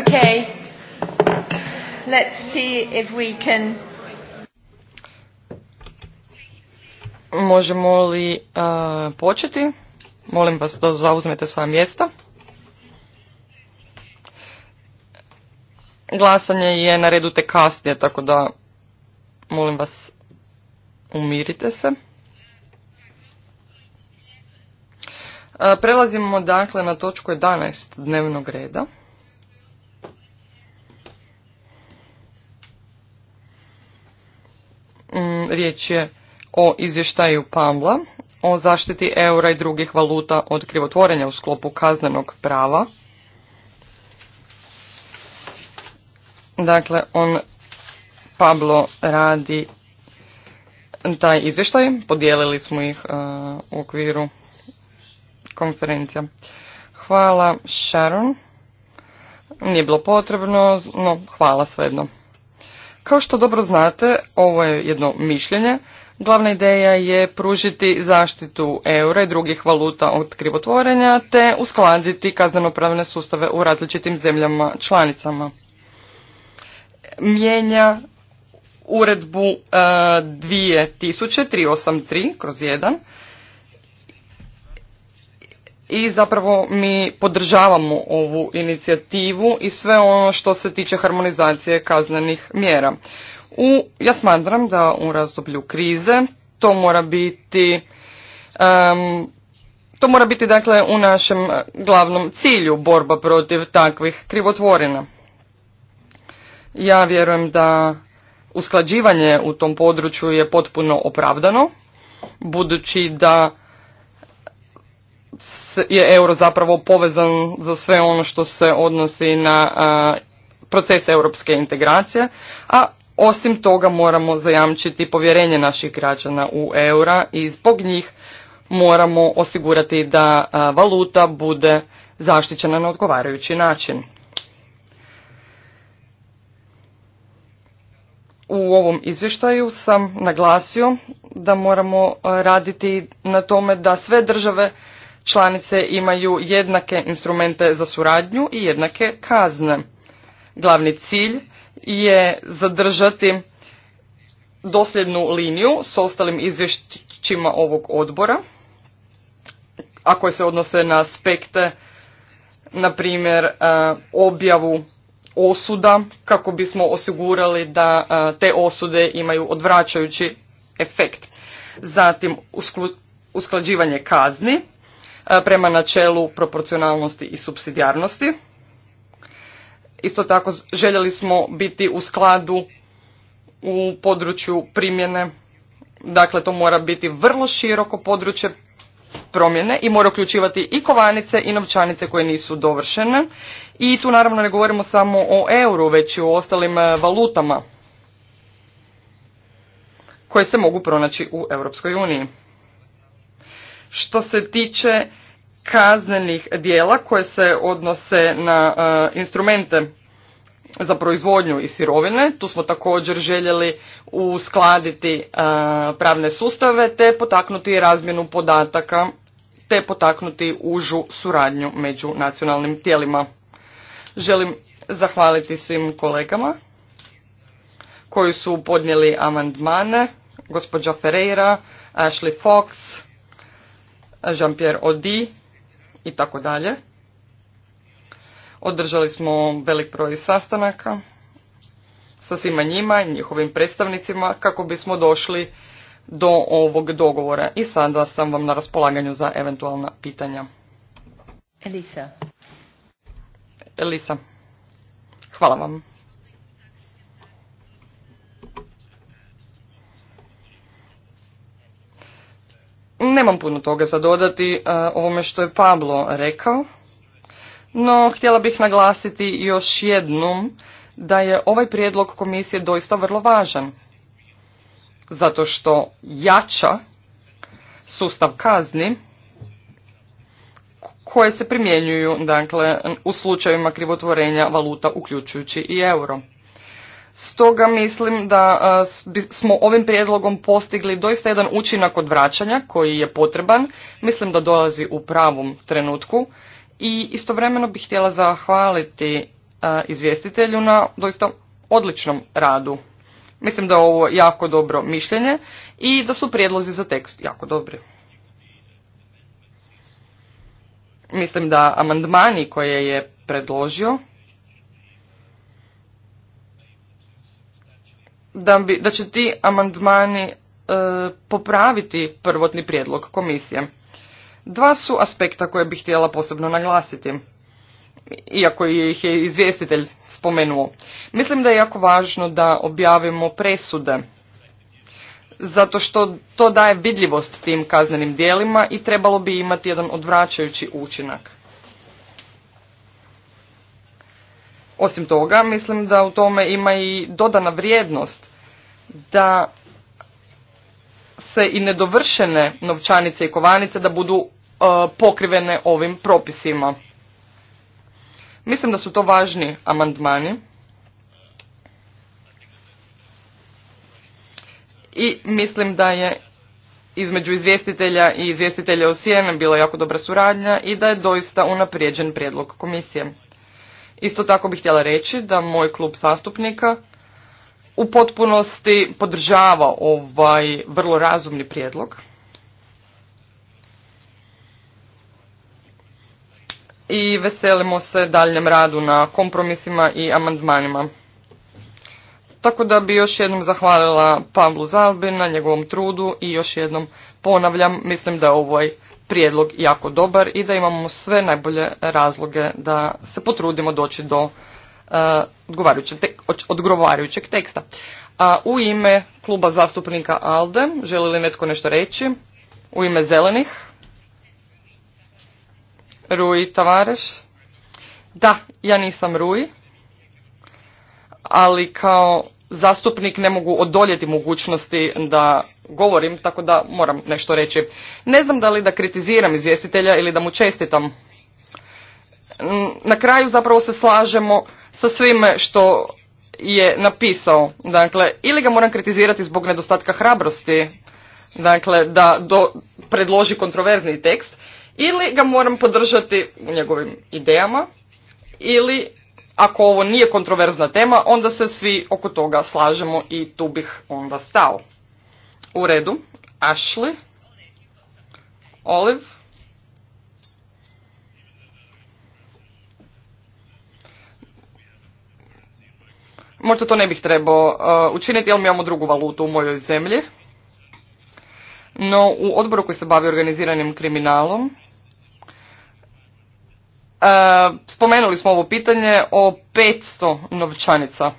Okay. Let's see if we can... Možemo li e, početi? Molim vas da zauzmete svoja mjesta. Glasanje je na redu te kasnije, tako da molim vas umirite se. E, prelazimo dakle na točku 11 dnevnog reda. Mm, riječ je o izvještaju Pamla o zaštiti eura i drugih valuta od krivotvorenja u sklopu kaznenog prava. Dakle, on Pablo radi taj izvještaj, podijelili smo ih e, u okviru konferencija. Hvala Sharon, nije bilo potrebno, no hvala svejedno. Kao što dobro znate, ovo je jedno mišljenje. Glavna ideja je pružiti zaštitu eura i drugih valuta od krivotvorenja te uskladiti kaznenopravne sustave u različitim zemljama članicama. Mijenja uredbu 2383 e, kroz 1 i zapravo mi podržavamo ovu inicijativu i sve ono što se tiče harmonizacije kaznenih mjera. U, ja smatram da u razdoblju krize to mora biti to mora biti dakle u našem glavnom cilju borba protiv takvih krivotvorina. Ja vjerujem da usklađivanje u tom području je potpuno opravdano budući da je euro zapravo povezan za sve ono što se odnosi na proces europske integracije, a osim toga moramo zajamčiti povjerenje naših građana u eura i zbog njih moramo osigurati da valuta bude zaštićena na odgovarajući način. U ovom izvještaju sam naglasio da moramo raditi na tome da sve države članice imaju jednake instrumente za suradnju i jednake kazne. Glavni cilj je zadržati dosljednu liniju s ostalim izvješćima ovog odbora, a koje se odnose na aspekte, na primjer, e, objavu osuda kako bismo osigurali da e, te osude imaju odvraćajući efekt. Zatim usklađivanje kazni prema načelu proporcionalnosti i subsidijarnosti. Isto tako željeli smo biti u skladu u području primjene, dakle to mora biti vrlo široko područje promjene i mora uključivati i kovanice i novčanice koje nisu dovršene. I tu naravno ne govorimo samo o euru, već i o ostalim e, valutama koje se mogu pronaći u Europskoj uniji što se tiče kaznenih dijela koje se odnose na e, instrumente za proizvodnju i sirovine. Tu smo također željeli uskladiti e, pravne sustave te potaknuti razmjenu podataka te potaknuti užu suradnju među nacionalnim tijelima. Želim zahvaliti svim kolegama koji su podnijeli amandmane, gospođa Ferreira, Ashley Fox, Jean-Pierre Audi i tako dalje. Održali smo velik broj sastanaka sa svima njima i njihovim predstavnicima kako bismo došli do ovog dogovora i sada sam vam na raspolaganju za eventualna pitanja. Elisa. Elisa. Hvala vam. Nemam puno toga za dodati e, ovome što je Pablo rekao, no htjela bih naglasiti još jednom da je ovaj prijedlog komisije doista vrlo važan, zato što jača sustav kazni koje se primjenjuju dakle, u slučajevima krivotvorenja valuta uključujući i euro. Stoga mislim da e, smo ovim prijedlogom postigli doista jedan učinak vraćanja koji je potreban. Mislim da dolazi u pravom trenutku i istovremeno bih htjela zahvaliti e, izvjestitelju na doista odličnom radu. Mislim da je ovo jako dobro mišljenje i da su prijedlozi za tekst jako dobri. Mislim da amandmani koje je predložio da, bi, da će ti amandmani e, popraviti prvotni prijedlog komisije. Dva su aspekta koje bih htjela posebno naglasiti, iako ih je izvjestitelj spomenuo. Mislim da je jako važno da objavimo presude, zato što to daje vidljivost tim kaznenim dijelima i trebalo bi imati jedan odvraćajući učinak. Osim toga, mislim da u tome ima i dodana vrijednost da se i nedovršene novčanice i kovanice da budu e, pokrivene ovim propisima. Mislim da su to važni amandmani. I mislim da je između izvjestitelja i izvjestitelja o Sijene bila jako dobra suradnja i da je doista unaprijeđen prijedlog komisije. Isto tako bih htjela reći da moj klub zastupnika u potpunosti podržava ovaj vrlo razumni prijedlog. I veselimo se daljem radu na kompromisima i amandmanima. Tako da bi još jednom zahvalila Pavlu Zalbi na njegovom trudu i još jednom ponavljam, mislim da je ovaj prijedlog jako dobar i da imamo sve najbolje razloge da se potrudimo doći do e, odgovarajućeg, teksta. A u ime kluba zastupnika ALDE, želi li netko nešto reći? U ime zelenih? Rui Tavareš? Da, ja nisam Rui, ali kao zastupnik ne mogu odoljeti mogućnosti da govorim, tako da moram nešto reći. Ne znam da li da kritiziram izvjestitelja ili da mu čestitam. Mm, na kraju zapravo se slažemo sa svime što je napisao. Dakle, ili ga moram kritizirati zbog nedostatka hrabrosti, dakle, da predloži kontroverzni tekst, ili ga moram podržati u njegovim idejama, ili ako ovo nije kontroverzna tema, onda se svi oko toga slažemo i tu bih onda stao. U redu. Ashley. Olive. Možda to ne bih trebao uh, učiniti, jer mi imamo drugu valutu u mojoj zemlji. No, u odboru koji se bavi organiziranim kriminalom, E, spomenuli smo ovo pitanje o 500 novčanica.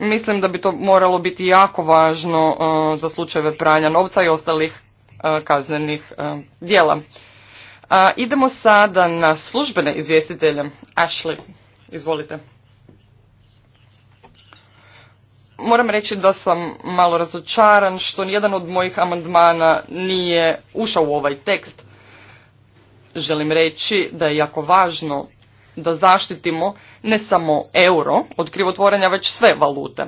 Mislim da bi to moralo biti jako važno e, za slučajeve pranja novca i ostalih e, kaznenih djela. Idemo sada na službene izvjestitelje. Ashley, izvolite. Moram reći da sam malo razočaran što nijedan od mojih amandmana nije ušao u ovaj tekst želim reći da je jako važno da zaštitimo ne samo euro od krivotvorenja, već sve valute.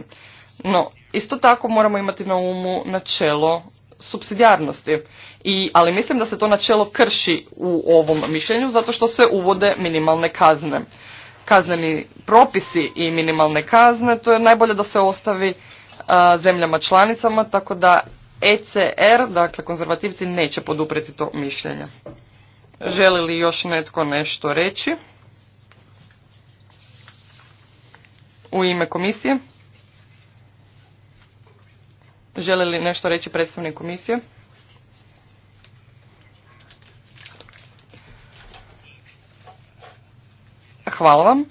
No, isto tako moramo imati na umu načelo subsidijarnosti. I, ali mislim da se to načelo krši u ovom mišljenju zato što se uvode minimalne kazne. Kazneni propisi i minimalne kazne, to je najbolje da se ostavi zemljama članicama, tako da ECR, dakle konzervativci, neće poduprijeti to mišljenje. Želi li još netko nešto reći? U ime komisije? Želi li nešto reći predstavnik komisije? Hvala vam.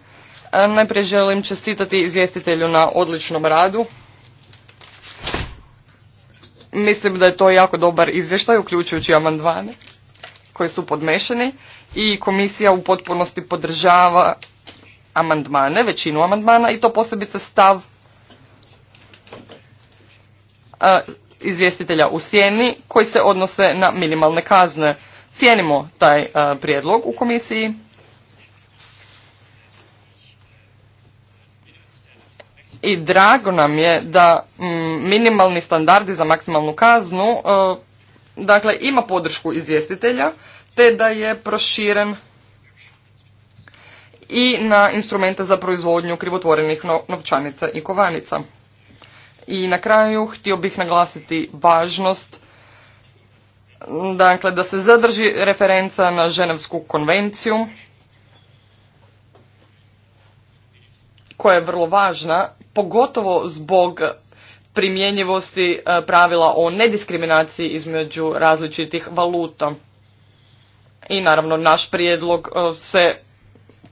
Najprije želim čestitati izvjestitelju na odličnom radu. Mislim da je to jako dobar izvještaj, uključujući amandmane koji su podmešani i komisija u potpunosti podržava amandmane, većinu amandmana i to posebice stav izvjestitelja u sjeni koji se odnose na minimalne kazne. Cijenimo taj prijedlog u komisiji. I drago nam je da mm, minimalni standardi za maksimalnu kaznu dakle ima podršku izvjestitelja te da je proširen i na instrumente za proizvodnju krivotvorenih novčanica i kovanica. I na kraju htio bih naglasiti važnost dakle da se zadrži referenca na Ženevsku konvenciju koja je vrlo važna pogotovo zbog primjenjivosti e, pravila o nediskriminaciji između različitih valuta. I naravno naš prijedlog e, se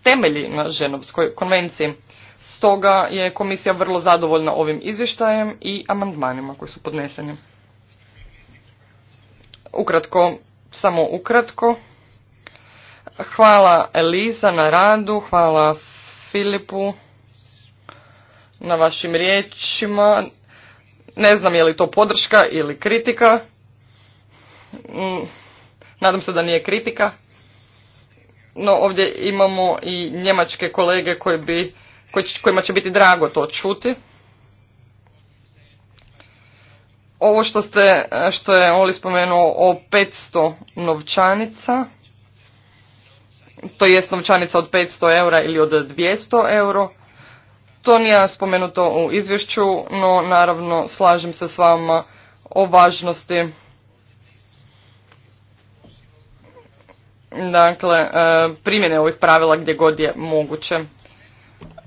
temelji na Ženovskoj konvenciji. Stoga je komisija vrlo zadovoljna ovim izvještajem i amandmanima koji su podneseni. Ukratko, samo ukratko. Hvala Eliza na radu, hvala Filipu na vašim riječima ne znam je li to podrška ili kritika. Mm, nadam se da nije kritika. No ovdje imamo i njemačke kolege koji bi, koji, kojima će biti drago to čuti. Ovo što, ste, što je Oli spomenuo o 500 novčanica, to jest novčanica od 500 eura ili od 200 euro, to nije spomenuto u izvješću, no naravno slažem se s vama o važnosti dakle, e, primjene ovih pravila gdje god je moguće.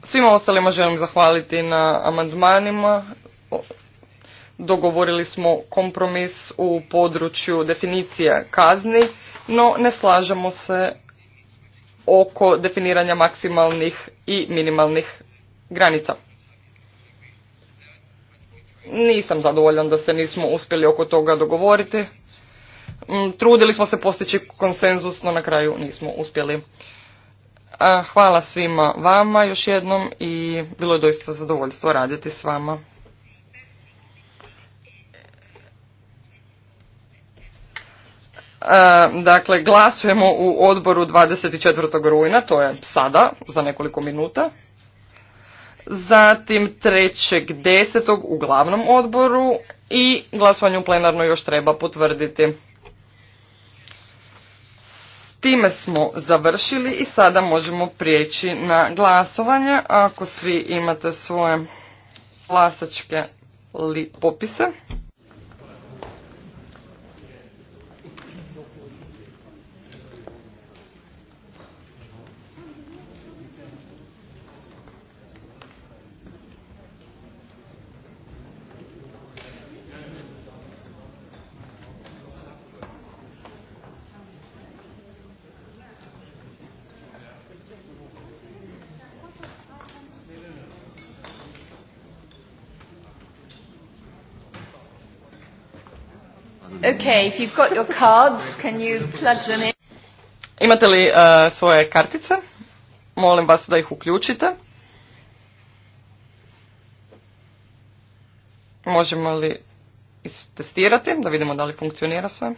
Svima ostalima želim zahvaliti na amandmanima. Dogovorili smo kompromis u području definicije kazni, no ne slažemo se oko definiranja maksimalnih i minimalnih granica. Nisam zadovoljan da se nismo uspjeli oko toga dogovoriti. Mm, trudili smo se postići konsenzus, no na kraju nismo uspjeli. E, hvala svima vama još jednom i bilo je doista zadovoljstvo raditi s vama. E, dakle, glasujemo u odboru 24. rujna, to je sada, za nekoliko minuta zatim 3.10. u glavnom odboru i glasovanje u plenarno još treba potvrditi. S time smo završili i sada možemo prijeći na glasovanje. Ako svi imate svoje glasačke popise. Okay, if you've got your cards, can you plug them in? Imate li uh, svoje kartice? Molim vas da ih uključite. Možemo li istestirati da vidimo da li funkcionira sve?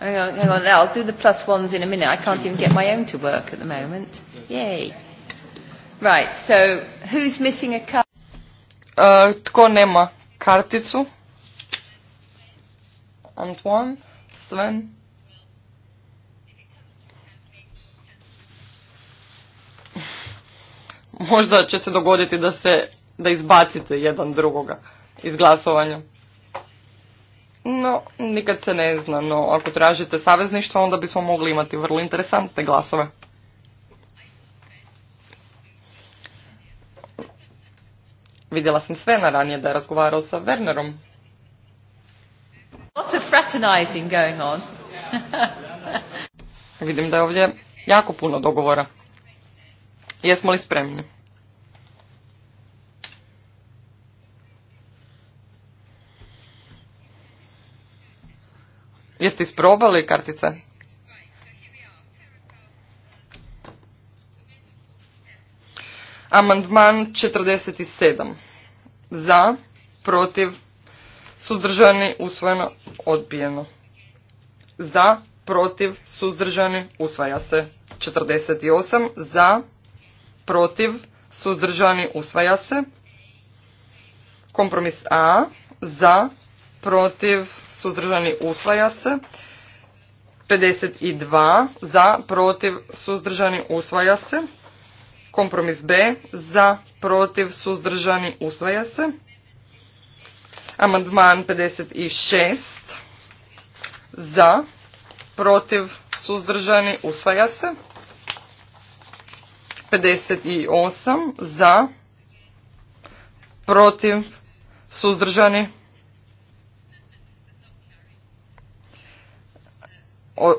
Hang on, hang on, I'll do the plus ones in a minute. I can't even get my own to work at the moment. Yay. Right, so who's missing a card? E, tko nema karticu? Antoine, Sven. Možda će se dogoditi da se da izbacite jedan drugoga iz glasovanja. No, nikad se ne zna, no ako tražite savezništvo, onda bismo mogli imati vrlo interesantne glasove. Vidjela sam sve na ranije da je razgovarao sa Wernerom. Vidim da je ovdje jako puno dogovora. Jesmo li spremni? Jeste isprobali kartice? Amandman 47. Za, protiv, suzdržani, usvojeno, odbijeno. Za, protiv, suzdržani, usvaja se. 48. Za, protiv, suzdržani, usvaja se. Kompromis A. Za, protiv, suzdržani, usvaja se. 52. Za, protiv, suzdržani, usvaja se. Kompromis B za, protiv, suzdržani, usvaja se. Amandman 56 za, protiv, suzdržani, usvaja se. 58 za, protiv, suzdržani,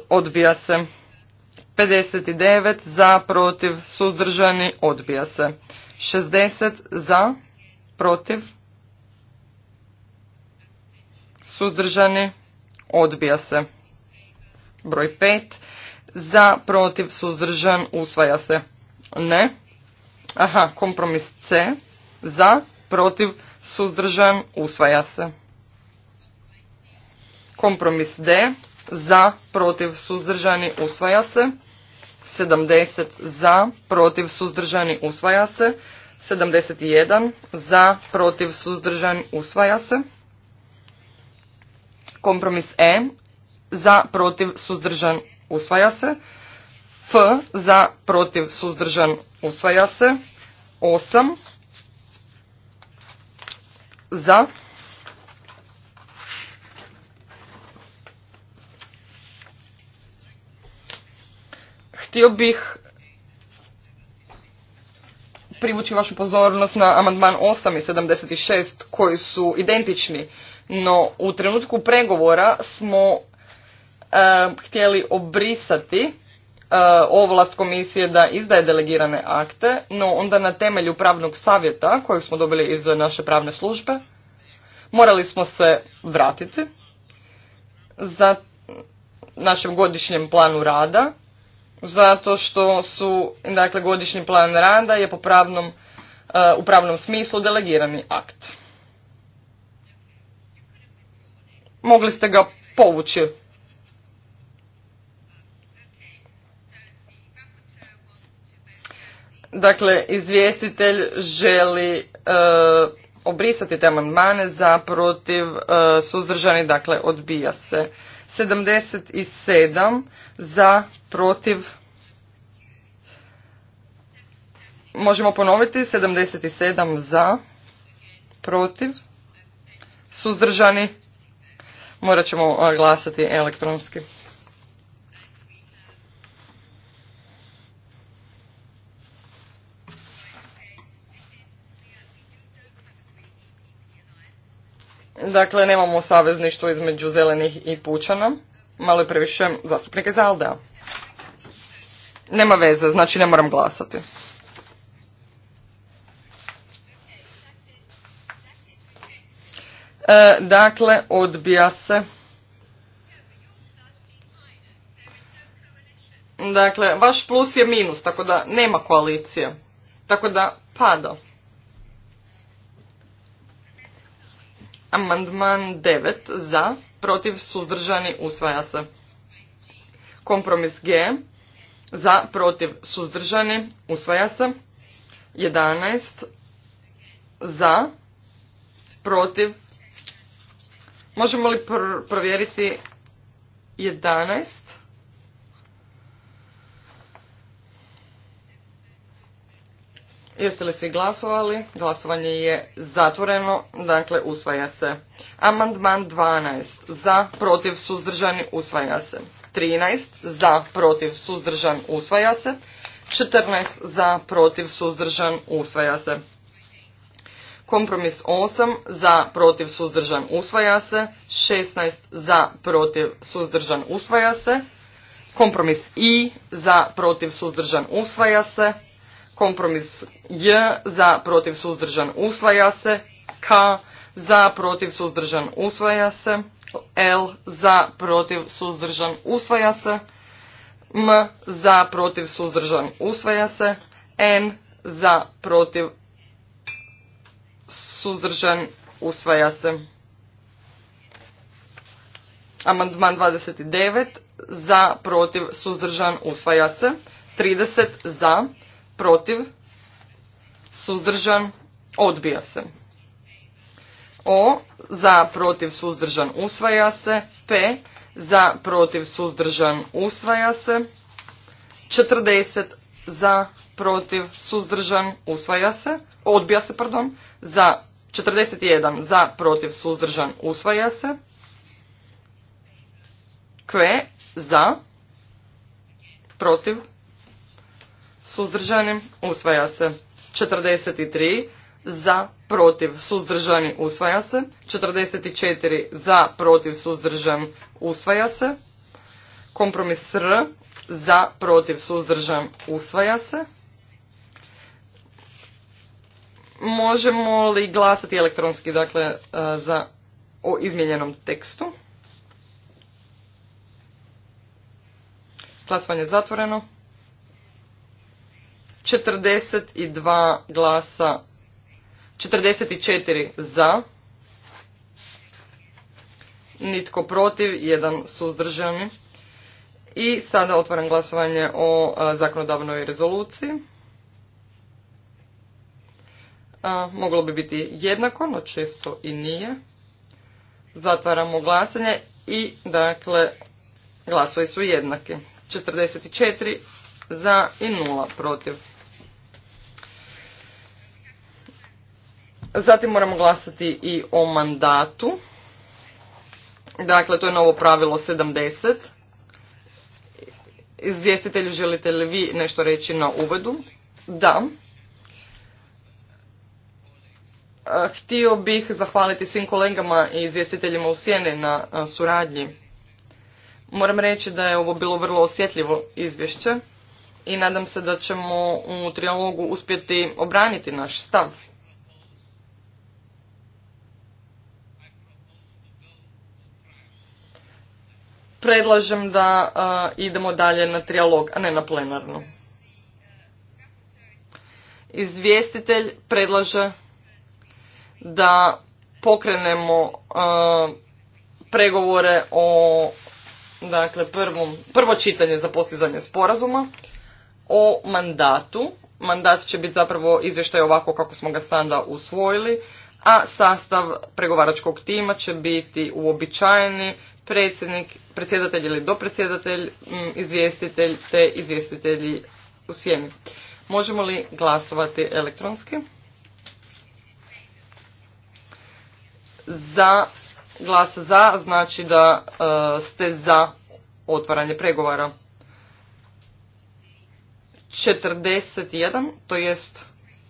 odbija se. 59 za, protiv, suzdržani, odbija se. 60 za, protiv, suzdržani, odbija se. Broj 5 za, protiv, suzdržan, usvaja se. Ne. Aha, kompromis C za, protiv, suzdržan, usvaja se. Kompromis D za, protiv, suzdržani, usvaja se. 70 za, protiv suzdržani usvaja se. 71 za, protiv suzdržani usvaja se. Kompromis E za, protiv suzdržan usvaja se. F za, protiv suzdržan usvaja se. 8 za, Htio bih privući vašu pozornost na amandman 8 i 76 koji su identični, no u trenutku pregovora smo e, htjeli obrisati e, ovlast komisije da izdaje delegirane akte, no onda na temelju pravnog savjeta kojeg smo dobili iz naše pravne službe, morali smo se vratiti za našem godišnjem planu rada zato što su, dakle, godišnji plan rada je po pravnom, eh, u pravnom smislu delegirani akt. Mogli ste ga povući. Dakle, izvjestitelj želi eh, obrisati te amandmane za protiv eh, suzdržani, dakle, odbija se. 77 za, protiv, možemo ponoviti, 77 za, protiv, suzdržani, morat ćemo glasati elektronski. Dakle, nemamo savezništvo između zelenih i pučana. Malo je previše zastupnika iz Nema veze, znači ne moram glasati. E, dakle, odbija se. Dakle, vaš plus je minus, tako da nema koalicije. Tako da pada. Amandman 9 za, protiv, suzdržani, usvaja se. Kompromis G za, protiv, suzdržani, usvaja se. 11 za, protiv. Možemo li provjeriti 11? Jeste li svi glasovali? Glasovanje je zatvoreno, dakle usvaja se. Amandman 12. Za, protiv, suzdržani, usvaja se. 13. Za, protiv, suzdržan, usvaja se. 14. Za, protiv, suzdržan, usvaja se. Kompromis 8. Za, protiv, suzdržan, usvaja se. 16. Za, protiv, suzdržan, usvaja se. Kompromis I. Za, protiv, suzdržan, usvaja se. Kompromis J za protiv suzdržan usvaja se. K za protiv suzdržan usvaja se. L za protiv suzdržan usvaja se. M za protiv suzdržan usvaja se. N za protiv suzdržan usvaja se. Amandman 29 za protiv suzdržan usvaja se. 30 za protiv, suzdržan, odbija se. O, za, protiv, suzdržan, usvaja se. P, za, protiv, suzdržan, usvaja se. 40, za, protiv, suzdržan, usvaja se. Odbija se, pardon. Za, 41, za, protiv, suzdržan, usvaja se. Q, za, protiv, Suzdržanim usvaja se. 43 za, protiv, suzdržani, usvaja se. 44 za, protiv, suzdržan, usvaja se. Kompromis R za, protiv, suzdržan, usvaja se. Možemo li glasati elektronski, dakle, e, za o izmijenjenom tekstu? Glasovanje je zatvoreno. 42 glasa, 44 za, nitko protiv, jedan suzdržani. I sada otvaram glasovanje o e, zakonodavnoj rezoluciji. E, moglo bi biti jednako, no često i nije. Zatvaramo glasanje i dakle glasovi su jednaki. 44 za i 0 protiv. Zatim moramo glasati i o mandatu. Dakle, to je novo pravilo 70. Izvjestitelju želite li vi nešto reći na uvodu? Da. Htio bih zahvaliti svim kolegama i izvjestiteljima u Sjeni na suradnji. Moram reći da je ovo bilo vrlo osjetljivo izvješće i nadam se da ćemo u trijalogu uspjeti obraniti naš stav. predlažem da idemo dalje na trijalog, a ne na plenarnu. Izvjestitelj predlaže da pokrenemo pregovore o dakle, prvom, prvo čitanje za postizanje sporazuma o mandatu. Mandat će biti zapravo izvještaj ovako kako smo ga sada usvojili, a sastav pregovaračkog tima će biti uobičajeni predsjednik, predsjedatelj ili dopredsjedatelj, mm, izvjestitelj te izvjestitelji u sjeni. Možemo li glasovati elektronski? Za glas za znači da e, ste za otvaranje pregovara. 41, to jest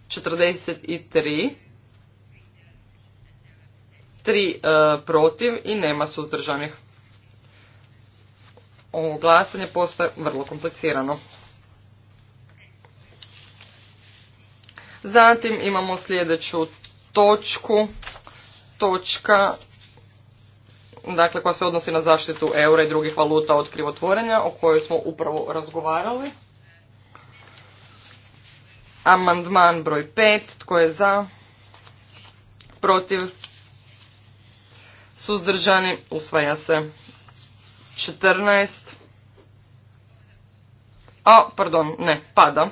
43, tri e, protiv i nema suzdržanih ovo glasanje postaje vrlo komplicirano. Zatim imamo sljedeću točku, točka dakle, koja se odnosi na zaštitu eura i drugih valuta od krivotvorenja, o kojoj smo upravo razgovarali. Amandman broj 5, tko je za, protiv, suzdržani, usvaja se. 14. A, pardon, ne, pada.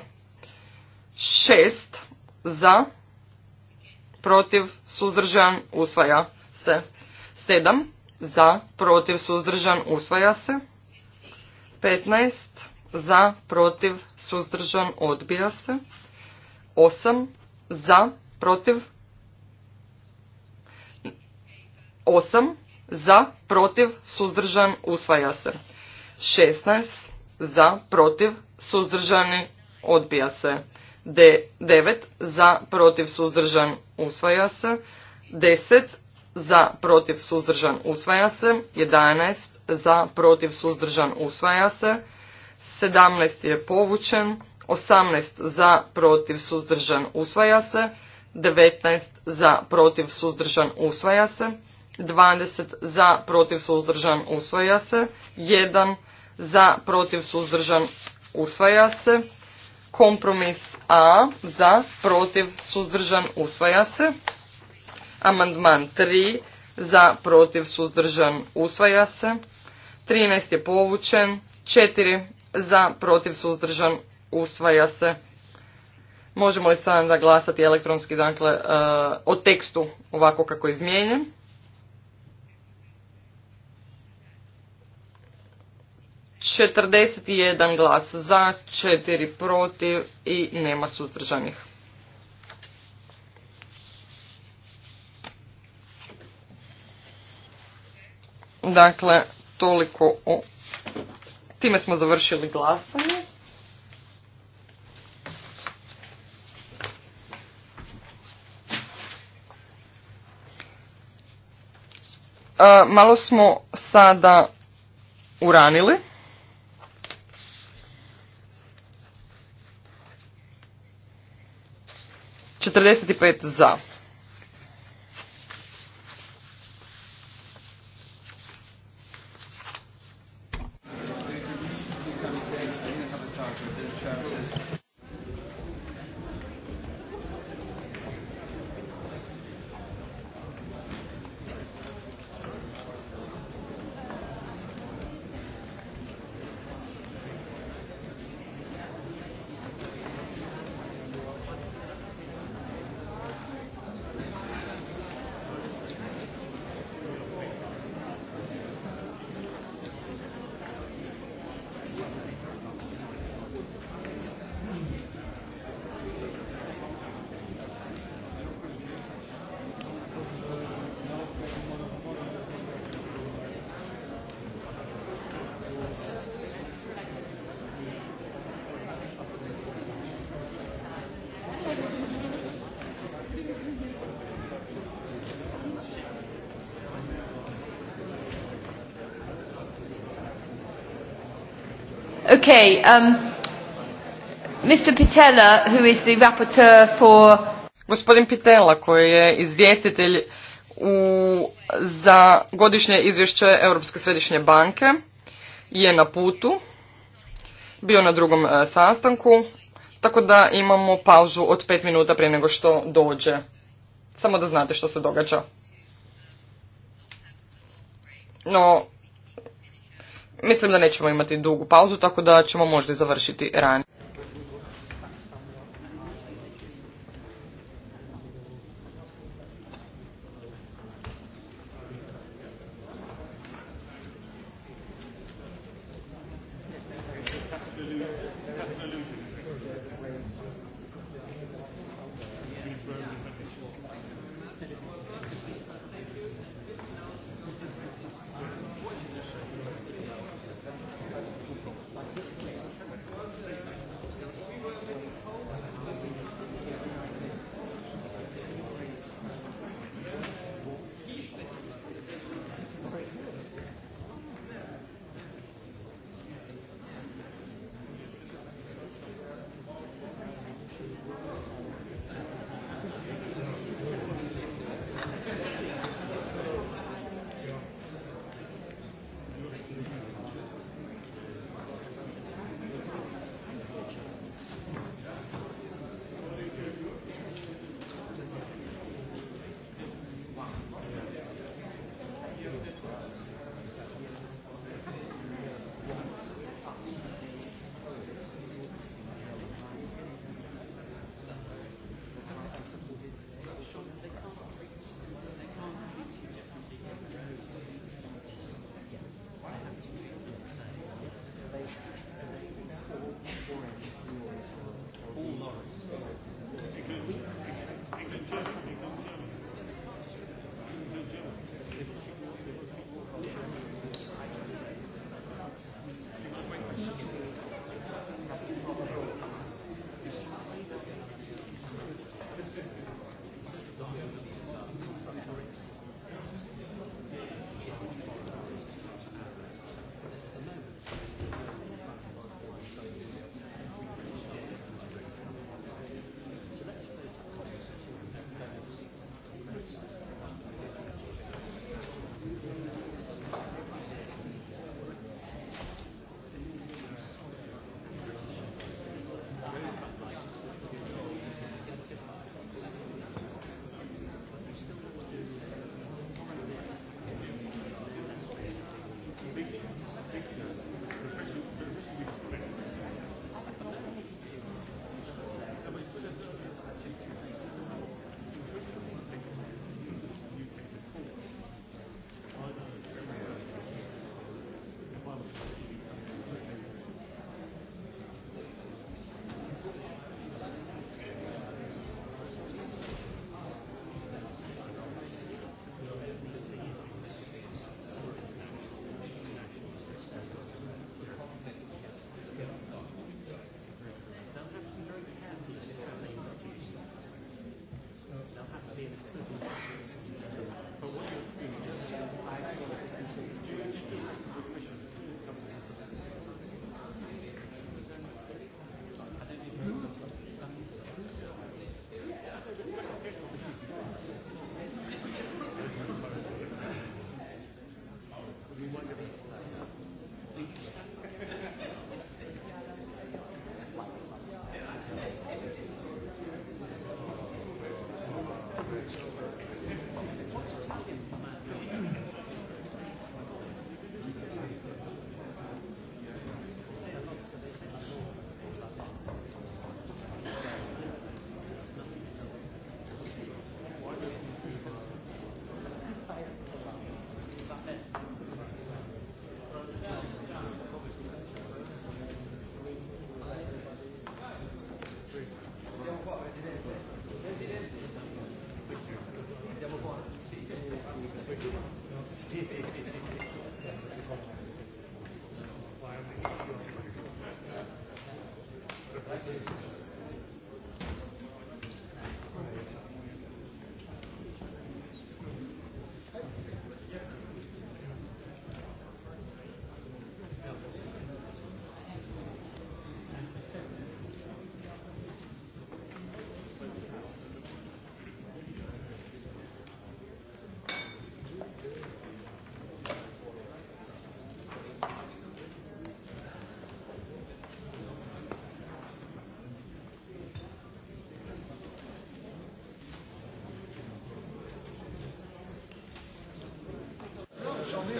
6 za, protiv, suzdržan, usvaja se. 7 za, protiv, suzdržan, usvaja se. 15 za, protiv, suzdržan, odbija se. 8 za, protiv, 8 za, protiv, suzdržan, usvaja se. 16 za, protiv, suzdržani, odbija se. D, 9 za, protiv, suzdržan, usvaja se. 10 za, protiv, suzdržan, usvaja se. 11 za, protiv, suzdržan, usvaja se. 17 je povučen. 18 za, protiv, suzdržan, usvaja se. 19 za, protiv, suzdržan, usvaja se. 20 za, protiv, suzdržan, usvaja se. 1 za, protiv, suzdržan, usvaja se. Kompromis A za, protiv, suzdržan, usvaja se. Amandman 3 za, protiv, suzdržan, usvaja se. 13 je povučen. 4 za, protiv, suzdržan, usvaja se. Možemo li sada glasati elektronski, dakle, eh, o tekstu ovako kako je izmijenjen. 41 glas za, 4 protiv i nema suzdržanih. Dakle, toliko o... Time smo završili glasanje. malo smo sada uranili. 45 za Okay, um, Mr. Pitella, who is the rapporteur for... Gospodin Pitella, koji je izvjestitelj za godišnje izvješće Europske središnje banke, je na putu, bio na drugom e, sastanku, tako da imamo pauzu od pet minuta prije nego što dođe. Samo da znate što se događa. No, Mislim da nećemo imati dugu pauzu, tako da ćemo možda završiti ranije.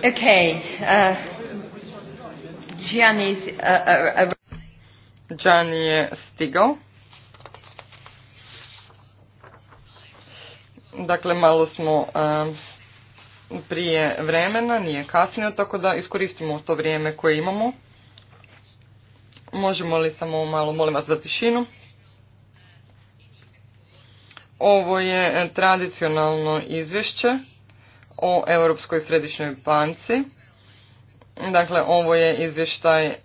Okay. Uh, uh, uh, Gianni je stigao. Dakle, malo smo prije vremena, nije kasnio, tako da iskoristimo to vrijeme koje imamo. Možemo li samo malo, molim vas, za tišinu. Ovo je eh, tradicionalno izvješće o Europskoj središnjoj banci. Dakle, ovo je izvještaj e,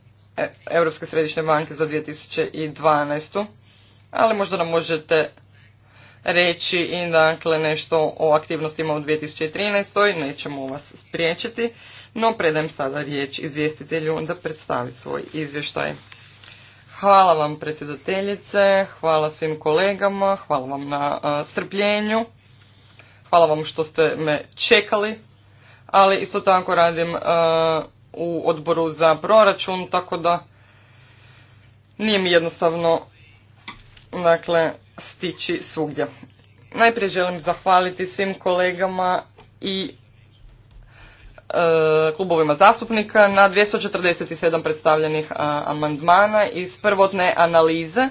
Europske središnje banke za 2012. Ali možda nam možete reći i dakle nešto o aktivnostima u 2013. Nećemo vas spriječiti, no predajem sada riječ izvjestitelju da predstavi svoj izvještaj. Hvala vam predsjedateljice, hvala svim kolegama, hvala vam na strpljenju. Hvala vam što ste me čekali, ali isto tako radim e, u odboru za proračun, tako da nije mi jednostavno dakle, stići svugdje. Najprije želim zahvaliti svim kolegama i e, klubovima zastupnika na 247 predstavljenih e, amandmana iz prvotne analize.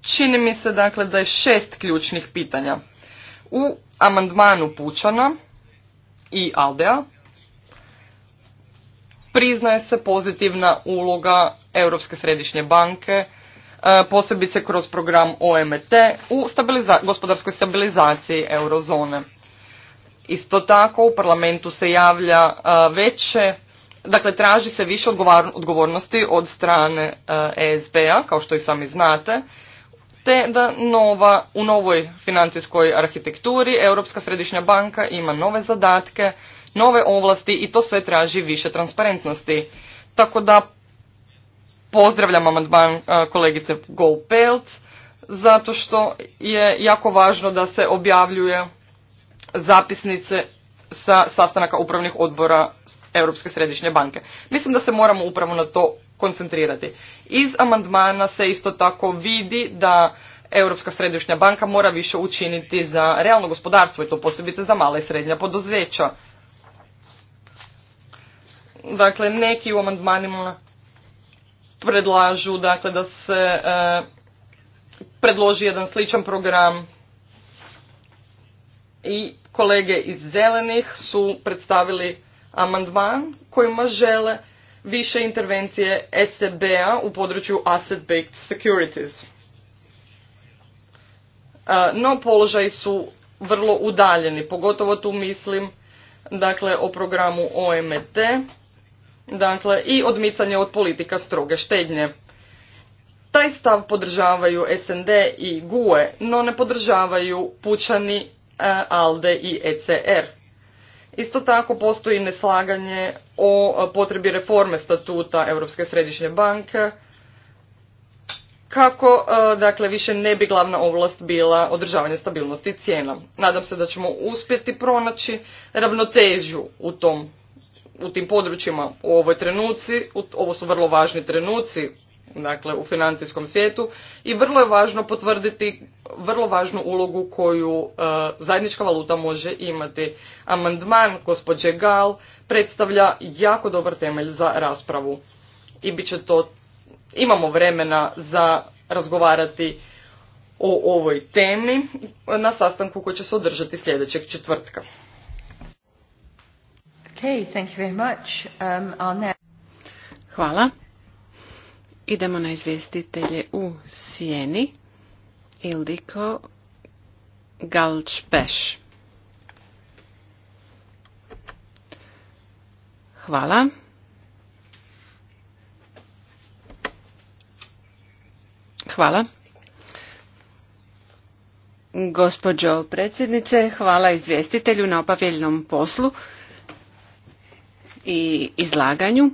Čini mi se dakle da je šest ključnih pitanja. U amandmanu Pučana i Aldea priznaje se pozitivna uloga Europske središnje banke, e, posebice kroz program OMT u gospodarskoj stabilizaciji eurozone. Isto tako u parlamentu se javlja e, veće, dakle traži se više odgovornosti od strane ESB-a, e kao što i sami znate, te da nova, u novoj financijskoj arhitekturi Europska središnja banka ima nove zadatke, nove ovlasti i to sve traži više transparentnosti. Tako da pozdravljam amandman kolegice Go zato što je jako važno da se objavljuje zapisnice sa sastanaka upravnih odbora Europske središnje banke. Mislim da se moramo upravo na to koncentrirati. Iz amandmana se isto tako vidi da Europska središnja banka mora više učiniti za realno gospodarstvo i to posebice za mala i srednja poduzeća. Dakle, neki u amandmanima predlažu dakle, da se e, predloži jedan sličan program i kolege iz zelenih su predstavili amandman kojima žele više intervencije SEB-a u području asset-based securities. E, no položaj su vrlo udaljeni, pogotovo tu mislim dakle, o programu OMT dakle, i odmicanje od politika stroge štednje. Taj stav podržavaju SND i GUE, no ne podržavaju Pučani, e, ALDE i ECR. Isto tako postoji neslaganje o potrebi reforme statuta Europske središnje banke kako e, dakle više ne bi glavna ovlast bila održavanje stabilnosti cijena. Nadam se da ćemo uspjeti pronaći ravnotežu u tom u tim područjima u ovoj trenuci, ovo su vrlo važni trenuci dakle u financijskom svijetu i vrlo je važno potvrditi vrlo važnu ulogu koju e, zajednička valuta može imati. Amandman gospođe Gal predstavlja jako dobar temelj za raspravu i bit će to, imamo vremena za razgovarati o ovoj temi na sastanku koji će se održati sljedećeg četvrtka. Okay, thank you very much. Um, Hvala. Idemo na izvjestitelje u Sjeni. Ildiko Galčpeš. Hvala. Hvala. Gospođo predsjednice, hvala izvjestitelju na opavljenom poslu i izlaganju.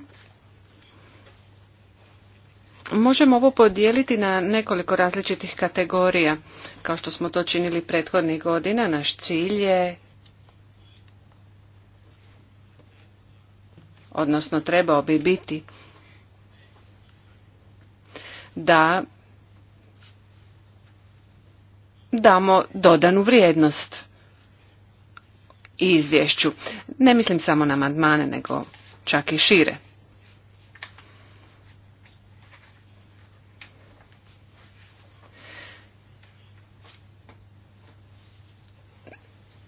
Možemo ovo podijeliti na nekoliko različitih kategorija. Kao što smo to činili prethodnih godina, naš cilj je odnosno trebao bi biti da damo dodanu vrijednost i izvješću. Ne mislim samo na amandmane, nego čak i šire.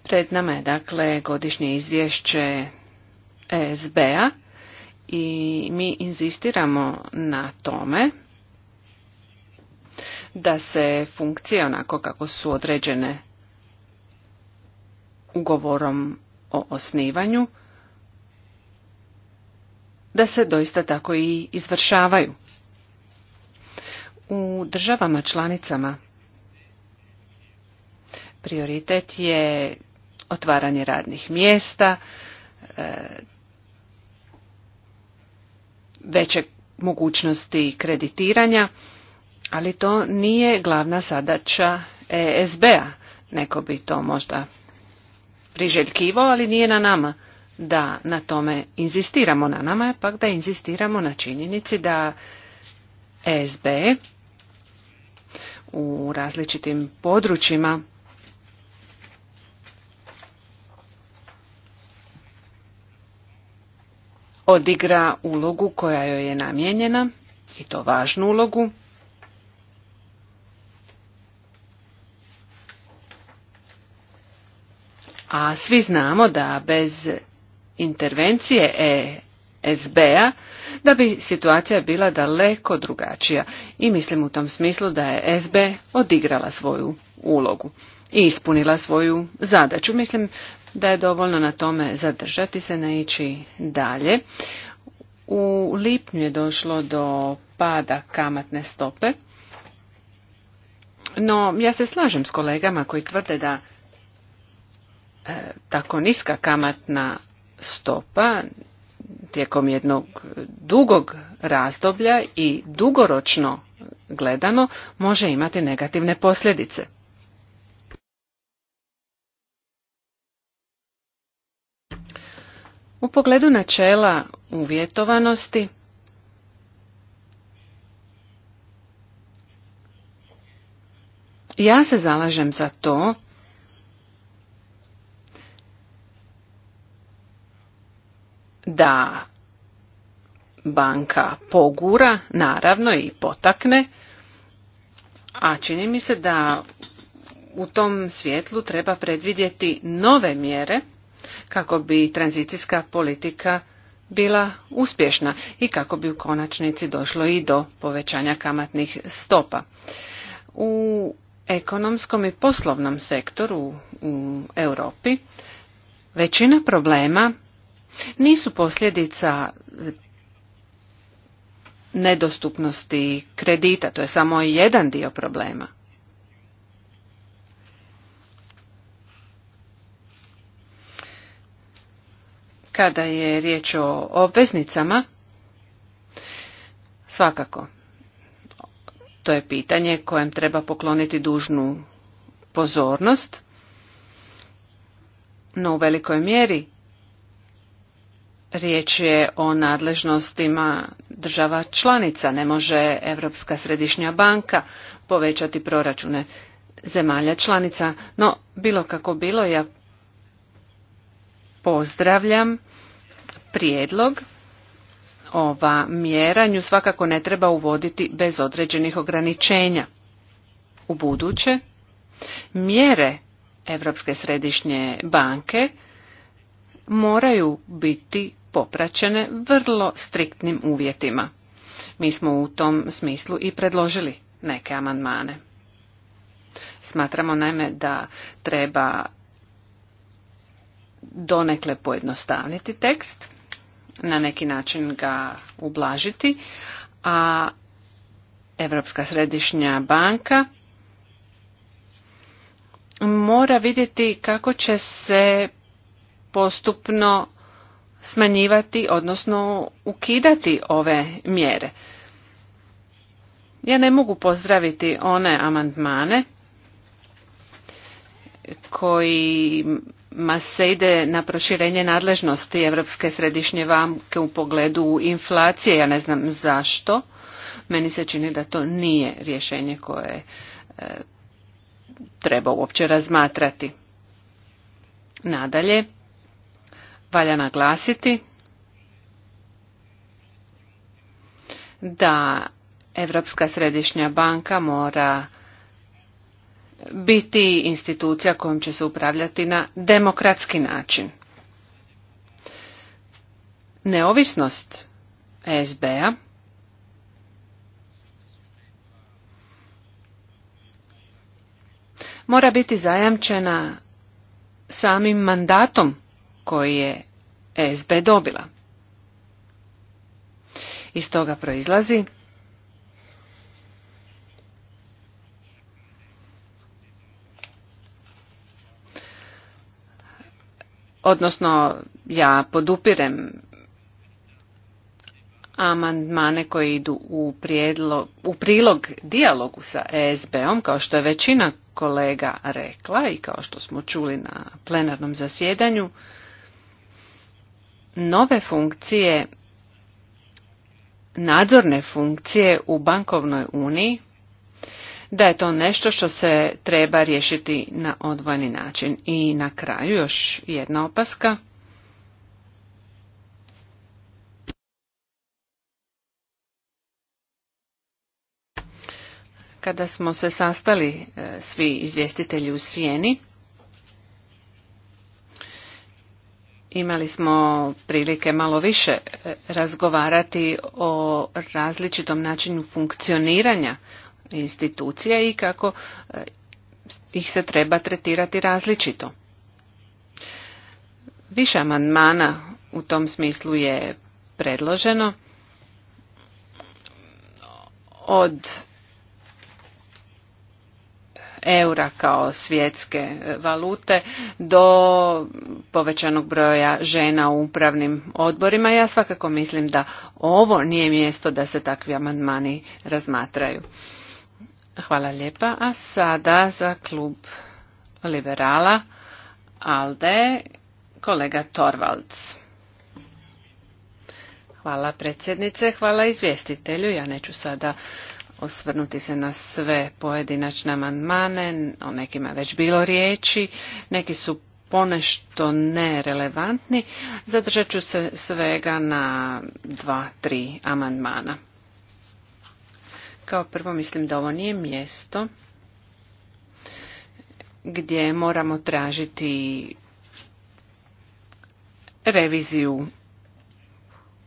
Pred nama je dakle godišnje izvješće ESB-a i mi inzistiramo na tome da se funkcije onako kako su određene ugovorom o osnivanju, da se doista tako i izvršavaju. U državama članicama prioritet je otvaranje radnih mjesta, e, veće mogućnosti kreditiranja, ali to nije glavna zadaća ESB-a. Neko bi to možda priželjkivao, ali nije na nama da na tome inzistiramo. Na nama je pak da inzistiramo na činjenici da ESB u različitim područjima odigra ulogu koja joj je namijenjena i to važnu ulogu. A svi znamo da bez intervencije ESB-a da bi situacija bila daleko drugačija i mislim u tom smislu da je e SB odigrala svoju ulogu i ispunila svoju zadaću. Mislim da je dovoljno na tome zadržati se, ne ići dalje. U lipnju je došlo do pada kamatne stope, no ja se slažem s kolegama koji tvrde da e, tako niska kamatna stopa tijekom jednog dugog razdoblja i dugoročno gledano može imati negativne posljedice. U pogledu načela uvjetovanosti, ja se zalažem za to da banka pogura, naravno i potakne, a čini mi se da u tom svjetlu treba predvidjeti nove mjere kako bi tranzicijska politika bila uspješna i kako bi u konačnici došlo i do povećanja kamatnih stopa. U ekonomskom i poslovnom sektoru u Europi većina problema nisu posljedica nedostupnosti kredita, to je samo jedan dio problema. Kada je riječ o obveznicama, svakako, to je pitanje kojem treba pokloniti dužnu pozornost, no u velikoj mjeri Riječ je o nadležnostima država članica, ne može Europska središnja banka povećati proračune zemalja članica, no bilo kako bilo ja pozdravljam prijedlog ova mjera nju svakako ne treba uvoditi bez određenih ograničenja. U buduće mjere Europske središnje banke moraju biti popraćene vrlo striktnim uvjetima. Mi smo u tom smislu i predložili neke amandmane. Smatramo naime da treba donekle pojednostavniti tekst na neki način ga ublažiti, a Europska središnja banka mora vidjeti kako će se postupno smanjivati, odnosno ukidati ove mjere. Ja ne mogu pozdraviti one amandmane koji ma se ide na proširenje nadležnosti Europske središnje banke u pogledu inflacije. Ja ne znam zašto. Meni se čini da to nije rješenje koje e, treba uopće razmatrati. Nadalje, valja naglasiti da Europska središnja banka mora biti institucija kojom će se upravljati na demokratski način. Neovisnost SBA mora biti zajamčena samim mandatom koji je SB dobila. Iz toga proizlazi odnosno ja podupirem amandmane koji idu u, prijedlog, u prilog dijalogu sa ESB-om, kao što je većina kolega rekla i kao što smo čuli na plenarnom zasjedanju, nove funkcije, nadzorne funkcije u bankovnoj uniji da je to nešto što se treba riješiti na odvojeni način. I na kraju još jedna opaska. Kada smo se sastali e, svi izvjestitelji u Sijeni, imali smo prilike malo više e, razgovarati o različitom načinu funkcioniranja institucija i kako e, ih se treba tretirati različito. Više amandmana u tom smislu je predloženo od eura kao svjetske valute do povećanog broja žena u upravnim odborima. Ja svakako mislim da ovo nije mjesto da se takvi amandmani razmatraju. Hvala lijepa. A sada za klub liberala ALDE kolega Torvalds. Hvala predsjednice, hvala izvjestitelju. Ja neću sada osvrnuti se na sve pojedinačne amandmane, o nekima već bilo riječi, neki su ponešto nerelevantni. Zadržat ću se svega na dva, tri amandmana. Kao prvo mislim da ovo nije mjesto gdje moramo tražiti reviziju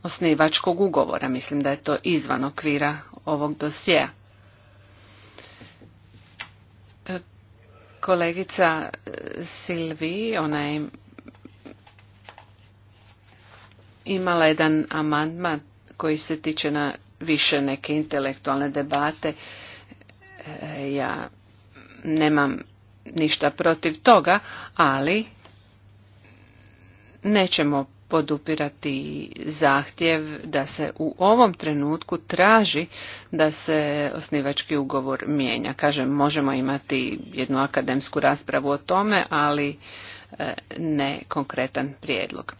osnivačkog ugovora. Mislim da je to izvan okvira ovog dosjeja. E, kolegica Silvi, ona je imala jedan amandman koji se tiče na više neke intelektualne debate. E, ja nemam ništa protiv toga, ali nećemo podupirati zahtjev da se u ovom trenutku traži da se osnivački ugovor mijenja. Kažem, možemo imati jednu akademsku raspravu o tome, ali e, ne konkretan prijedlog.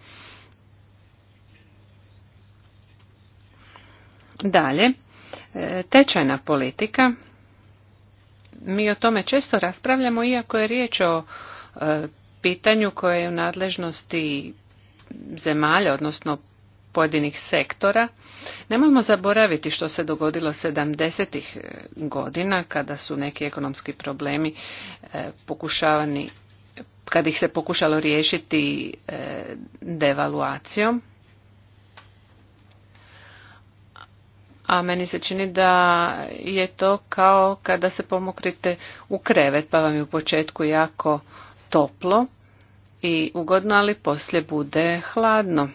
Dalje, e, tečajna politika. Mi o tome često raspravljamo, iako je riječ o e, pitanju koje je u nadležnosti zemalja, odnosno pojedinih sektora. Nemojmo zaboraviti što se dogodilo 70. E, godina kada su neki ekonomski problemi pokušavani, kad ih se pokušalo riješiti devaluacijom. a meni se čini da je to kao kada se pomokrite u krevet, pa vam je u početku jako toplo i ugodno, ali poslije bude hladno.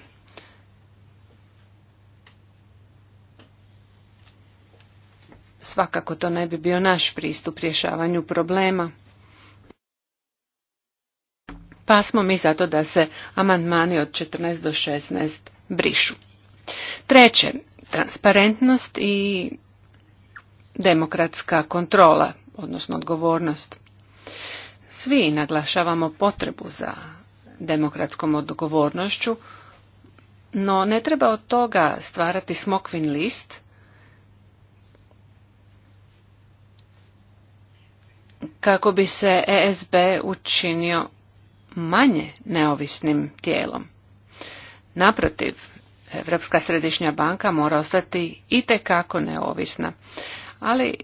Svakako to ne bi bio naš pristup rješavanju problema. Pa smo mi zato da se amandmani od 14 do 16 brišu. Treće, transparentnost i demokratska kontrola, odnosno odgovornost. Svi naglašavamo potrebu za demokratskom odgovornošću, no ne treba od toga stvarati smokvin list kako bi se ESB učinio manje neovisnim tijelom. Naprotiv, Europska središnja banka mora ostati i itekako neovisna. Ali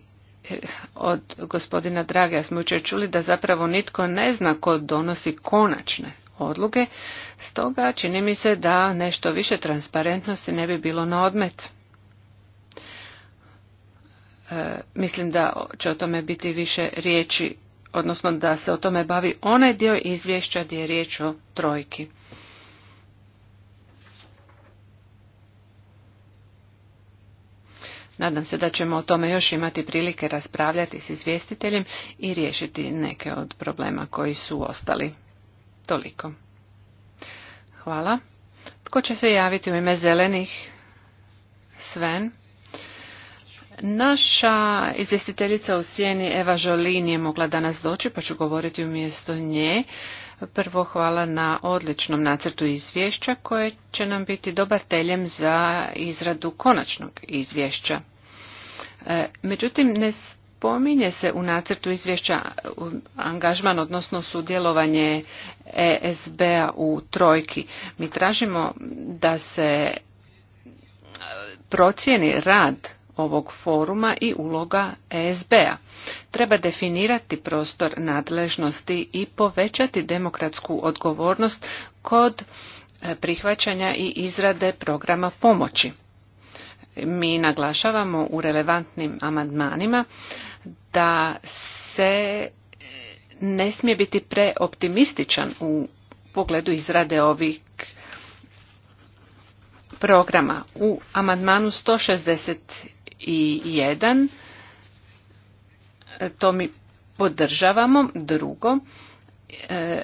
eh, od gospodina Draga smo jučer čuli da zapravo nitko ne zna ko donosi konačne odluke, stoga čini mi se da nešto više transparentnosti ne bi bilo na odmet. Eh, mislim da će o tome biti više riječi, odnosno da se o tome bavi onaj dio izvješća gdje je riječ o trojki. Nadam se da ćemo o tome još imati prilike raspravljati s izvjestiteljem i riješiti neke od problema koji su ostali. Toliko. Hvala. Tko će se javiti u ime zelenih? Sven. Naša izvjestiteljica u sjeni Eva Žolin je mogla danas doći, pa ću govoriti umjesto nje. Prvo hvala na odličnom nacrtu izvješća koje će nam biti dobar teljem za izradu konačnog izvješća. E, međutim, ne spominje se u nacrtu izvješća angažman, odnosno sudjelovanje ESB-a u trojki. Mi tražimo da se e, procijeni rad ovog foruma i uloga ESB-a. Treba definirati prostor nadležnosti i povećati demokratsku odgovornost kod e, prihvaćanja i izrade programa pomoći mi naglašavamo u relevantnim amandmanima da se e, ne smije biti preoptimističan u pogledu izrade ovih programa. U amandmanu 161 e, to mi podržavamo. Drugo, e,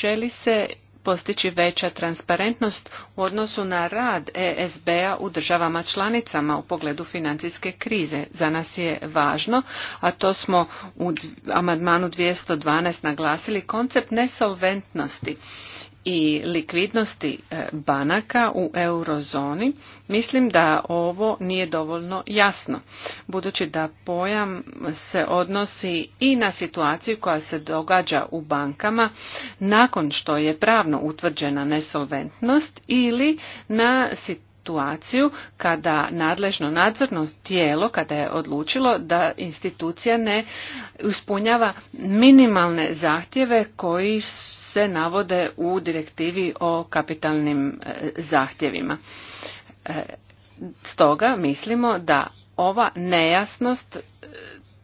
želi se postići veća transparentnost u odnosu na rad ESB-a u državama članicama u pogledu financijske krize. Za nas je važno, a to smo u amandmanu 212 naglasili, koncept nesolventnosti i likvidnosti e, banaka u eurozoni, mislim da ovo nije dovoljno jasno, budući da pojam se odnosi i na situaciju koja se događa u bankama nakon što je pravno utvrđena nesolventnost ili na situaciju kada nadležno nadzorno tijelo, kada je odlučilo da institucija ne uspunjava minimalne zahtjeve koji su se navode u direktivi o kapitalnim e, zahtjevima. E, stoga mislimo da ova nejasnost e,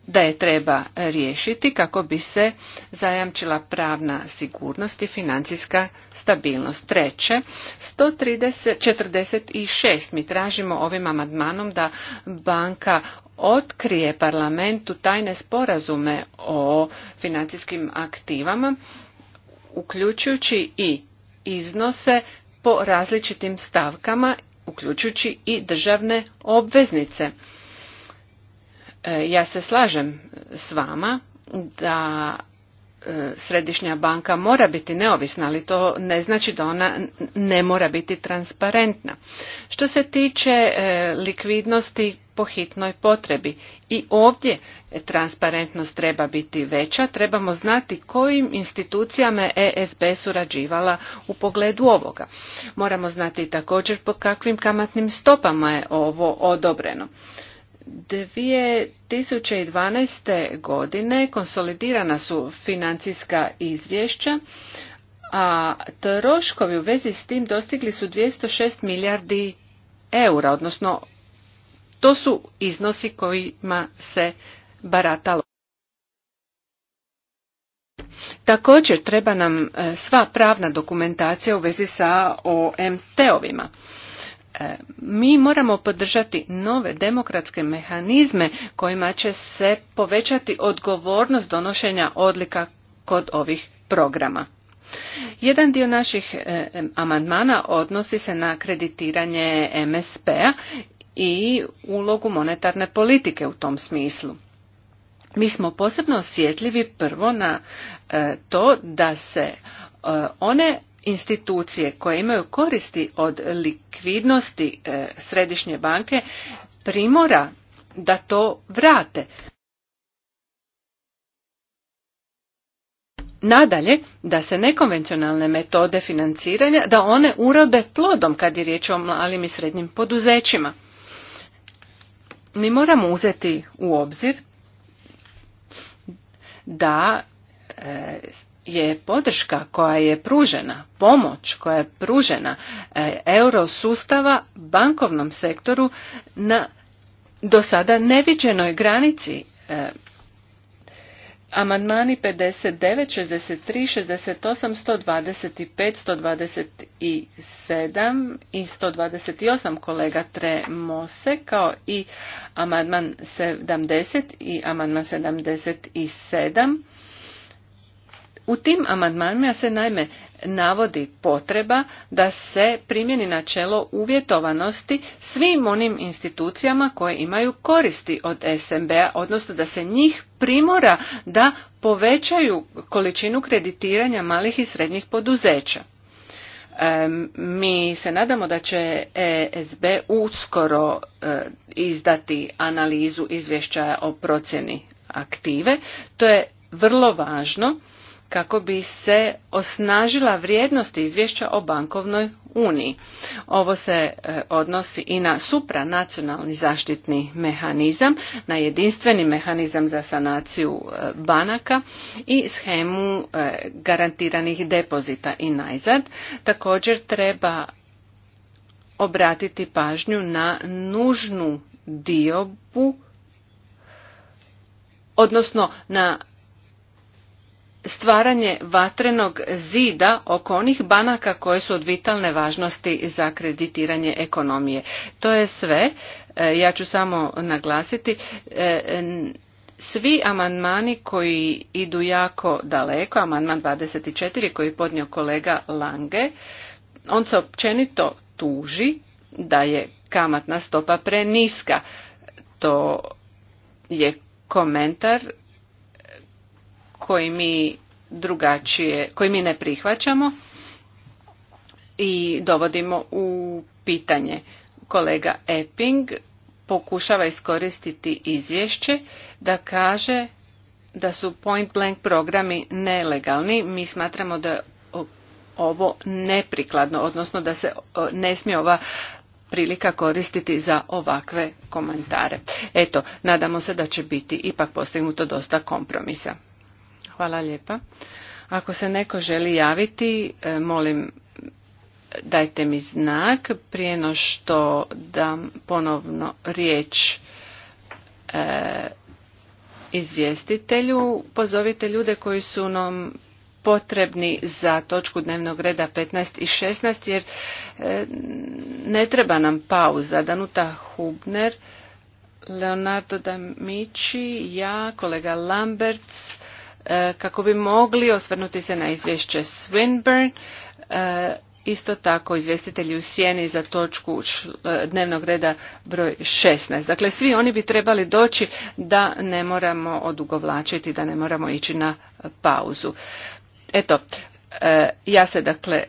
da je treba riješiti kako bi se zajamčila pravna sigurnost i financijska stabilnost. Treće, 146 mi tražimo ovim amandmanom da banka otkrije parlamentu tajne sporazume o financijskim aktivama uključujući i iznose po različitim stavkama, uključujući i državne obveznice. E, ja se slažem s vama da E, središnja banka mora biti neovisna, ali to ne znači da ona ne mora biti transparentna. Što se tiče e, likvidnosti po hitnoj potrebi i ovdje transparentnost treba biti veća, trebamo znati kojim institucijama ESB e surađivala u pogledu ovoga. Moramo znati također po kakvim kamatnim stopama je ovo odobreno. 2012. godine konsolidirana su financijska izvješća, a troškovi u vezi s tim dostigli su 206 milijardi eura, odnosno to su iznosi kojima se baratalo. Također treba nam e, sva pravna dokumentacija u vezi sa OMT-ovima. E, mi moramo podržati nove demokratske mehanizme kojima će se povećati odgovornost donošenja odlika kod ovih programa. Jedan dio naših e, amandmana odnosi se na kreditiranje MSP-a i ulogu monetarne politike u tom smislu. Mi smo posebno osjetljivi prvo na e, to da se one institucije koje imaju koristi od likvidnosti e, središnje banke primora da to vrate. Nadalje, da se nekonvencionalne metode financiranja, da one urode plodom kad je riječ o malim i srednjim poduzećima. Mi moramo uzeti u obzir da e, je podrška koja je pružena, pomoć koja je pružena e, eurosustava bankovnom sektoru na do sada neviđenoj granici. E, amandmani 59, 63, 68, 125, 127 i 128 kolega Tremose kao i amandman 70 i amandman 77 u tim amandmanima se naime navodi potreba da se primjeni načelo uvjetovanosti svim onim institucijama koje imaju koristi od SMB-a, odnosno da se njih primora da povećaju količinu kreditiranja malih i srednjih poduzeća. Mi se nadamo da će ESB uskoro e, izdati analizu izvješća o procjeni aktive. To je vrlo važno kako bi se osnažila vrijednost izvješća o bankovnoj uniji. Ovo se e, odnosi i na supranacionalni zaštitni mehanizam, na jedinstveni mehanizam za sanaciju e, banaka i schemu e, garantiranih depozita i najzad. Također treba obratiti pažnju na nužnu diobu odnosno na stvaranje vatrenog zida oko onih banaka koje su od vitalne važnosti za kreditiranje ekonomije. To je sve, e, ja ću samo naglasiti, e, svi amandmani koji idu jako daleko, amandman 24 koji je podnio kolega Lange, on se općenito tuži da je kamatna stopa preniska. To je komentar koji mi drugačije, koji mi ne prihvaćamo i dovodimo u pitanje. Kolega Epping pokušava iskoristiti izvješće da kaže da su point blank programi nelegalni. Mi smatramo da je ovo neprikladno, odnosno da se ne smije ova prilika koristiti za ovakve komentare. Eto, nadamo se da će biti ipak postignuto dosta kompromisa. Hvala lijepa. Ako se neko želi javiti, e, molim dajte mi znak prije no što dam ponovno riječ e, izvjestitelju. Pozovite ljude koji su nam potrebni za točku dnevnog reda 15 i 16 jer e, ne treba nam pauza. Danuta Hubner, Leonardo Damici, ja, kolega Lamberts, E, kako bi mogli osvrnuti se na izvješće Swinburne, e, isto tako izvjestitelji u sjeni za točku e, dnevnog reda broj 16. Dakle, svi oni bi trebali doći da ne moramo odugovlačiti, da ne moramo ići na pauzu. Eto, ja se dakle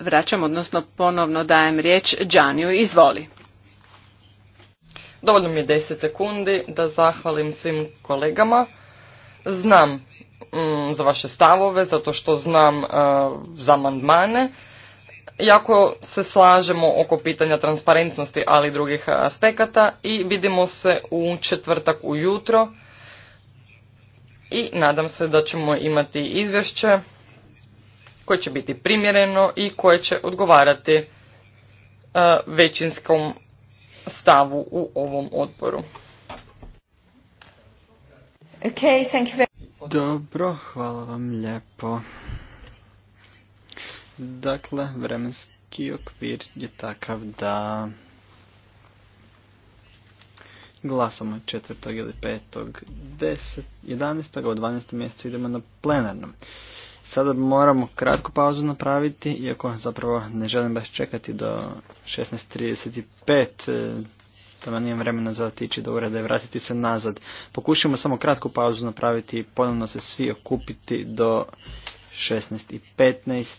vraćam, odnosno ponovno dajem riječ Džaniju. Izvoli. Dovoljno mi je 10 sekundi da zahvalim svim kolegama Znam mm, za vaše stavove, zato što znam e, za amandmane. Jako se slažemo oko pitanja transparentnosti, ali i drugih aspekata i vidimo se u četvrtak ujutro i nadam se da ćemo imati izvješće koje će biti primjereno i koje će odgovarati e, većinskom stavu u ovom odboru. Okay, thank you very... much. Dobro, hvala vam lijepo. Dakle, vremenski okvir je takav da glasamo 4. ili 5. 10. 11. u 12. mjesecu idemo na plenarnom. Sada moramo kratku pauzu napraviti, iako zapravo ne želim baš čekati do 16.35 tamo nijem vremena za otići do ureda i vratiti se nazad. Pokušajmo samo kratku pauzu napraviti i ponovno se svi okupiti do 16.15,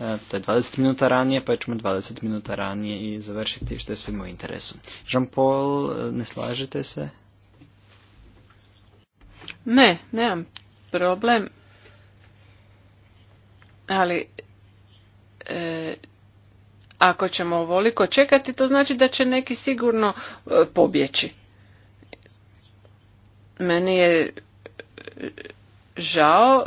e, to je 20 minuta ranije, pa ćemo 20 minuta ranije i završiti što je svima u interesu. Jean-Paul, e, ne slažete se? Ne, nemam problem, ali e, ako ćemo ovoliko čekati, to znači da će neki sigurno e, pobjeći. Meni je e, žao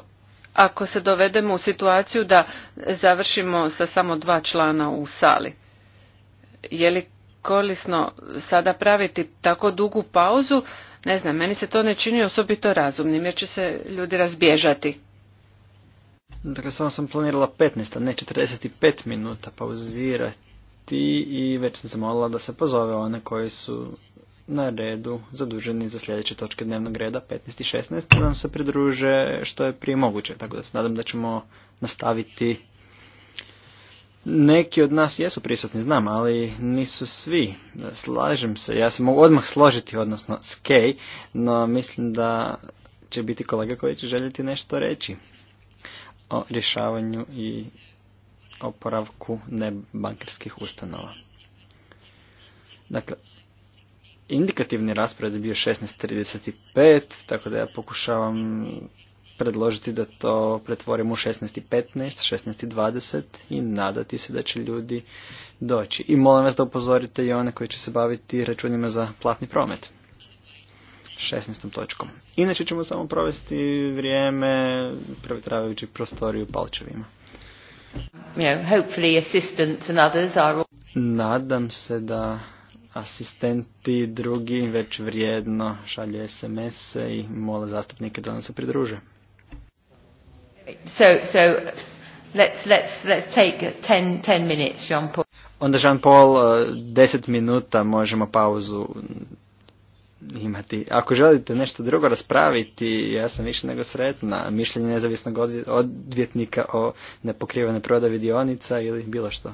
ako se dovedemo u situaciju da završimo sa samo dva člana u sali. Je li korisno sada praviti tako dugu pauzu? Ne znam, meni se to ne čini osobito razumnim jer će se ljudi razbježati. Dakle, samo sam planirala 15, a ne 45 minuta pauzirati i već sam zamolila da se pozove one koji su na redu zaduženi za sljedeće točke dnevnog reda 15 i 16 da nam se pridruže što je prije moguće. Tako da se nadam da ćemo nastaviti. Neki od nas jesu prisutni, znam, ali nisu svi. Slažem se, ja se mogu odmah složiti, odnosno s no mislim da će biti kolega koji će željeti nešto reći o rješavanju i oporavku nebankarskih ustanova. Dakle, indikativni raspored je bio 16.35, tako da ja pokušavam predložiti da to pretvorim u 16.15, 16.20 i nadati se da će ljudi doći. I molim vas da upozorite i one koji će se baviti računima za platni promet. 16. točkom. Inače ćemo samo provesti vrijeme prevetravajući prostoriju palčevima. Nadam se da asistenti drugi već vrijedno šalju SMS-e i mole zastupnike da nam se pridruže. So, so, let's, let's, let's take minutes, Jean Paul. Onda Jean Paul, eh, deset minuta možemo pauzu imati. Ako želite nešto drugo raspraviti, ja sam više nego sretna. Mišljenje nezavisnog odvjetnika o nepokrivenoj prodavi dionica ili bilo što.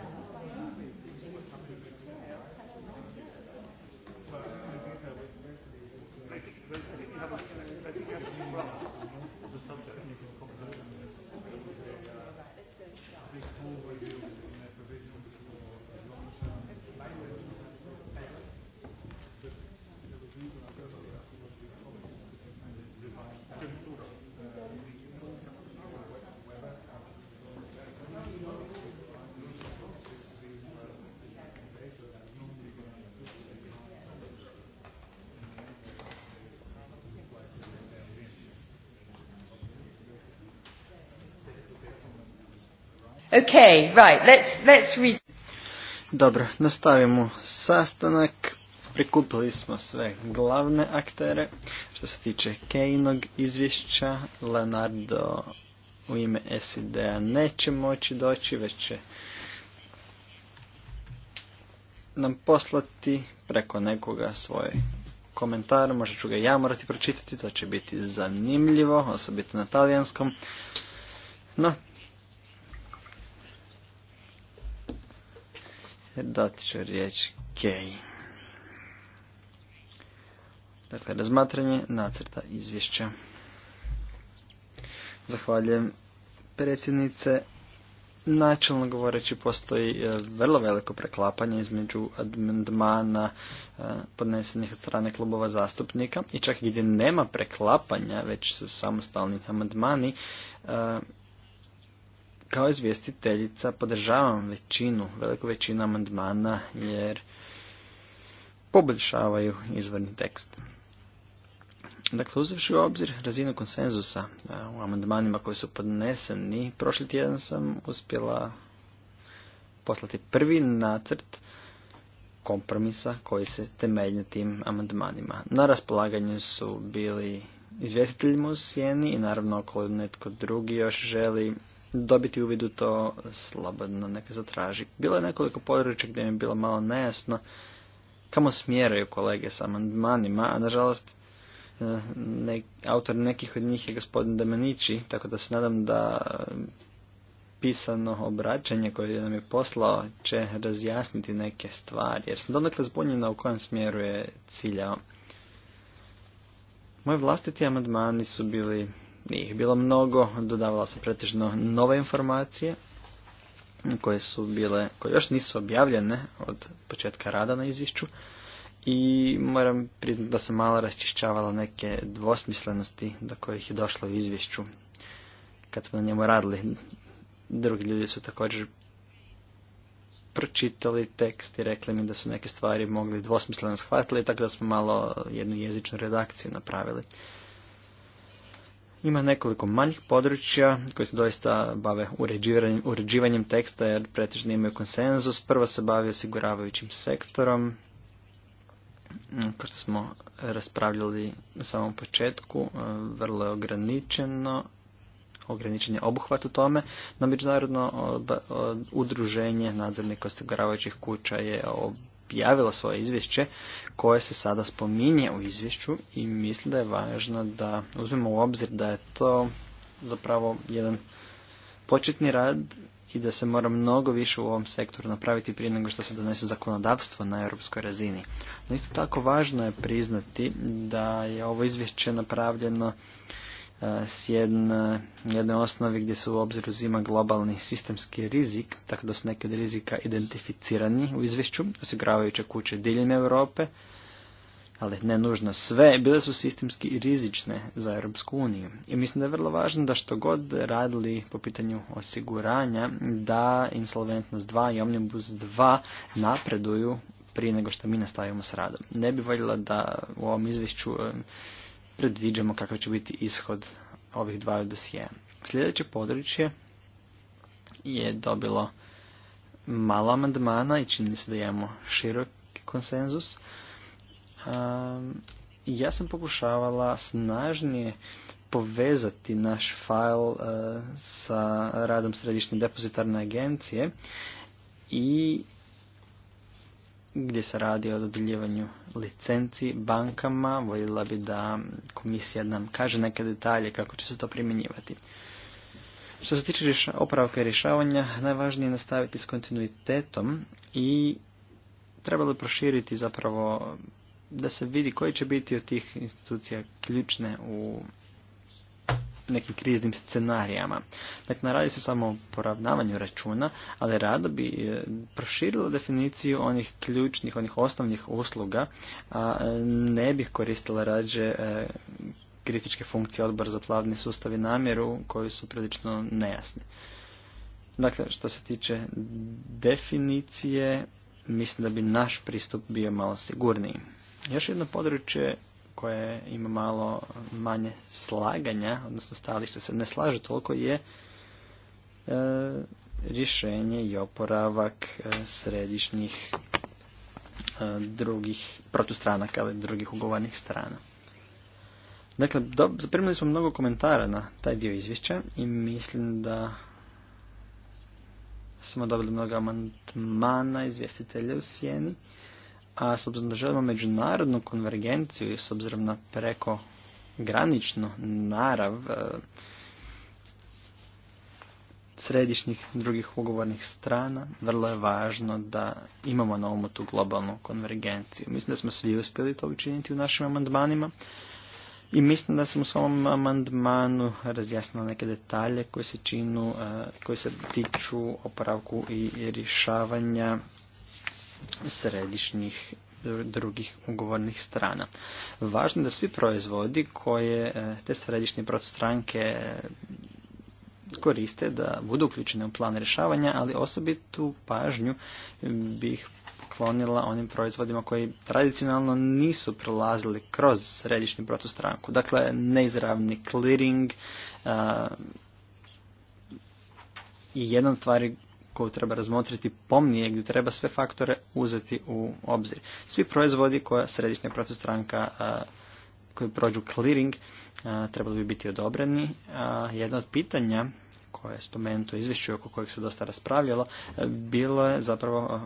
Okay, right, let's, let's Dobro, nastavimo sastanak. Prikupili smo sve glavne aktere. Što se tiče Kejnog izvješća, Leonardo u ime SID-a neće moći doći, već će nam poslati preko nekoga svoj komentar. Možda ću ga ja morati pročitati, to će biti zanimljivo, osobito na talijanskom. No, dati ću riječ K. Dakle, razmatranje nacrta izvješća. Zahvaljujem predsjednice. Načelno govoreći postoji e, vrlo veliko preklapanje između amandmana e, podnesenih od strane klubova zastupnika i čak gdje nema preklapanja, već su samostalni amandmani, e, kao izvjestiteljica podržavam većinu, veliku većinu amandmana jer poboljšavaju izvorni tekst. Dakle, uzavši u obzir razinu konsenzusa e, u amandmanima koji su podneseni, prošli tjedan sam uspjela poslati prvi nacrt kompromisa koji se temelji tim amandmanima. Na raspolaganju su bili izvjestiteljima u sjeni i naravno ako netko drugi još želi dobiti u vidu to, slobodno neka zatraži. Bilo je nekoliko područja gdje mi je bilo malo nejasno kamo smjeraju kolege sa amandmanima, a nažalost e, autor nekih od njih je gospodin Demenići, tako da se nadam da pisano obraćanje koje nam je poslao će razjasniti neke stvari, jer sam donekle zbunjena u kojem smjeru je ciljao. Moji vlastiti amandmani su bili nije ih bilo mnogo, dodavala se pretežno nove informacije koje su bile, koje još nisu objavljene od početka rada na izvješću i moram priznati da sam malo raščišćavala neke dvosmislenosti do kojih je došlo u izvješću kad smo na njemu radili. Drugi ljudi su također pročitali tekst i rekli mi da su neke stvari mogli dvosmisleno shvatili, tako da smo malo jednu jezičnu redakciju napravili. Ima nekoliko manjih područja koji se doista bave uređivanjem, uređivanjem teksta jer pretežno imaju konsenzus. Prvo se bavi osiguravajućim sektorom, mm, kao što smo raspravljali na samom početku, e, vrlo je ograničeno ograničen je obuhvat u tome, no međunarodno udruženje nadzornika osiguravajućih kuća je javila svoje izvješće koje se sada spominje u izvješću i mislim da je važno da uzmemo u obzir da je to zapravo jedan početni rad i da se mora mnogo više u ovom sektoru napraviti prije nego što se donese zakonodavstvo na europskoj razini. No isto tako važno je priznati da je ovo izvješće napravljeno E, s jedne, jednoj osnovi gdje se u obzir uzima globalni sistemski rizik, tako da su neke od rizika identificirani u izvješću, osiguravajuće kuće diljem Europe, ali ne nužno sve, bile su sistemski rizične za Europsku uniju. I mislim da je vrlo važno da što god radili po pitanju osiguranja, da Insolventnost 2 i Omnibus 2 napreduju prije nego što mi nastavimo s radom. Ne bi voljela da u ovom izvješću predviđamo kakav će biti ishod ovih dva dosije. Sljedeće područje je dobilo malo amandmana i čini se da imamo širok konsenzus. ja sam pokušavala snažnije povezati naš fail e, sa radom središnje depozitarne agencije i gdje se radi o dodjeljivanju licenci bankama. Voljela bi da komisija nam kaže neke detalje kako će se to primjenjivati. Što se tiče opravka i rješavanja, najvažnije je nastaviti s kontinuitetom i trebalo proširiti zapravo da se vidi koji će biti od tih institucija ključne u nekim kriznim scenarijama. Dakle, radi se samo o poravnavanju računa, ali rado bi e, proširilo definiciju onih ključnih, onih osnovnih usluga, a e, ne bih koristila rađe e, kritičke funkcije odbora za plavni sustav i namjeru koji su prilično nejasni. Dakle, što se tiče definicije, mislim da bi naš pristup bio malo sigurniji. Još jedno područje koje ima malo manje slaganja, odnosno stališta se ne slaže toliko je e, rješenje i oporavak e, središnjih e, drugih protustranaka ali drugih ugovornih strana. Dakle, zaprimili smo mnogo komentara na taj dio izvješća i mislim da smo dobili mnogo amandmana izvjestitelja u sjeni. A s obzirom da želimo međunarodnu konvergenciju i s obzirom na preko narav e, središnjih drugih ugovornih strana, vrlo je važno da imamo na umu tu globalnu konvergenciju. Mislim da smo svi uspjeli to učiniti u našim amandmanima i mislim da sam u svom amandmanu razjasnila neke detalje koje se činu, e, koje se tiču oporavku i rješavanja središnjih drugih ugovornih strana. Važno je da svi proizvodi koje e, te središnje protostranke e, koriste da budu uključene u plan rješavanja, ali osobitu pažnju bih klonila onim proizvodima koji tradicionalno nisu prolazili kroz središnju protostranku. Dakle, neizravni clearing i jedna od stvari koju treba razmotriti pomnije gdje treba sve faktore uzeti u obzir. Svi proizvodi koja središnja protustranka koji prođu clearing trebali bi biti odobreni. Jedno od pitanja koje je spomenuto izvješću oko kojeg se dosta raspravljalo, bilo je zapravo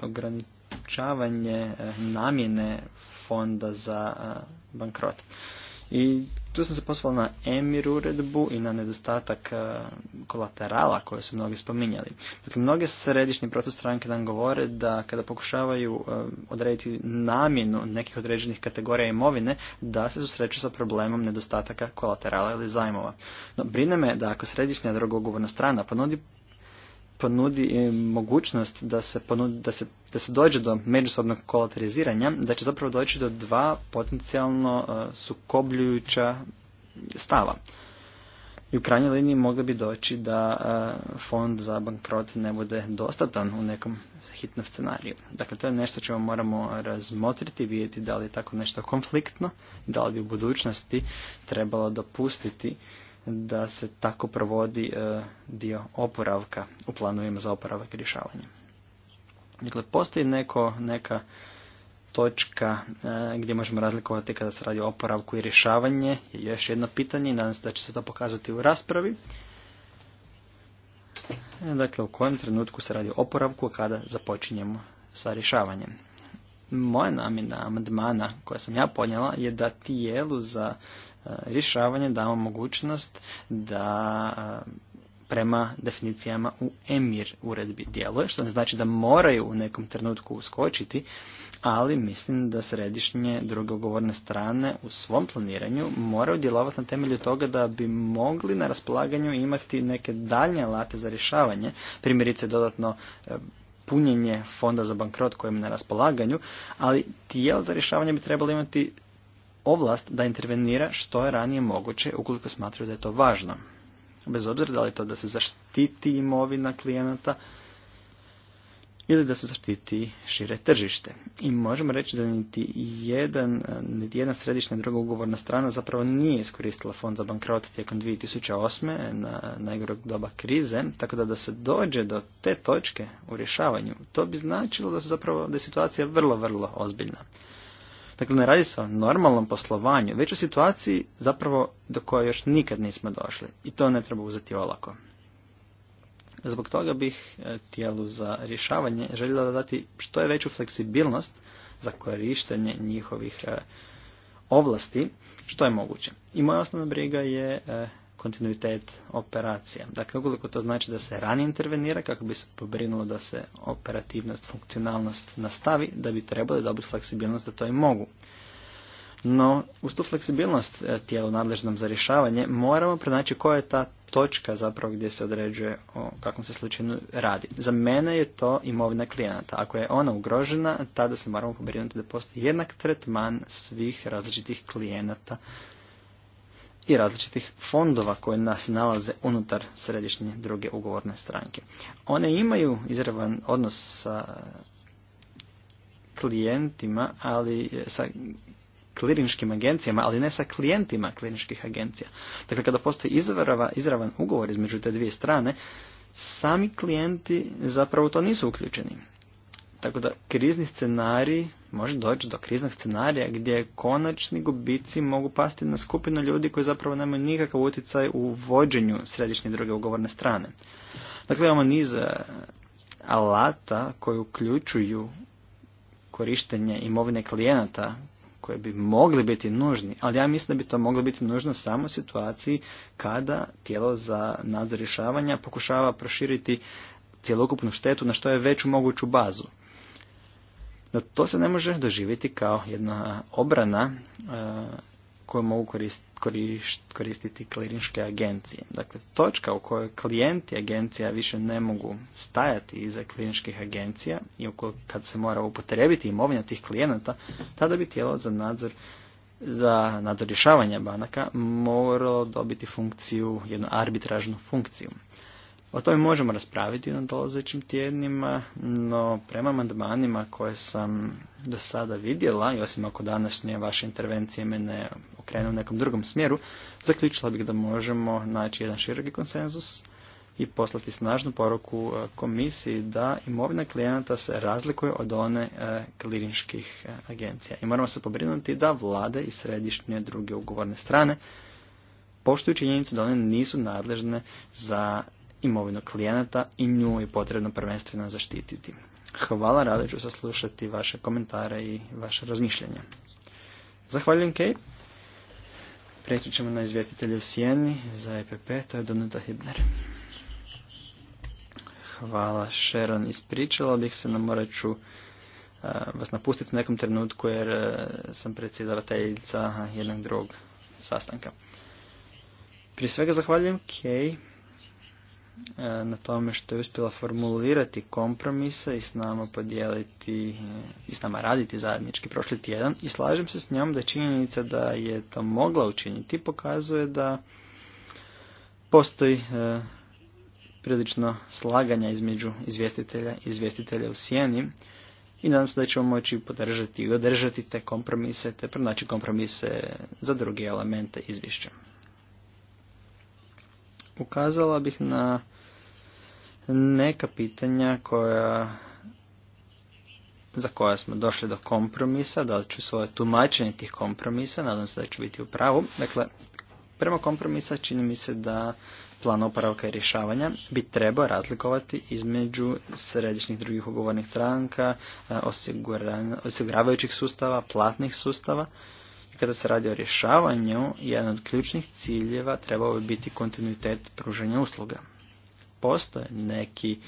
ograničavanje namjene fonda za bankrot. I tu sam se poslao na Emir uredbu i na nedostatak e, kolaterala koje su mnogi spominjali. Dakle, mnoge središnje protostranke nam govore da kada pokušavaju e, odrediti namjenu nekih određenih kategorija imovine, da se susreću sa problemom nedostataka kolaterala ili zajmova. No, brine me da ako središnja drugogovorna strana ponudi ponudi mogućnost da se, ponudi, da se, da se dođe do međusobnog kolateriziranja, da će zapravo doći do dva potencijalno e, sukobljujuća stava. I u krajnjoj liniji mogli bi doći da e, fond za bankrot ne bude dostatan u nekom hitnom scenariju. Dakle, to je nešto čemu moramo razmotriti, vidjeti da li je tako nešto konfliktno, da li bi u budućnosti trebalo dopustiti da se tako provodi e, dio oporavka u planovima za oporavak i rješavanje. Dakle, postoji neko, neka točka e, gdje možemo razlikovati kada se radi o oporavku i rješavanje je još jedno pitanje i nadam se da će se to pokazati u raspravi. E, dakle, u kojem trenutku se radi o oporavku kada započinjemo sa rješavanjem. Moja namjena amandmana koja sam ja ponijela je da tijelu za E, rješavanje damo mogućnost da e, prema definicijama u emir uredbi djeluje, što ne znači da moraju u nekom trenutku uskočiti, ali mislim da središnje druge ugovorne strane u svom planiranju moraju djelovati na temelju toga da bi mogli na raspolaganju imati neke daljnje alate za rješavanje, primjerice dodatno e, punjenje fonda za bankrot kojem je na raspolaganju, ali tijel za rješavanje bi trebalo imati ovlast da intervenira što je ranije moguće ukoliko smatraju da je to važno. Bez obzira da li je to da se zaštiti imovina klijenata ili da se zaštiti šire tržište. I možemo reći da niti, jedan, niti jedna središnja druga ugovorna strana zapravo nije iskoristila fond za bankrot tijekom 2008. na najgorog doba krize, tako da da se dođe do te točke u rješavanju, to bi značilo da, zapravo, da je situacija vrlo, vrlo ozbiljna. Dakle, ne radi se o normalnom poslovanju, već o situaciji zapravo do koje još nikad nismo došli. I to ne treba uzeti olako. Zbog toga bih e, tijelu za rješavanje željela dati što je veću fleksibilnost za korištenje njihovih e, ovlasti, što je moguće. I moja osnovna briga je e, kontinuitet operacija. Dakle, ukoliko to znači da se rani intervenira kako bi se pobrinulo da se operativnost, funkcionalnost nastavi, da bi trebali dobiti fleksibilnost da to i mogu. No, uz tu fleksibilnost e, tijelu nadležnom za rješavanje moramo pronaći koja je ta točka zapravo gdje se određuje o kakvom se slučaju radi. Za mene je to imovina klijenata. Ako je ona ugrožena, tada se moramo pobrinuti da postoji jednak tretman svih različitih klijenata i različitih fondova koji nas nalaze unutar središnje druge ugovorne stranke. One imaju izravan odnos sa klijentima, ali sa kliničkim agencijama, ali ne sa klijentima kliničkih agencija. Dakle, kada postoji izrava, izravan ugovor između te dvije strane, sami klijenti zapravo to nisu uključeni. Tako da krizni scenarij može doći do kriznog scenarija gdje konačni gubici mogu pasti na skupinu ljudi koji zapravo nemaju nikakav utjecaj u vođenju središnje druge ugovorne strane. Dakle, imamo niz e, alata koji uključuju korištenje imovine klijenata koje bi mogli biti nužni, ali ja mislim da bi to moglo biti nužno samo u situaciji kada tijelo za nadzor rješavanja pokušava proširiti cjelokupnu štetu na što je veću moguću bazu. No to se ne može doživjeti kao jedna e, obrana e, koju mogu koristiti klirinške agencije. Dakle, točka u kojoj klijenti agencija više ne mogu stajati iza kliničkih agencija i kad se mora upotrebiti imovina tih klijenata, tada bi tijelo za nadzor za nadzor banaka moralo dobiti funkciju, jednu arbitražnu funkciju. O tome možemo raspraviti na dolazećim tjednima, no prema amandmanima koje sam do sada vidjela, i osim ako današnje vaše intervencije mene okrenu u nekom drugom smjeru, zaključila bih da možemo naći jedan široki konsenzus i poslati snažnu poruku e, komisiji da imovina klijenata se razlikuje od one e, kliničkih e, agencija. I moramo se pobrinuti da vlade i središnje druge ugovorne strane poštuju činjenicu da one nisu nadležne za imovinu klijenata i nju je potrebno prvenstveno zaštititi. Hvala, rado ću saslušati vaše komentare i vaše razmišljanja. Zahvaljujem, Kej. Preći ćemo na izvjestitelje u Sijeni za EPP, to je Donuta Hibner. Hvala, Sharon. Ispričala bih se, na morat ću eh, vas napustiti u nekom trenutku jer eh, sam predsjedavateljica jednog drugog sastanka. Prije svega zahvaljujem Kej E, na tome što je uspjela formulirati kompromise i s nama podijeliti e, i s nama raditi zajednički prošli tjedan i slažem se s njom da činjenica da je to mogla učiniti pokazuje da postoji e, prilično slaganja između izvjestitelja i izvjestitelja u sjeni i nadam se da ćemo moći podržati i održati te kompromise te pronaći kompromise za druge elemente izvješća ukazala bih na neka pitanja koja za koja smo došli do kompromisa, da li ću svoje tumačenje tih kompromisa, nadam se da ću biti u pravu. Dakle, prema kompromisa čini mi se da plan oporavka i rješavanja bi trebao razlikovati između središnjih drugih ugovornih stranka, osiguravajućih sustava, platnih sustava, kada se radi o rješavanju, jedan od ključnih ciljeva trebao bi biti kontinuitet pružanja usluga. Postoje neki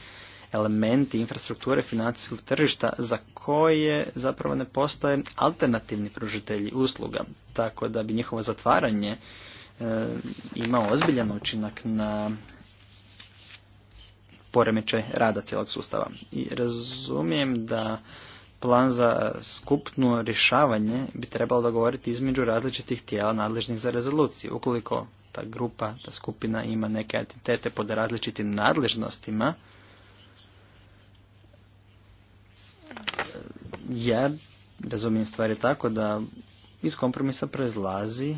elementi infrastrukture financijskog tržišta za koje zapravo ne postoje alternativni pružitelji usluga, tako da bi njihovo zatvaranje e, imao ozbiljan učinak na poremećaj rada cijelog sustava. I razumijem da plan za skupno rješavanje bi trebalo dogovoriti između različitih tijela nadležnih za rezoluciju. Ukoliko ta grupa, ta skupina ima neke entitete pod različitim nadležnostima, ja razumijem stvari tako da iz kompromisa proizlazi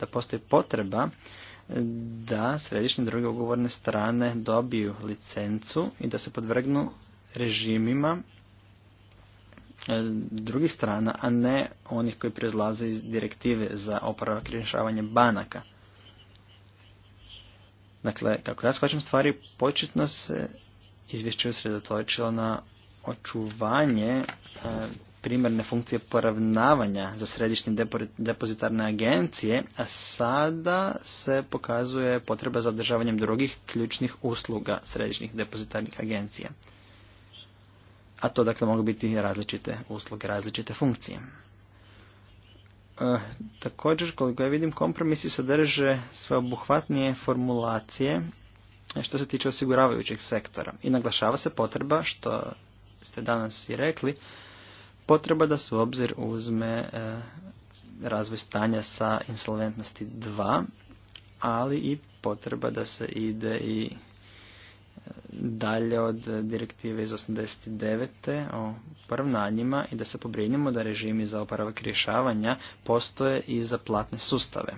da postoji potreba da središnje druge ugovorne strane dobiju licencu i da se podvrgnu režimima E, drugih strana, a ne onih koji proizlaze iz direktive za oporavak i rješavanje banaka. Dakle, kako ja shvaćam stvari, početno se izvješće usredotočilo na očuvanje e, primarne funkcije poravnavanja za središnje depozitarne agencije, a sada se pokazuje potreba za održavanjem drugih ključnih usluga središnjih depozitarnih agencija a to dakle mogu biti različite usluge, različite funkcije. E, također, koliko ja vidim, kompromisi sadrže sveobuhvatnije formulacije e, što se tiče osiguravajućeg sektora. I naglašava se potreba, što ste danas i rekli, potreba da se u obzir uzme e, razvoj stanja sa insolventnosti 2, ali i potreba da se ide i dalje od direktive iz 89. o poravnanjima i da se pobrinimo da režimi za oporavak rješavanja postoje i za platne sustave.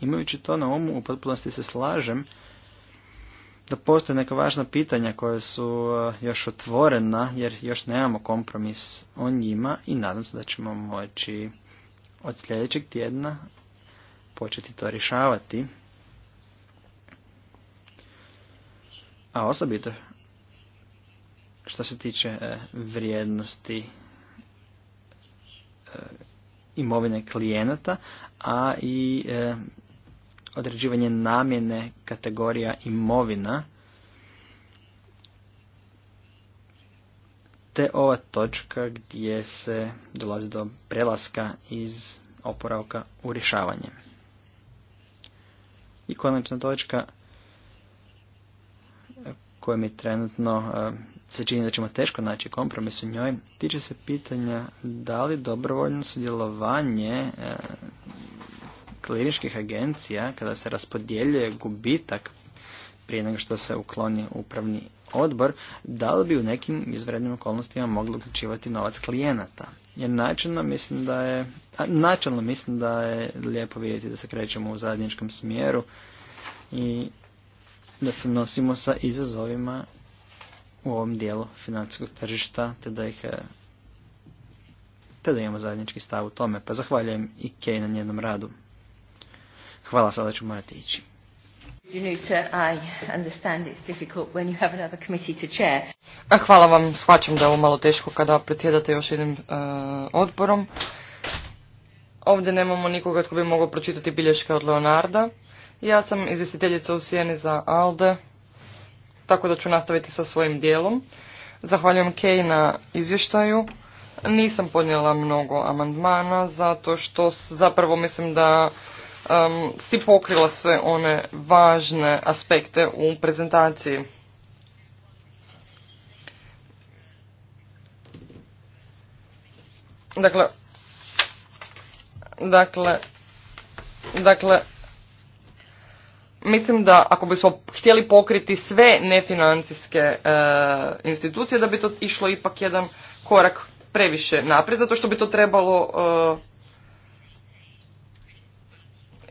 Imajući to na umu, u potpunosti se slažem da postoje neka važna pitanja koja su eh, još otvorena jer još nemamo kompromis o njima i nadam se da ćemo moći od sljedećeg tjedna početi to rješavati A osobito što se tiče e, vrijednosti e, imovine klijenata, a i e, određivanje namjene kategorija imovina te ova točka gdje se dolazi do prelaska iz oporavka u rješavanje. I konačna točka koje mi trenutno e, se čini da ćemo teško naći kompromis u njoj, tiče se pitanja da li dobrovoljno sudjelovanje e, kliničkih agencija kada se raspodjeljuje gubitak prije nego što se ukloni upravni odbor, da li bi u nekim izvrednim okolnostima mogli uključivati novac klijenata. Jer načelno mislim da je, načelno mislim da je lijepo vidjeti da se krećemo u zajedničkom smjeru i da se nosimo sa izazovima u ovom dijelu financijskog tržišta, te da ih te da imamo zajednički stav u tome. Pa zahvaljujem i Kej na njenom radu. Hvala, sada ću morati ići. Hvala vam, shvaćam da je ovo malo teško kada predsjedate još jednim e, odborom. Ovdje nemamo nikoga tko bi mogao pročitati bilješke od Leonarda. Ja sam izvjestiteljica u Sijeni za ALDE, tako da ću nastaviti sa svojim dijelom. Zahvaljujem Kej na izvještaju. Nisam podnijela mnogo amandmana, zato što zapravo mislim da um, si pokrila sve one važne aspekte u prezentaciji. Dakle, dakle, dakle, mislim da ako bismo htjeli pokriti sve nefinancijske e, institucije da bi to išlo ipak jedan korak previše naprijed zato što bi to trebalo e,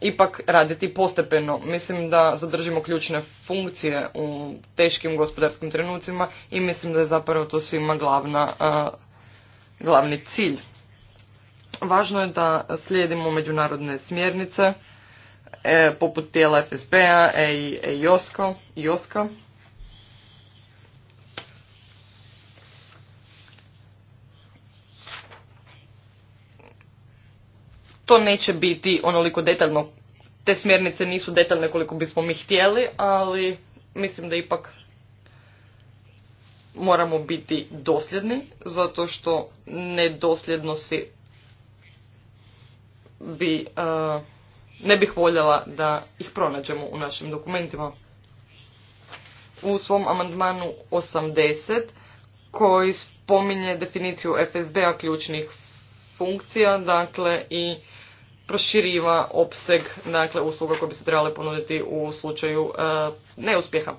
ipak raditi postepeno mislim da zadržimo ključne funkcije u teškim gospodarskim trenucima i mislim da je zapravo to svima glavna, e, glavni cilj važno je da slijedimo međunarodne smjernice e, poput tijela FSB-a, e, e, Josko, Josko. To neće biti onoliko detaljno, te smjernice nisu detaljne koliko bismo mi htjeli, ali mislim da ipak moramo biti dosljedni, zato što nedosljednosti bi... E, ne bih voljela da ih pronađemo u našim dokumentima. U svom amandmanu 80 koji spominje definiciju FSB-a ključnih funkcija, dakle i proširiva opseg dakle, usluga koje bi se trebale ponuditi u slučaju e, neuspjeha.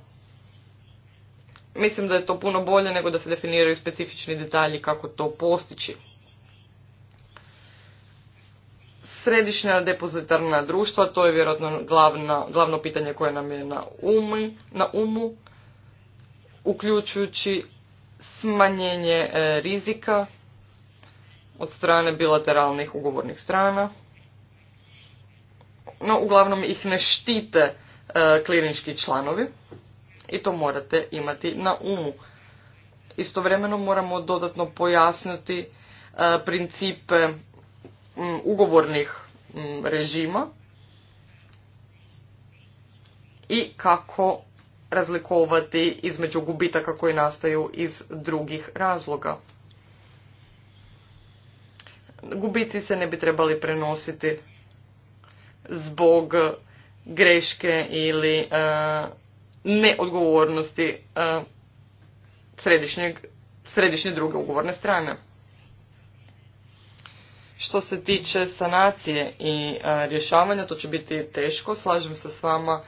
Mislim da je to puno bolje nego da se definiraju specifični detalji kako to postići. Središnja depozitarna društva, to je vjerojatno glavna, glavno pitanje koje nam je na, na umu, uključujući smanjenje e, rizika od strane bilateralnih ugovornih strana. No, uglavnom ih ne štite e, klinički članovi i to morate imati na umu. Istovremeno moramo dodatno pojasniti e, principe ugovornih režima i kako razlikovati između gubitaka koji nastaju iz drugih razloga. Gubiti se ne bi trebali prenositi zbog greške ili e, neodgovornosti e, središnje druge ugovorne strane. Što se tiče sanacije i e, rješavanja, to će biti teško, slažem se s vama.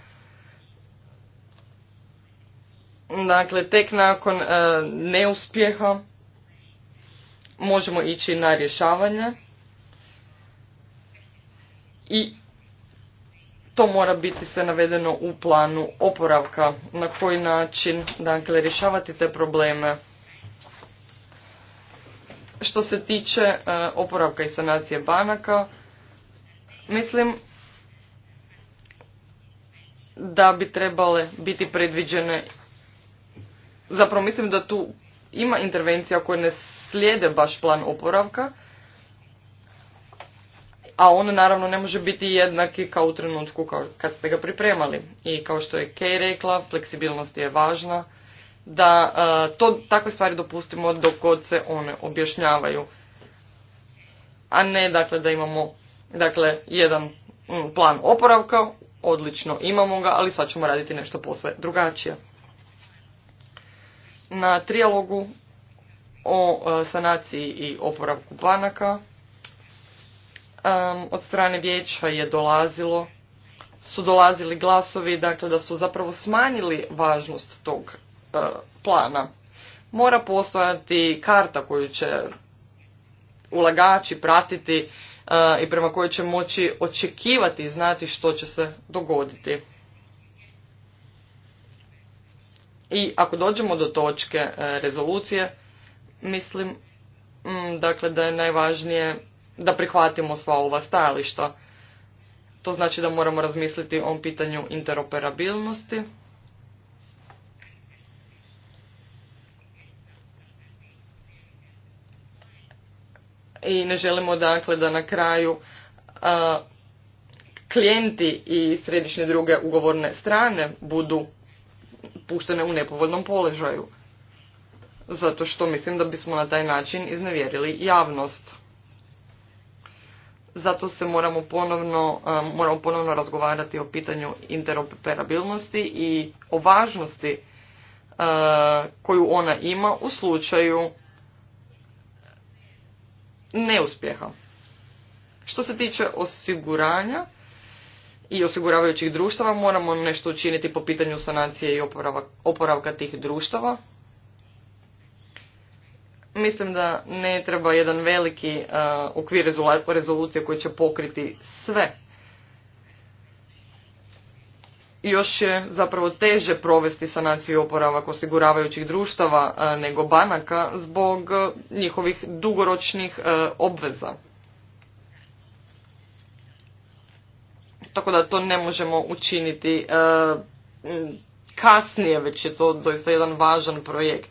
Dakle, tek nakon e, neuspjeha možemo ići na rješavanje i to mora biti sve navedeno u planu oporavka, na koji način dakle, rješavati te probleme što se tiče e, oporavka i sanacije banaka, mislim da bi trebale biti predviđene, zapravo mislim da tu ima intervencija koje ne slijede baš plan oporavka, a on naravno ne može biti jednaki kao u trenutku kad ste ga pripremali. I kao što je Kay rekla, fleksibilnost je važna da e, to, takve stvari dopustimo dok god se one objašnjavaju. A ne dakle da imamo dakle, jedan mm, plan oporavka, odlično imamo ga, ali sad ćemo raditi nešto posve drugačije. Na trijalogu o e, sanaciji i oporavku banaka od strane vijeća je dolazilo su dolazili glasovi dakle da su zapravo smanjili važnost tog E, plana. Mora postojati karta koju će ulagači pratiti e, i prema kojoj će moći očekivati i znati što će se dogoditi. I ako dođemo do točke e, rezolucije, mislim mm, dakle da je najvažnije da prihvatimo sva ova stajališta. To znači da moramo razmisliti o pitanju interoperabilnosti. i ne želimo dakle da na kraju a, klijenti i središnje druge ugovorne strane budu puštene u nepovoljnom položaju. Zato što mislim da bismo na taj način iznevjerili javnost. Zato se moramo ponovno, moramo ponovno razgovarati o pitanju interoperabilnosti i o važnosti koju ona ima u slučaju neuspjeha. Što se tiče osiguranja i osiguravajućih društava, moramo nešto učiniti po pitanju sanacije i oporavka tih društava. Mislim da ne treba jedan veliki uh, okvir rezolucije koji će pokriti sve još je zapravo teže provesti sanaciju oporavak osiguravajućih društava e, nego banaka zbog e, njihovih dugoročnih e, obveza. Tako da to ne možemo učiniti kasnije, već je to doista jedan važan projekt.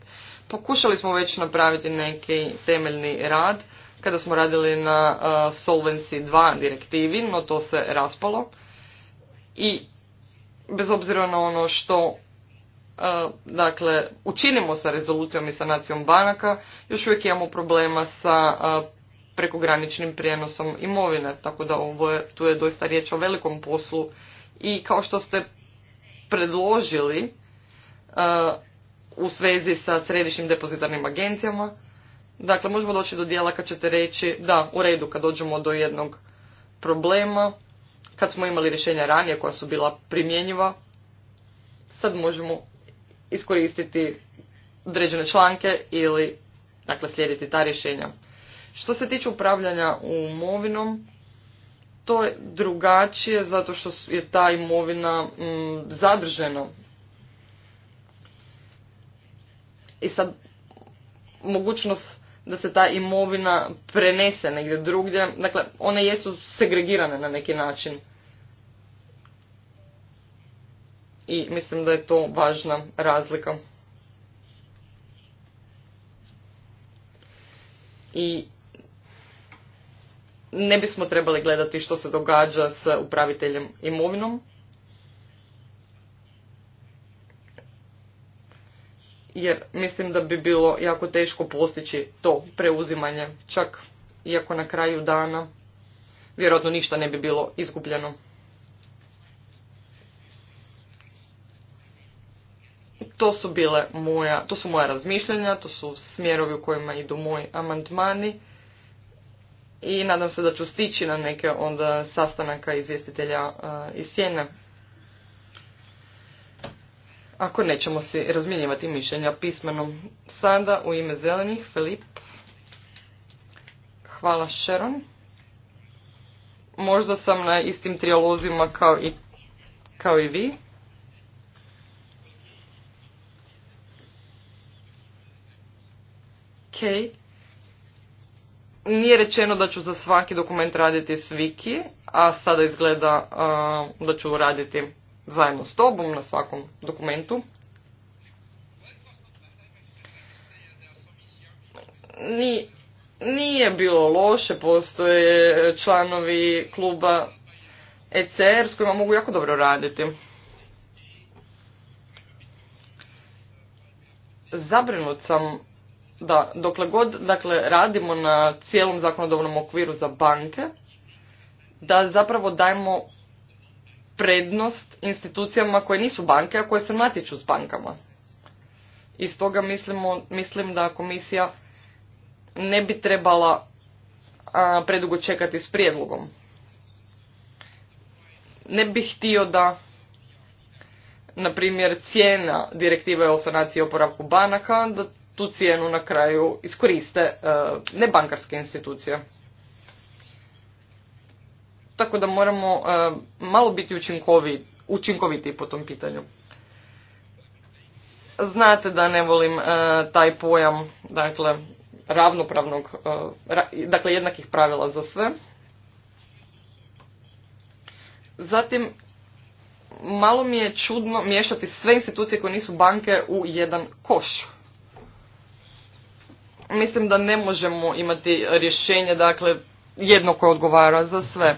Pokušali smo već napraviti neki temeljni rad kada smo radili na Solvency 2 direktivi, no to se raspalo. I bez obzira na ono što e, dakle učinimo sa rezolucijom i sanacijom banaka, još uvijek imamo problema sa e, prekograničnim prijenosom imovine, tako da ovo tu je doista riječ o velikom poslu i kao što ste predložili e, u svezi sa središnjim depozitarnim agencijama, dakle možemo doći do dijela kad ćete reći da u redu kad dođemo do jednog problema, kad smo imali rješenja ranije koja su bila primjenjiva, sad možemo iskoristiti određene članke ili dakle, slijediti ta rješenja. Što se tiče upravljanja imovinom, to je drugačije zato što je ta imovina zadrženo mm, zadržena. I sad mogućnost da se ta imovina prenese negdje drugdje, dakle one jesu segregirane na neki način. i mislim da je to važna razlika. I ne bismo trebali gledati što se događa s upraviteljem imovinom. Jer mislim da bi bilo jako teško postići to preuzimanje, čak iako na kraju dana vjerojatno ništa ne bi bilo izgubljeno. to su bile moja, to su moja razmišljanja, to su smjerovi u kojima idu moji amandmani i nadam se da ću stići na neke onda sastanaka izvjestitelja iz Sjene. Ako nećemo si razmjenjivati mišljenja pismenom Sada u ime zelenih, Filip. Hvala Sharon. Možda sam na istim trijalozima kao i, kao i vi. Ok, Nije rečeno da ću za svaki dokument raditi s Viki, a sada izgleda uh, da ću raditi zajedno s tobom na svakom dokumentu. Ni, nije bilo loše, postoje članovi kluba ECR s kojima mogu jako dobro raditi. Zabrinut sam da dokle god dakle, radimo na cijelom zakonodavnom okviru za banke, da zapravo dajemo prednost institucijama koje nisu banke, a koje se natječu s bankama. I stoga mislimo, mislim da komisija ne bi trebala predugo čekati s prijedlogom. Ne bih htio da, na primjer, cijena direktive o sanaciji i oporavku banaka, da tu cijenu na kraju iskoriste e, nebankarske institucije. Tako da moramo e, malo biti učinkoviti po tom pitanju. Znate da ne volim e, taj pojam, dakle, ravnopravnog, dakle, jednakih pravila za sve. Zatim, malo mi je čudno miješati sve institucije koje nisu banke u jedan koš mislim da ne možemo imati rješenje, dakle, jedno koje odgovara za sve.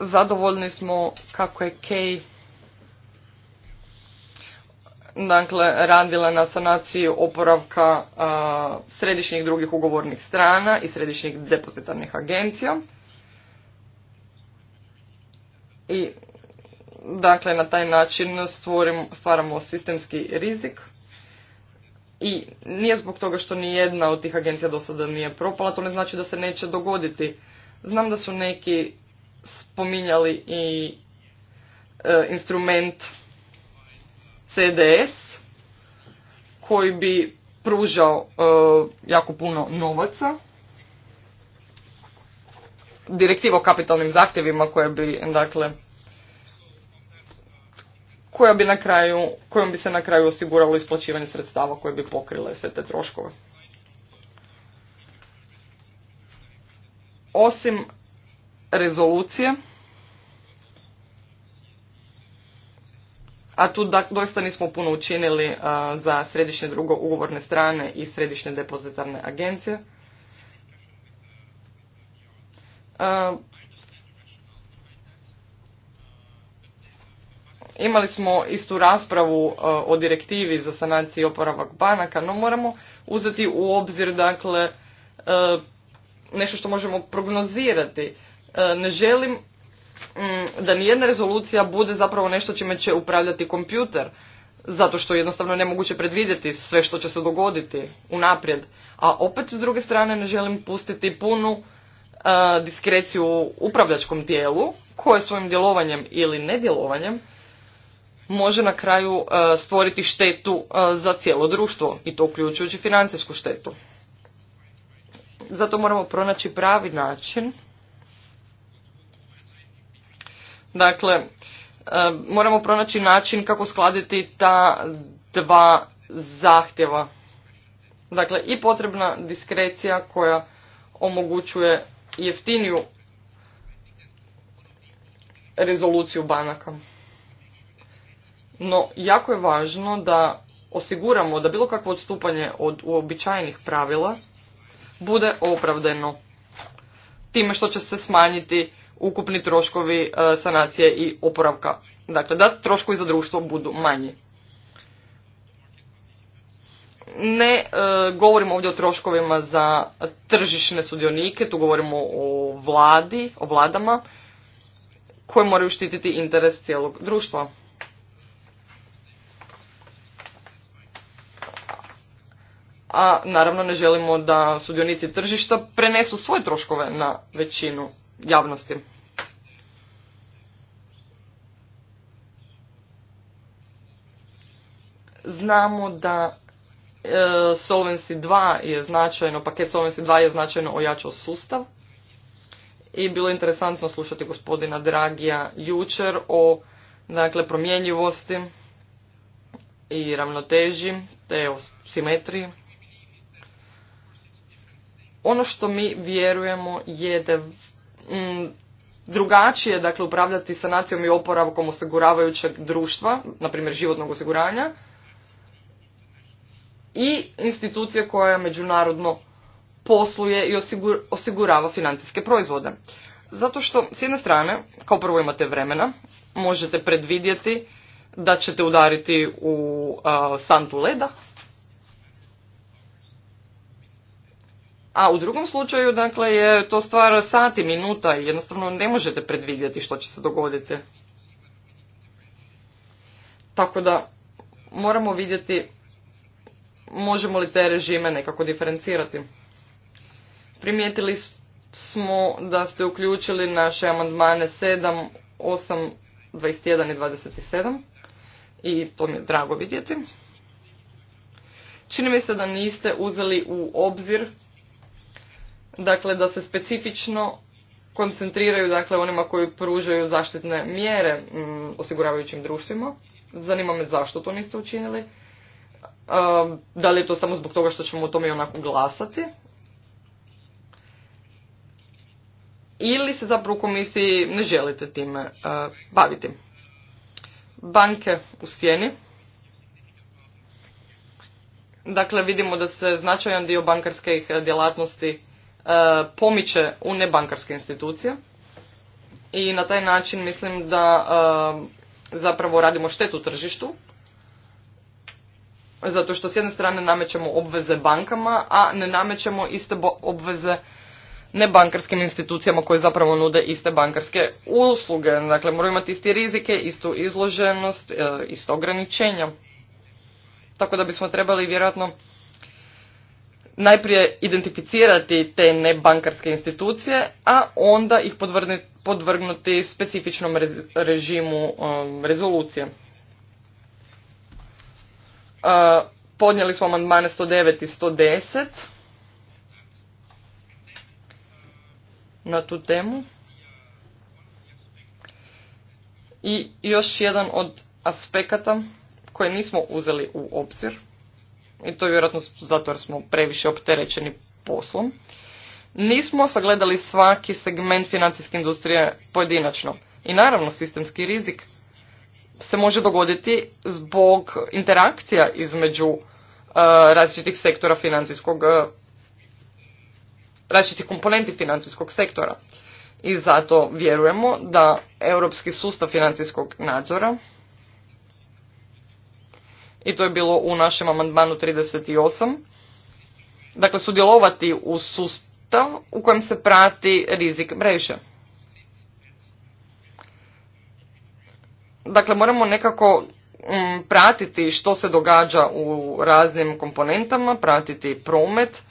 Zadovoljni smo kako je Kay dakle, radila na sanaciji oporavka središnjih drugih ugovornih strana i središnjih depozitarnih agencija. I dakle, na taj način stvorim, stvaramo sistemski rizik i nije zbog toga što ni jedna od tih agencija do sada nije propala, to ne znači da se neće dogoditi. Znam da su neki spominjali i e, instrument CDS koji bi pružao e, jako puno novaca. Direktiva o kapitalnim zahtjevima koje bi dakle koja bi na kraju, kojom bi se na kraju osiguralo isplaćivanje sredstava koje bi pokrile sve te troškove. Osim rezolucije, a tu doista nismo puno učinili za središnje drugo ugovorne strane i središnje depozitarne agencije. Imali smo istu raspravu e, o direktivi za sanaciju i oporavak banaka, no moramo uzeti u obzir dakle e, nešto što možemo prognozirati. E, ne želim mm, da nijedna rezolucija bude zapravo nešto čime će upravljati kompjuter, zato što je jednostavno nemoguće predvidjeti sve što će se dogoditi unaprijed. A opet s druge strane ne želim pustiti punu diskreciju upravljačkom tijelu koje svojim djelovanjem ili nedjelovanjem može na kraju e, stvoriti štetu e, za cijelo društvo i to uključujući financijsku štetu. Zato moramo pronaći pravi način. Dakle, e, moramo pronaći način kako skladiti ta dva zahtjeva. Dakle, i potrebna diskrecija koja omogućuje jeftiniju rezoluciju banaka. No, jako je važno da osiguramo da bilo kakvo odstupanje od uobičajenih pravila bude opravdano time što će se smanjiti ukupni troškovi e, sanacije i oporavka. Dakle, da troškovi za društvo budu manji. Ne e, govorimo ovdje o troškovima za tržišne sudionike, tu govorimo o vladi, o vladama koje moraju štititi interes cijelog društva. a naravno ne želimo da sudionici tržišta prenesu svoje troškove na većinu javnosti. Znamo da e, Solvency 2 je značajno, paket Solvency 2 je značajno ojačao sustav i bilo je interesantno slušati gospodina Dragija jučer o dakle, promjenjivosti i ravnoteži te o simetriji ono što mi vjerujemo je da mm, drugačije dakle upravljati sanacijom i oporavkom osiguravajućeg društva, na primjer životnog osiguranja i institucije koja međunarodno posluje i osigurava financijske proizvode. Zato što s jedne strane, kao prvo imate vremena, možete predvidjeti da ćete udariti u uh, santu leda, a u drugom slučaju dakle je to stvar sati, minuta i jednostavno ne možete predvidjeti što će se dogoditi. Tako da moramo vidjeti možemo li te režime nekako diferencirati. Primijetili smo da ste uključili naše amandmane 7, 8, 21 i 27 i to mi je drago vidjeti. Čini mi se da niste uzeli u obzir dakle da se specifično koncentriraju dakle onima koji pružaju zaštitne mjere mm, osiguravajućim društvima. Zanima me zašto to niste učinili. Ehm, da li je to samo zbog toga što ćemo o tome i onako glasati? Ili se zapravo u komisiji ne želite time eh, baviti? Banke u sjeni. Dakle, vidimo da se značajan dio bankarskih eh, djelatnosti E, pomiče u nebankarske institucije i na taj način mislim da e, zapravo radimo štetu tržištu zato što s jedne strane namećemo obveze bankama, a ne namećemo iste obveze nebankarskim institucijama koje zapravo nude iste bankarske usluge. Dakle, moraju imati isti rizike, istu izloženost, e, isto ograničenja. Tako da bismo trebali vjerojatno najprije identificirati te nebankarske institucije, a onda ih podvrgnuti specifičnom režimu um, rezolucije. Uh, podnijeli smo amandmane 109 i 110 na tu temu. I još jedan od aspekata koje nismo uzeli u obzir i to je vjerojatno zato jer smo previše opterećeni poslom. Nismo sagledali svaki segment financijske industrije pojedinačno. I naravno, sistemski rizik se može dogoditi zbog interakcija između uh, različitih sektora financijskog, uh, različitih komponenti financijskog sektora. I zato vjerujemo da europski sustav financijskog nadzora i to je bilo u našem amandmanu 38, dakle sudjelovati u sustav u kojem se prati rizik mreže. Dakle, moramo nekako mm, pratiti što se događa u raznim komponentama, pratiti promet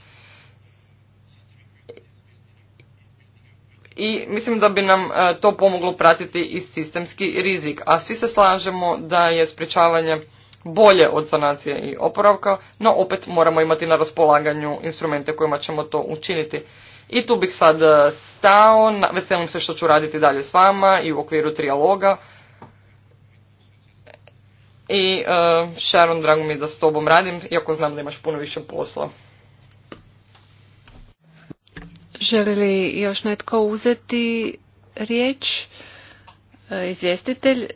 i mislim da bi nam e, to pomoglo pratiti i sistemski rizik. A svi se slažemo da je sprječavanje bolje od sanacije i oporavka, no opet moramo imati na raspolaganju instrumente kojima ćemo to učiniti. I tu bih sad e, stao, veselim se što ću raditi dalje s vama i u okviru trijaloga. I uh, Sharon, drago mi je da s tobom radim, iako znam da imaš puno više posla. Želi li još netko uzeti riječ? E, izvjestitelj,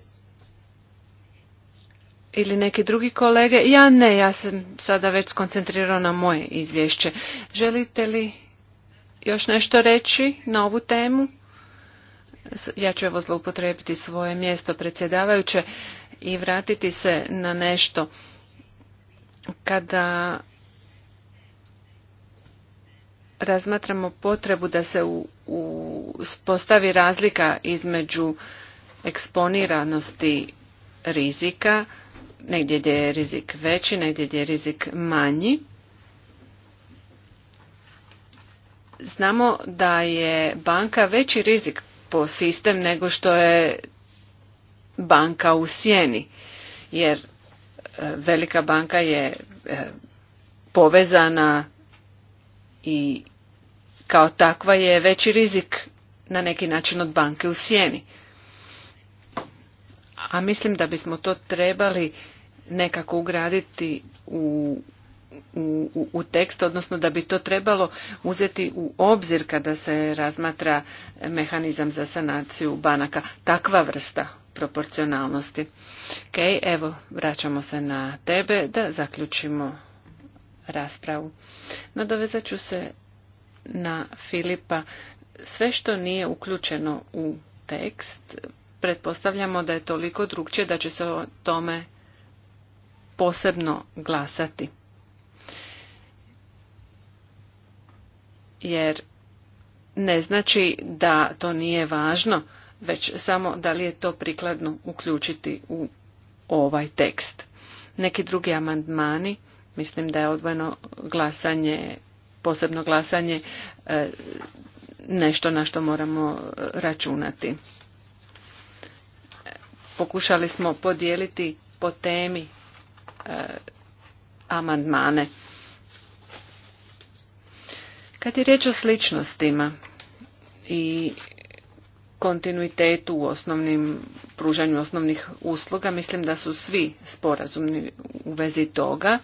ili neki drugi kolege? Ja ne, ja sam sada već skoncentrirao na moje izvješće. Želite li još nešto reći na ovu temu? Ja ću evo zloupotrebiti svoje mjesto predsjedavajuće i vratiti se na nešto. Kada razmatramo potrebu da se postavi razlika između eksponiranosti rizika negdje gdje je rizik veći, negdje gdje je rizik manji. Znamo da je banka veći rizik po sistem nego što je banka u sjeni, jer e, velika banka je e, povezana i kao takva je veći rizik na neki način od banke u sjeni a mislim da bismo to trebali nekako ugraditi u, u, u tekst, odnosno da bi to trebalo uzeti u obzir kada se razmatra mehanizam za sanaciju banaka. Takva vrsta proporcionalnosti. Ok, evo, vraćamo se na tebe da zaključimo raspravu. Nadovezat ću se na Filipa. Sve što nije uključeno u tekst pretpostavljamo da je toliko drugčije da će se o tome posebno glasati. Jer ne znači da to nije važno, već samo da li je to prikladno uključiti u ovaj tekst. Neki drugi amandmani, mislim da je odvojeno glasanje, posebno glasanje, e, nešto na što moramo računati. Pokušali smo podijeliti po temi e, amandmane. Kad je riječ o sličnostima i kontinuitetu u osnovnim pružanju osnovnih usluga, mislim da su svi sporazumni u vezi toga.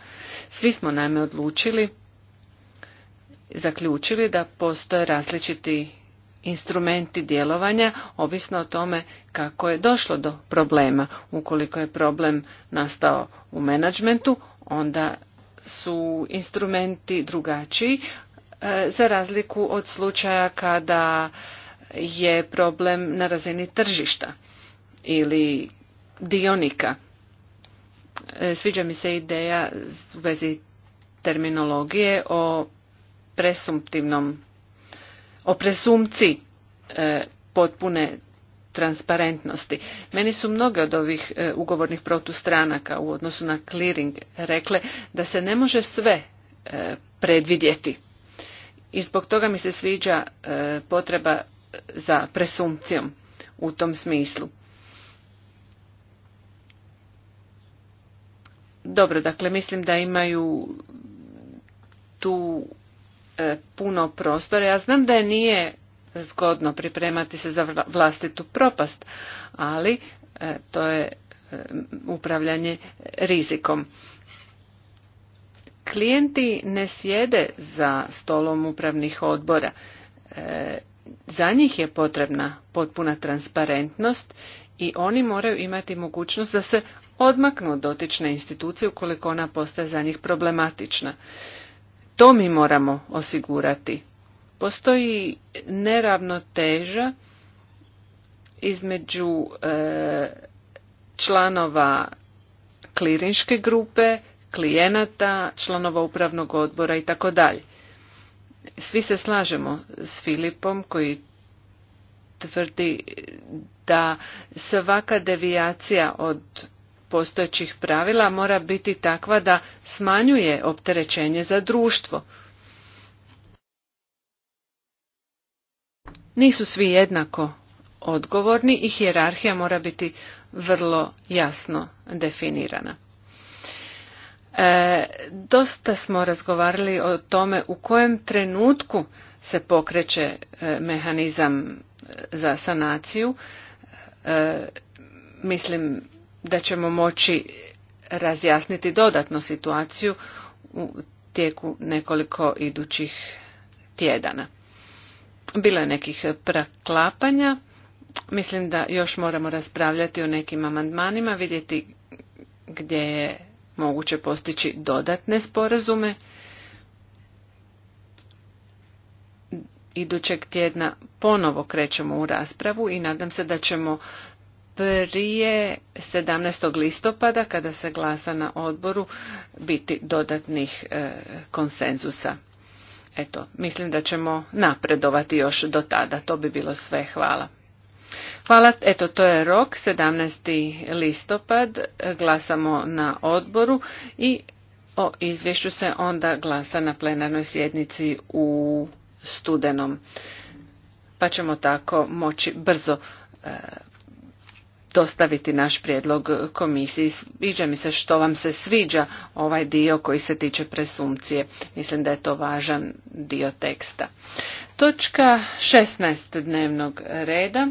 Svi smo naime odlučili, zaključili da postoje različiti instrumenti djelovanja ovisno o tome kako je došlo do problema. Ukoliko je problem nastao u menadžmentu, onda su instrumenti drugačiji e, za razliku od slučaja kada je problem na razini tržišta ili dionika. E, sviđa mi se ideja u vezi terminologije o presumptivnom o presumpciji e, potpune transparentnosti. Meni su mnoge od ovih e, ugovornih protustranaka u odnosu na clearing rekle da se ne može sve e, predvidjeti. I zbog toga mi se sviđa potreba za presumpcijom u tom smislu. Dobro, dakle mislim da imaju tu E, puno prostora. Ja znam da je nije zgodno pripremati se za vlastitu propast, ali e, to je e, upravljanje rizikom. Klijenti ne sjede za stolom upravnih odbora. Za njih je potrebna potpuna transparentnost i oni moraju imati mogućnost da se odmaknu od dotične institucije ukoliko ona postaje za njih problematična. To mi moramo osigurati. Postoji neravnoteža između e, članova klirinške grupe, klijenata, članova upravnog odbora i tako dalje. Svi se slažemo s Filipom koji tvrdi da svaka devijacija od postojećih pravila mora biti takva da smanjuje opterećenje za društvo. Nisu svi jednako odgovorni i hijerarhija mora biti vrlo jasno definirana. E, dosta smo razgovarali o tome u kojem trenutku se pokreće e, mehanizam e, za sanaciju. mislim da ćemo moći razjasniti dodatno situaciju u tijeku nekoliko idućih tjedana. Bilo je nekih preklapanja. Mislim da još moramo raspravljati o nekim amandmanima, vidjeti gdje je moguće postići dodatne sporazume. Idućeg tjedna ponovo krećemo u raspravu i nadam se da ćemo prije 17. listopada kada se glasa na odboru biti dodatnih e, konsenzusa. Eto, mislim da ćemo napredovati još do tada. To bi bilo sve. Hvala. Hvala. Eto, to je rok 17. listopad. Glasamo na odboru i o izvješću se onda glasa na plenarnoj sjednici u studenom. Pa ćemo tako moći brzo e, dostaviti naš prijedlog komisiji. Sviđa mi se što vam se sviđa ovaj dio koji se tiče presumpcije. Mislim da je to važan dio teksta. Točka 16. dnevnog reda.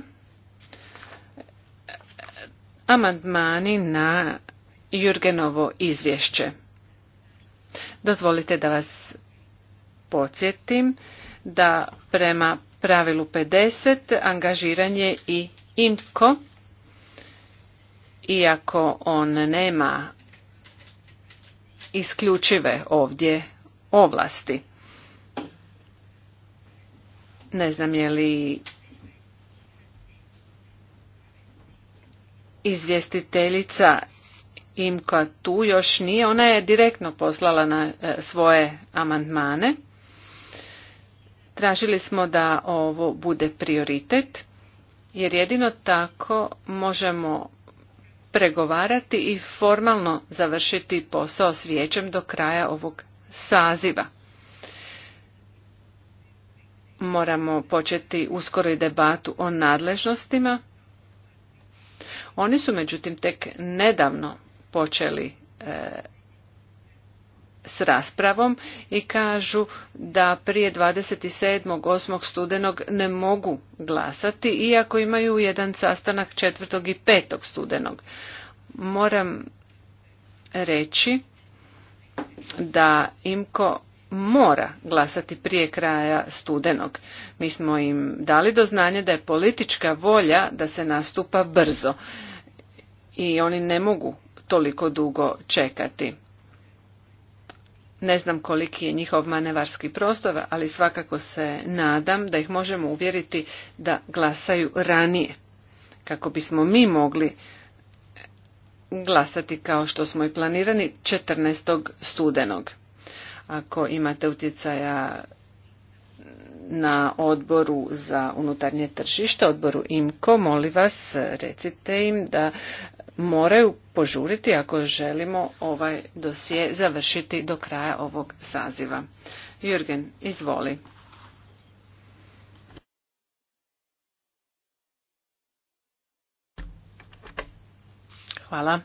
Amandmani na Jurgenovo izvješće. Dozvolite da vas podsjetim da prema pravilu 50 angažiranje i INKO iako on nema isključive ovdje ovlasti. Ne znam je li izvjestiteljica Imka tu još nije. Ona je direktno poslala na e, svoje amandmane. Tražili smo da ovo bude prioritet jer jedino tako možemo pregovarati i formalno završiti posao s vijećem do kraja ovog saziva. Moramo početi uskoro i debatu o nadležnostima. Oni su međutim tek nedavno počeli e, s raspravom i kažu da prije 27. 8. studenog ne mogu glasati iako imaju jedan sastanak 4. i 5. studenog. Moram reći da IMKO mora glasati prije kraja studenog. Mi smo im dali do znanja da je politička volja da se nastupa brzo i oni ne mogu toliko dugo čekati. Ne znam koliki je njihov manevarski prostor, ali svakako se nadam da ih možemo uvjeriti da glasaju ranije, kako bismo mi mogli glasati kao što smo i planirani 14. studenog. Ako imate utjecaja na odboru za unutarnje tržište, odboru IMKO, molim vas recite im da moraju požuriti ako želimo ovaj dosje završiti do kraja ovog saziva. Jürgen, izvoli. Hvala.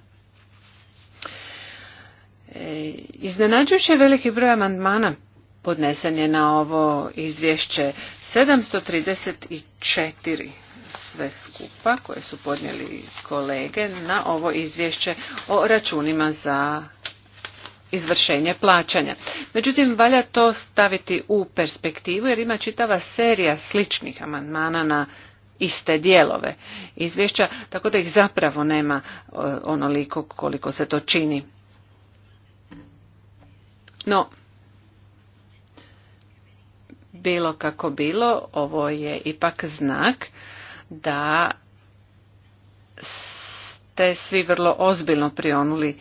E, iznenađujuće veliki broj amandmana podnesen je na ovo izvješće 734 sve skupa koje su podnijeli kolege na ovo izvješće o računima za izvršenje plaćanja. Međutim, valja to staviti u perspektivu jer ima čitava serija sličnih amandmana na iste dijelove izvješća, tako da ih zapravo nema e, onoliko koliko se to čini. No, bilo kako bilo, ovo je ipak znak da ste svi vrlo ozbiljno prionuli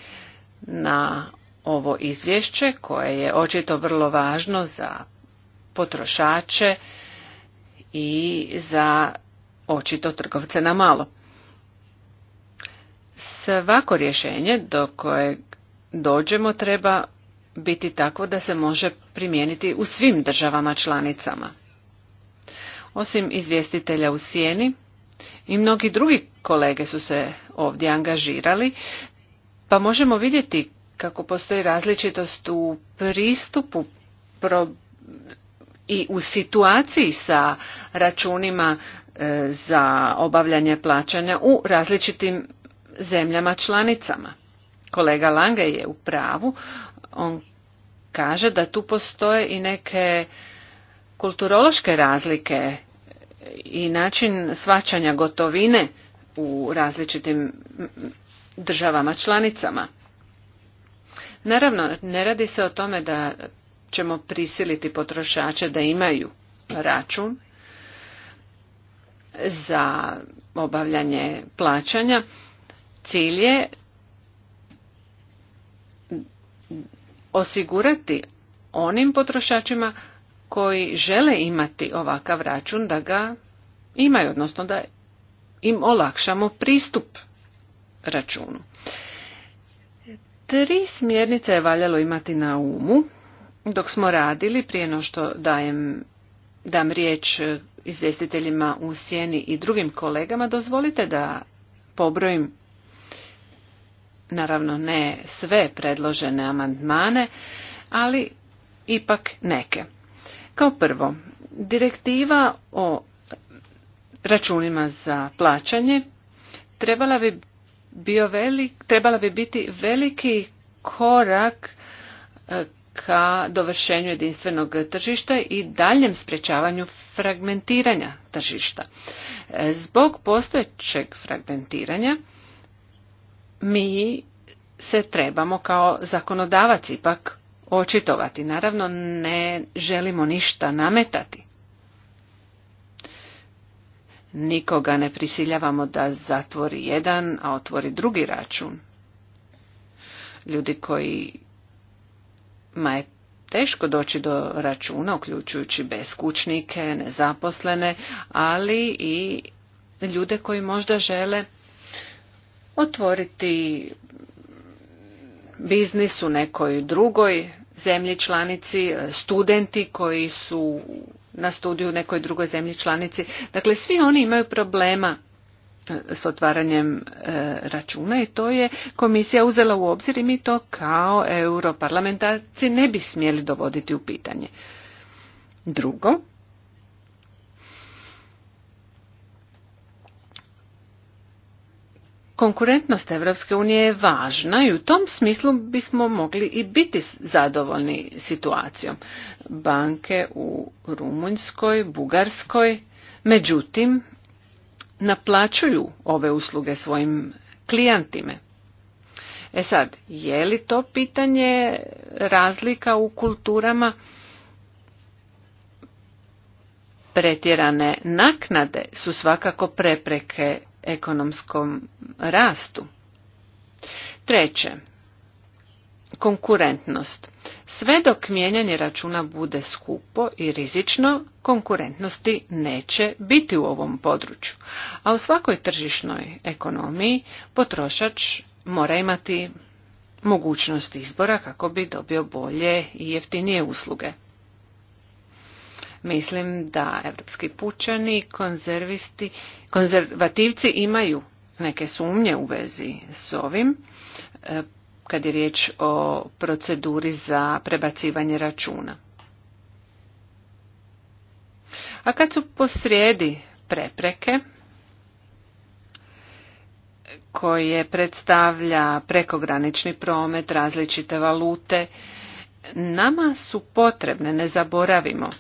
na ovo izvješće koje je očito vrlo važno za potrošače i za očito trgovce na malo. Svako rješenje do kojeg dođemo treba biti takvo da se može primijeniti u svim državama članicama. Osim izvjestitelja u sjeni i mnogi drugi kolege su se ovdje angažirali, pa možemo vidjeti kako postoji različitost u pristupu i u situaciji sa računima e, za obavljanje plaćanja u različitim zemljama članicama. Kolega Lange je u pravu, on kaže da tu postoje i neke kulturološke razlike i način svačanja gotovine u različitim državama članicama. Naravno, ne radi se o tome da ćemo prisiliti potrošače da imaju račun za obavljanje plaćanja. Cilj je osigurati onim potrošačima koji žele imati ovakav račun da ga imaju, odnosno da im olakšamo pristup računu. Tri smjernice je valjalo imati na umu dok smo radili prije no što dajem, dam riječ izvjestiteljima u sjeni i drugim kolegama, dozvolite da pobrojim naravno ne sve predložene amandmane, ali ipak neke. Kao prvo, direktiva o računima za plaćanje trebala bi, bio trebala bi biti veliki korak e, ka dovršenju jedinstvenog tržišta i daljem sprečavanju fragmentiranja tržišta. E, zbog postojećeg fragmentiranja mi se trebamo kao zakonodavac ipak očitovati. Naravno, ne želimo ništa nametati. Nikoga ne prisiljavamo da zatvori jedan, a otvori drugi račun. Ljudi koji ma je teško doći do računa, uključujući beskućnike, nezaposlene, ali i ljude koji možda žele otvoriti biznis u nekoj drugoj zemlji članici, e, studenti koji su na studiju u nekoj drugoj zemlji članici. Dakle, svi oni imaju problema e, s otvaranjem e, računa i to je komisija uzela u obzir i mi to kao europarlamentarci ne bi smjeli dovoditi u pitanje. Drugo, konkurentnost Europske unije je važna i u tom smislu bismo mogli i biti zadovoljni situacijom. Banke u Rumunjskoj, Bugarskoj, međutim, naplaćuju ove usluge svojim klijentima. E sad, je li to pitanje razlika u kulturama pretjerane naknade su svakako prepreke ekonomskom rastu. Treće, konkurentnost. Sve dok mijenjanje računa bude skupo i rizično, konkurentnosti neće biti u ovom području. A u svakoj tržišnoj ekonomiji potrošač mora imati mogućnost izbora kako bi dobio bolje i jeftinije usluge. Mislim da evropski pučani, konzervisti, konzervativci imaju neke sumnje u vezi s ovim e, kad je riječ o proceduri za prebacivanje računa. A kad su posrijedi prepreke koje predstavlja prekogranični promet, različite valute, nama su potrebne, ne zaboravimo,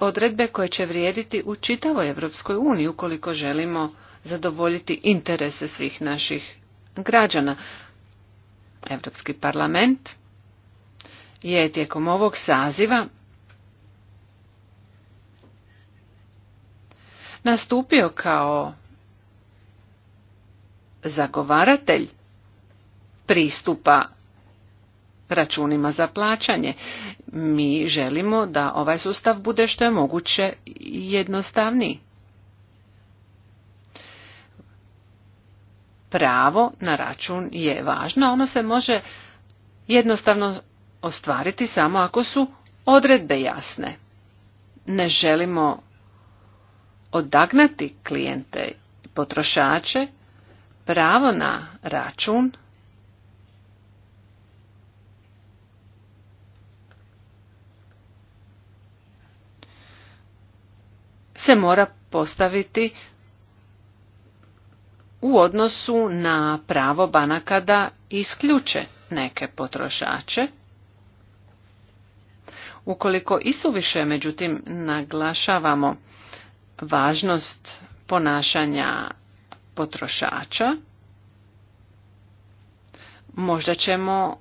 odredbe koje će vrijediti u čitavoj Europskoj uniji ukoliko želimo zadovoljiti interese svih naših građana. Europski parlament je tijekom ovog saziva nastupio kao zagovaratelj pristupa računima za plaćanje. Mi želimo da ovaj sustav bude što je moguće jednostavniji. Pravo na račun je važno, ono se može jednostavno ostvariti samo ako su odredbe jasne. Ne želimo odagnati klijente i potrošače, pravo na račun se mora postaviti u odnosu na pravo banaka da isključe neke potrošače. Ukoliko isuviše, međutim, naglašavamo važnost ponašanja potrošača, možda ćemo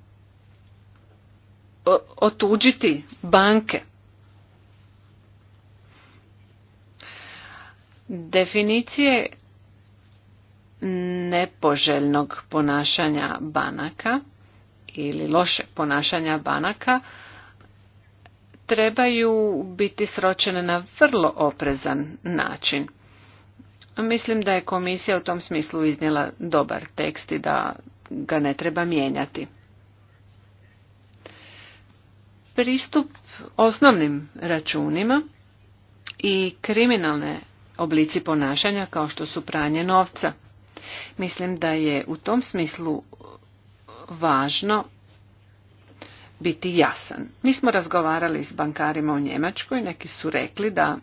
otuđiti banke Definicije nepoželjnog ponašanja banaka ili lošeg ponašanja banaka trebaju biti sročene na vrlo oprezan način. Mislim da je komisija u tom smislu iznijela dobar tekst i da ga ne treba mijenjati. Pristup osnovnim računima i kriminalne oblici ponašanja kao što su pranje novca. Mislim da je u tom smislu važno biti jasan. Mi smo razgovarali s bankarima u Njemačkoj, neki su rekli da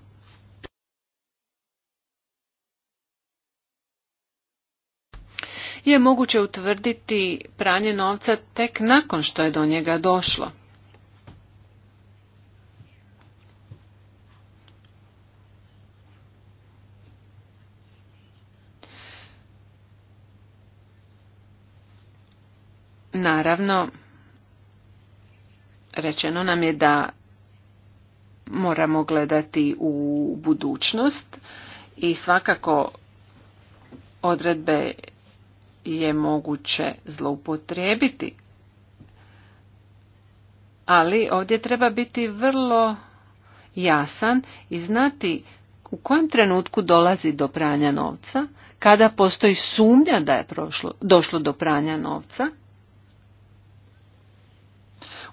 je moguće utvrditi pranje novca tek nakon što je do njega došlo. Naravno, rečeno nam je da moramo gledati u budućnost i svakako odredbe je moguće zloupotrijebiti. Ali ovdje treba biti vrlo jasan i znati u kojem trenutku dolazi do pranja novca, kada postoji sumnja da je došlo do pranja novca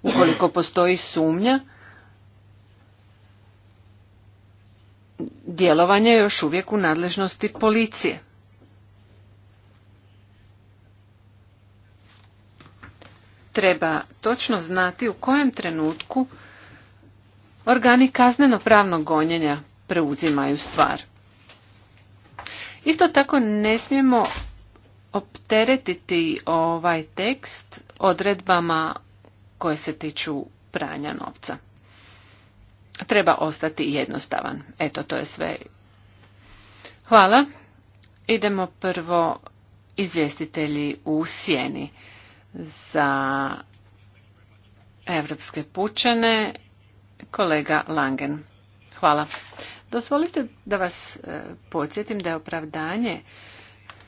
ukoliko postoji sumnja djelovanje je još uvijek u nadležnosti policije treba točno znati u kojem trenutku organi kazneno-pravnog gonjenja preuzimaju stvar. Isto tako ne smijemo opteretiti ovaj tekst odredbama koje se tiču pranja novca. Treba ostati jednostavan. Eto, to je sve. Hvala. Idemo prvo izvjestitelji u sjeni za evropske pučane, kolega Langen. Hvala. Dozvolite da vas e, podsjetim da je opravdanje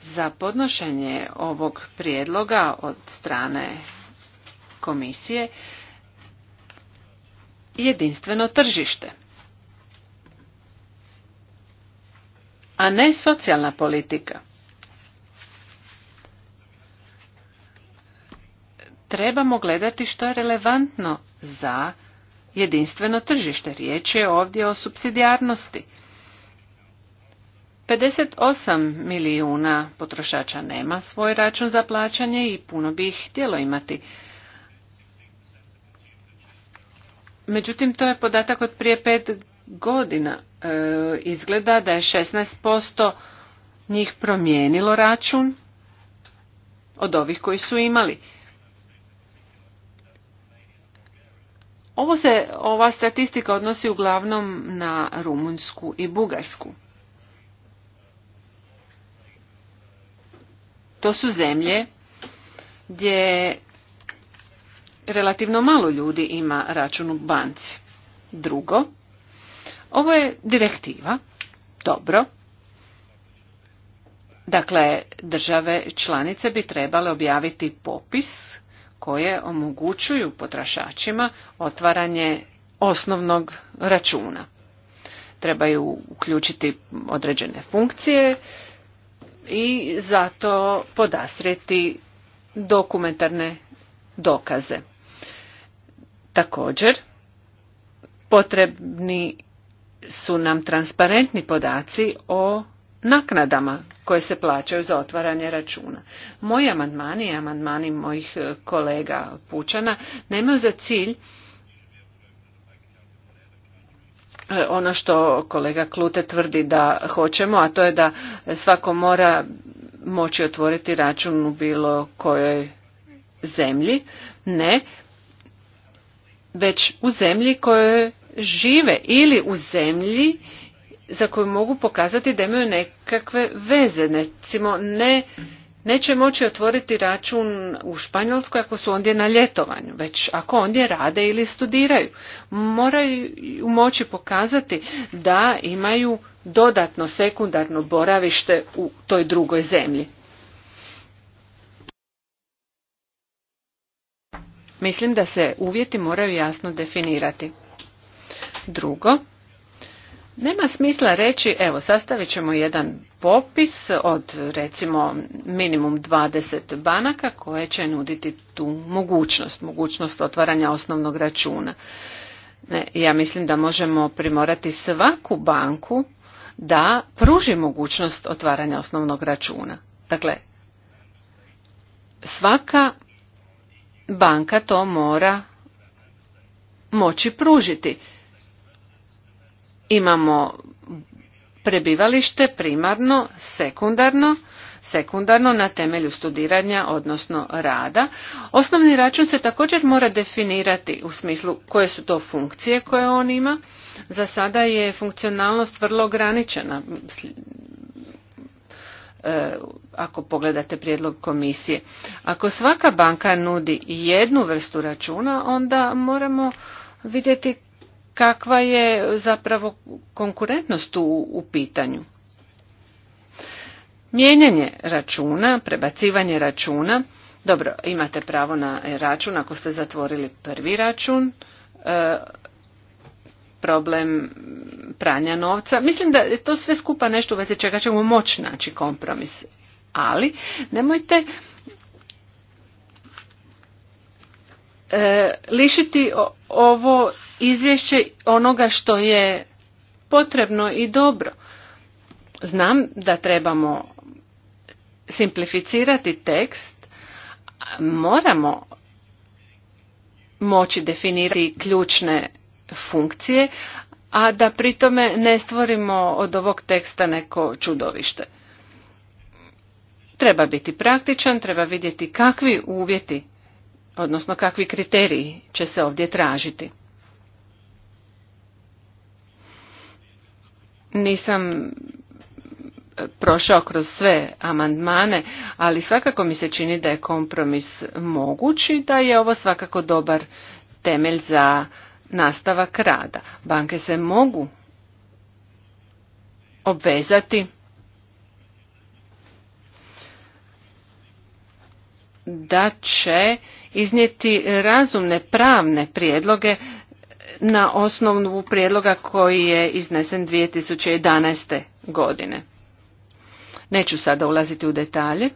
za podnošenje ovog prijedloga od strane komisije jedinstveno tržište. A ne socijalna politika. Trebamo gledati što je relevantno za jedinstveno tržište. Riječ je ovdje o subsidijarnosti. 58 milijuna potrošača nema svoj račun za plaćanje i puno bi ih htjelo imati. Međutim, to je podatak od prije pet godina. E, izgleda da je 16% njih promijenilo račun od ovih koji su imali. Ovo se, ova statistika odnosi uglavnom na Rumunjsku i Bugarsku. To su zemlje gdje relativno malo ljudi ima račun u banci. Drugo, ovo je direktiva, dobro. Dakle, države članice bi trebale objaviti popis koje omogućuju potrašačima otvaranje osnovnog računa. Trebaju uključiti određene funkcije i zato podastrijeti dokumentarne dokaze. Također, potrebni su nam transparentni podaci o naknadama koje se plaćaju za otvaranje računa. Moji amandmani i amandmani mojih e, kolega Pučana nemaju za cilj e, ono što kolega Klute tvrdi da hoćemo, a to je da svako mora moći otvoriti račun u bilo kojoj zemlji. Ne, već u zemlji kojoj žive ili u zemlji za koju mogu pokazati da imaju nekakve veze. Recimo, ne, neće moći otvoriti račun u Španjolskoj ako su ondje na ljetovanju, već ako ondje rade ili studiraju. Moraju moći pokazati da imaju dodatno sekundarno boravište u toj drugoj zemlji. Mislim da se uvjeti moraju jasno definirati. Drugo, nema smisla reći, evo, sastavit ćemo jedan popis od recimo minimum 20 banaka koje će nuditi tu mogućnost, mogućnost otvaranja osnovnog računa. Ne, ja mislim da možemo primorati svaku banku da pruži mogućnost otvaranja osnovnog računa. Dakle, svaka banka to mora moći pružiti. Imamo prebivalište primarno, sekundarno, sekundarno na temelju studiranja, odnosno rada. Osnovni račun se također mora definirati u smislu koje su to funkcije koje on ima. Za sada je funkcionalnost vrlo ograničena. E, ako pogledate prijedlog komisije. Ako svaka banka nudi jednu vrstu računa, onda moramo vidjeti kakva je zapravo konkurentnost u, u pitanju. Mijenjanje računa, prebacivanje računa, dobro, imate pravo na račun ako ste zatvorili prvi račun, e, problem pranja novca. Mislim da je to sve skupa nešto u vezi čega ćemo moći naći kompromis. Ali nemojte e, lišiti ovo izvješće onoga što je potrebno i dobro. Znam da trebamo simplificirati tekst, moramo moći definirati ključne funkcije, a da pritome ne stvorimo od ovog teksta neko čudovište. Treba biti praktičan, treba vidjeti kakvi uvjeti, odnosno kakvi kriteriji će se ovdje tražiti. Nisam e, prošao kroz sve amandmane, ali svakako mi se čini da je kompromis mogući, da je ovo svakako dobar temelj za nastavak rada. Banke se mogu obvezati da će iznijeti razumne pravne prijedloge na osnovu prijedloga koji je iznesen 2011. godine. Neću sada ulaziti u detalje.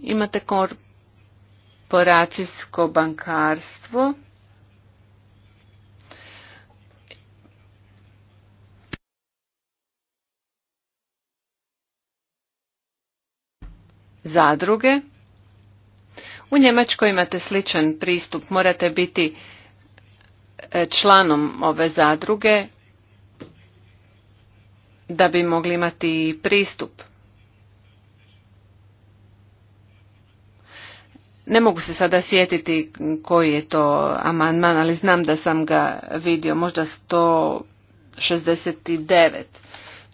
Imate Poracijsko bankarstvo. Zadruge. U Njemačkoj imate sličan pristup, morate biti e, članom ove zadruge da bi mogli imati pristup Ne mogu se sada sjetiti koji je to amandman, ali znam da sam ga vidio, možda 169.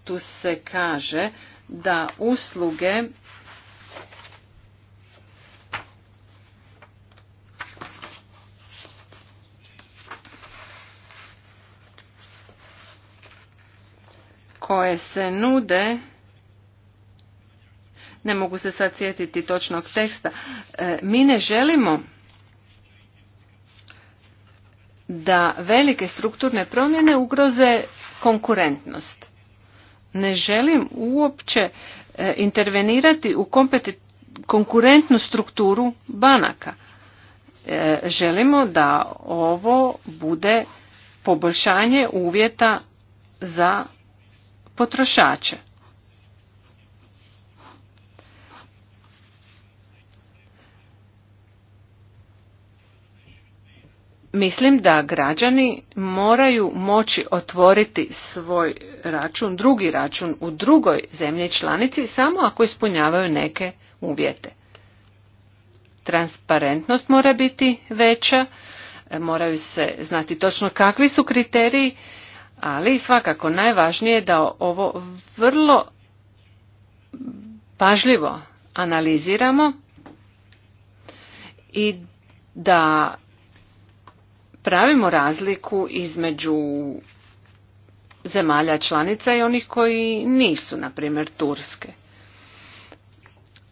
Tu se kaže da usluge koje se nude ne mogu se sad sjetiti točnog teksta. E, mi ne želimo da velike strukturne promjene ugroze konkurentnost. Ne želim uopće e, intervenirati u konkurentnu strukturu banaka. E, želimo da ovo bude poboljšanje uvjeta za potrošače. Mislim da građani moraju moći otvoriti svoj račun, drugi račun u drugoj zemlji članici samo ako ispunjavaju neke uvjete. Transparentnost mora biti veća, e, moraju se znati točno kakvi su kriteriji, ali svakako najvažnije je da ovo vrlo pažljivo analiziramo i da pravimo razliku između zemalja članica i onih koji nisu, na primjer Turske.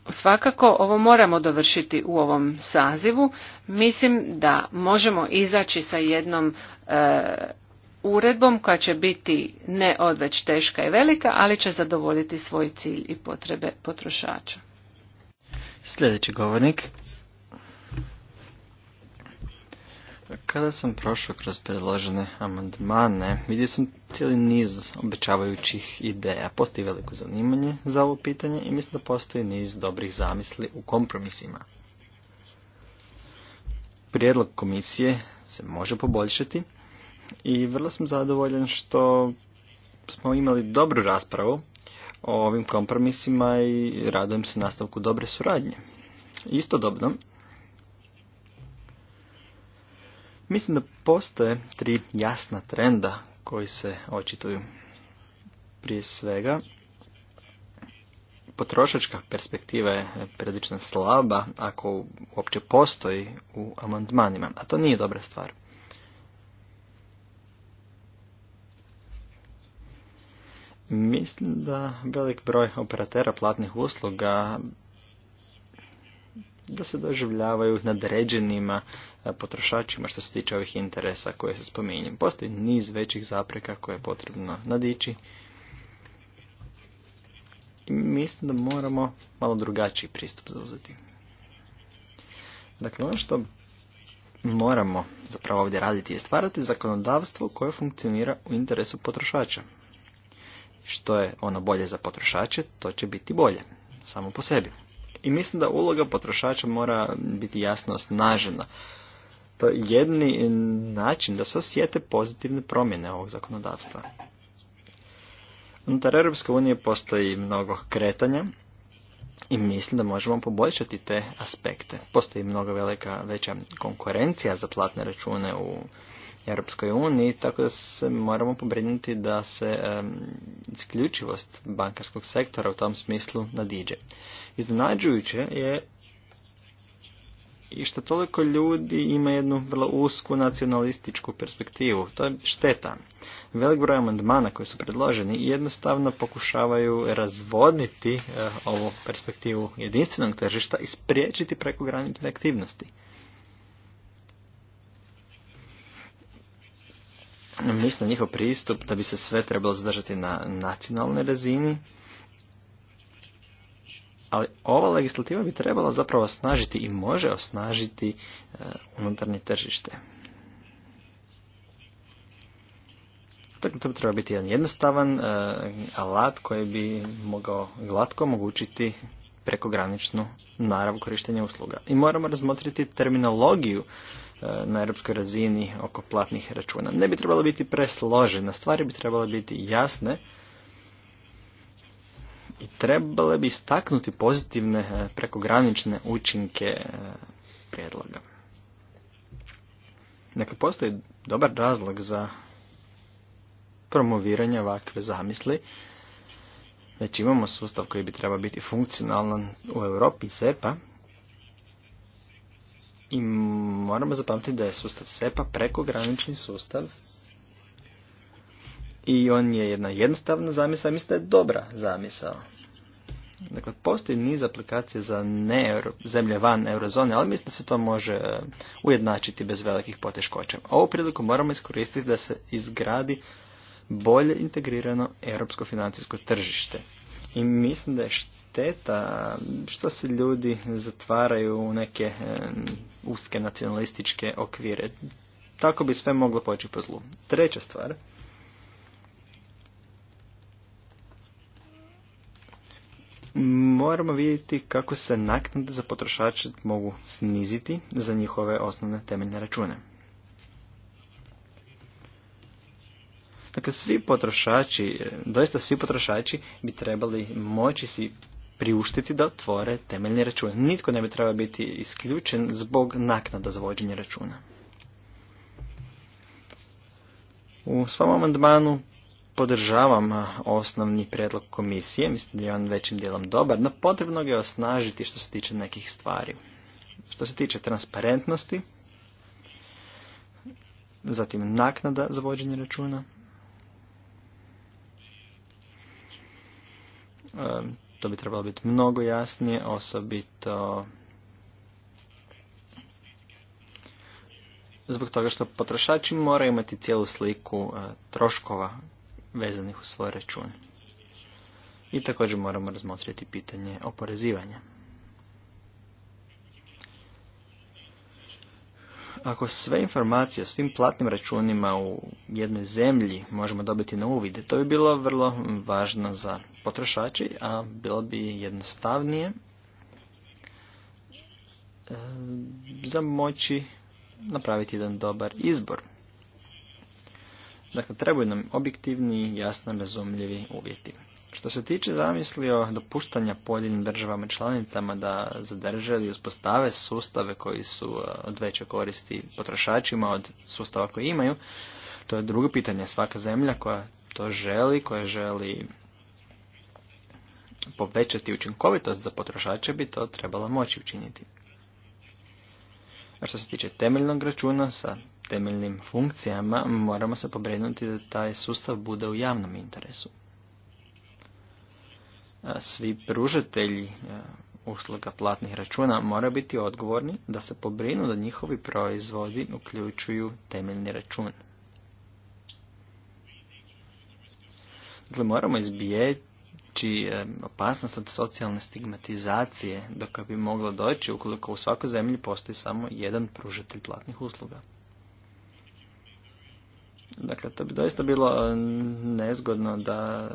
Svakako ovo moramo dovršiti u ovom sazivu. Mislim da možemo izaći sa jednom e, uredbom koja će biti ne odveć teška i velika, ali će zadovoljiti svoj cilj i potrebe potrošača. Sljedeći govornik Kada sam prošao kroz predložene amandmane, vidio sam cijeli niz obećavajućih ideja. Postoji veliko zanimanje za ovo pitanje i mislim da postoji niz dobrih zamisli u kompromisima. Prijedlog komisije se može poboljšati i vrlo sam zadovoljan što smo imali dobru raspravu o ovim kompromisima i radujem se nastavku dobre suradnje. Istodobno, Mislim da postoje tri jasna trenda koji se očituju. Prije svega, potrošačka perspektiva je prilično slaba ako uopće postoji u amandmanima, a to nije dobra stvar. Mislim da velik broj operatera platnih usluga da se doživljavaju nadređenima E, potrošačima što se tiče ovih interesa koje se spominjem. Postoji niz većih zapreka koje je potrebno nadići. I mislim da moramo malo drugačiji pristup zauzeti. Dakle, ono što moramo zapravo ovdje raditi je stvarati zakonodavstvo koje funkcionira u interesu potrošača. Što je ono bolje za potrošače, to će biti bolje, samo po sebi. I mislim da uloga potrošača mora biti jasno osnažena to jedni način da se osjete pozitivne promjene ovog zakonodavstva. Unutar Europske unije postoji mnogo kretanja i mislim da možemo poboljšati te aspekte. Postoji mnogo velika veća konkurencija za platne račune u Europskoj uniji, tako da se moramo pobrinuti da se um, isključivost bankarskog sektora u tom smislu nadiđe. Iznenađujuće je i što toliko ljudi ima jednu vrlo usku nacionalističku perspektivu. To je šteta. Velik broj amandmana koji su predloženi jednostavno pokušavaju razvodniti eh, ovu perspektivu jedinstvenog tržišta i spriječiti prekogranične aktivnosti. Mislim njihov pristup da bi se sve trebalo zadržati na nacionalnoj razini ali ova legislativa bi trebala zapravo osnažiti i može osnažiti e, unutarnje tržište. to bi biti jedan jednostavan e, alat koji bi mogao glatko omogućiti prekograničnu naravu korištenja usluga. I moramo razmotriti terminologiju e, na europskoj razini oko platnih računa. Ne bi trebalo biti presložena, stvari bi trebale biti jasne, i trebale bi istaknuti pozitivne e, prekogranične učinke e, prijedloga. Dakle, postoji dobar razlog za promoviranje ovakve zamisli. Već imamo sustav koji bi trebao biti funkcionalan u Europi SEPA i moramo zapamtiti da je sustav SEPA prekogranični sustav i on je jedna jednostavna zamisla, mislim da je dobra zamisao. Dakle, postoji niz aplikacije za ne zemlje van eurozone, ali mislim da se to može e, ujednačiti bez velikih poteškoća. Ovu priliku moramo iskoristiti da se izgradi bolje integrirano europsko financijsko tržište. I mislim da je šteta što se ljudi zatvaraju u neke e, uske nacionalističke okvire. Tako bi sve moglo poći po zlu. Treća stvar moramo vidjeti kako se naknade za potrošače mogu sniziti za njihove osnovne temeljne račune. Dakle, svi potrošači, e, doista svi potrošači bi trebali moći si priuštiti da otvore temeljni račun. Nitko ne bi trebao biti isključen zbog naknada za vođenje računa. U svom amandmanu podržavam osnovni predlog komisije, mislim da je on većim dijelom dobar, no potrebno ga je osnažiti što se tiče nekih stvari. Što se tiče transparentnosti, zatim naknada za vođenje računa, to bi trebalo biti mnogo jasnije, osobito zbog toga što potrošači moraju imati cijelu sliku troškova vezanih u svoj račun. I također moramo razmotriti pitanje oporezivanja. Ako sve informacije o svim platnim računima u jednoj zemlji možemo dobiti na uvide, to bi bilo vrlo važno za potrošači, a bilo bi jednostavnije e, za moći napraviti jedan dobar izbor. Dakle, trebaju nam objektivni jasno razumljivi uvjeti. Što se tiče zamisli o dopuštanja pojedinim državama članicama da zadrže ili uspostave sustave koji su e, od veće koristi potrošačima od sustava koji imaju, to je drugo pitanje. Svaka zemlja koja to želi, koja želi povećati učinkovitost za potrošače bi to trebala moći učiniti. A što se tiče temeljnog računa sa temeljnim funkcijama, moramo se pobrinuti da taj sustav bude u javnom interesu. Svi pružatelji e, usluga platnih računa moraju biti odgovorni da se pobrinu da njihovi proizvodi uključuju temeljni račun. Dakle, moramo izbijeći e, opasnost od socijalne stigmatizacije dok bi moglo doći ukoliko u svakoj zemlji postoji samo jedan pružatelj platnih usluga. Dakle, to bi doista bilo e, nezgodno da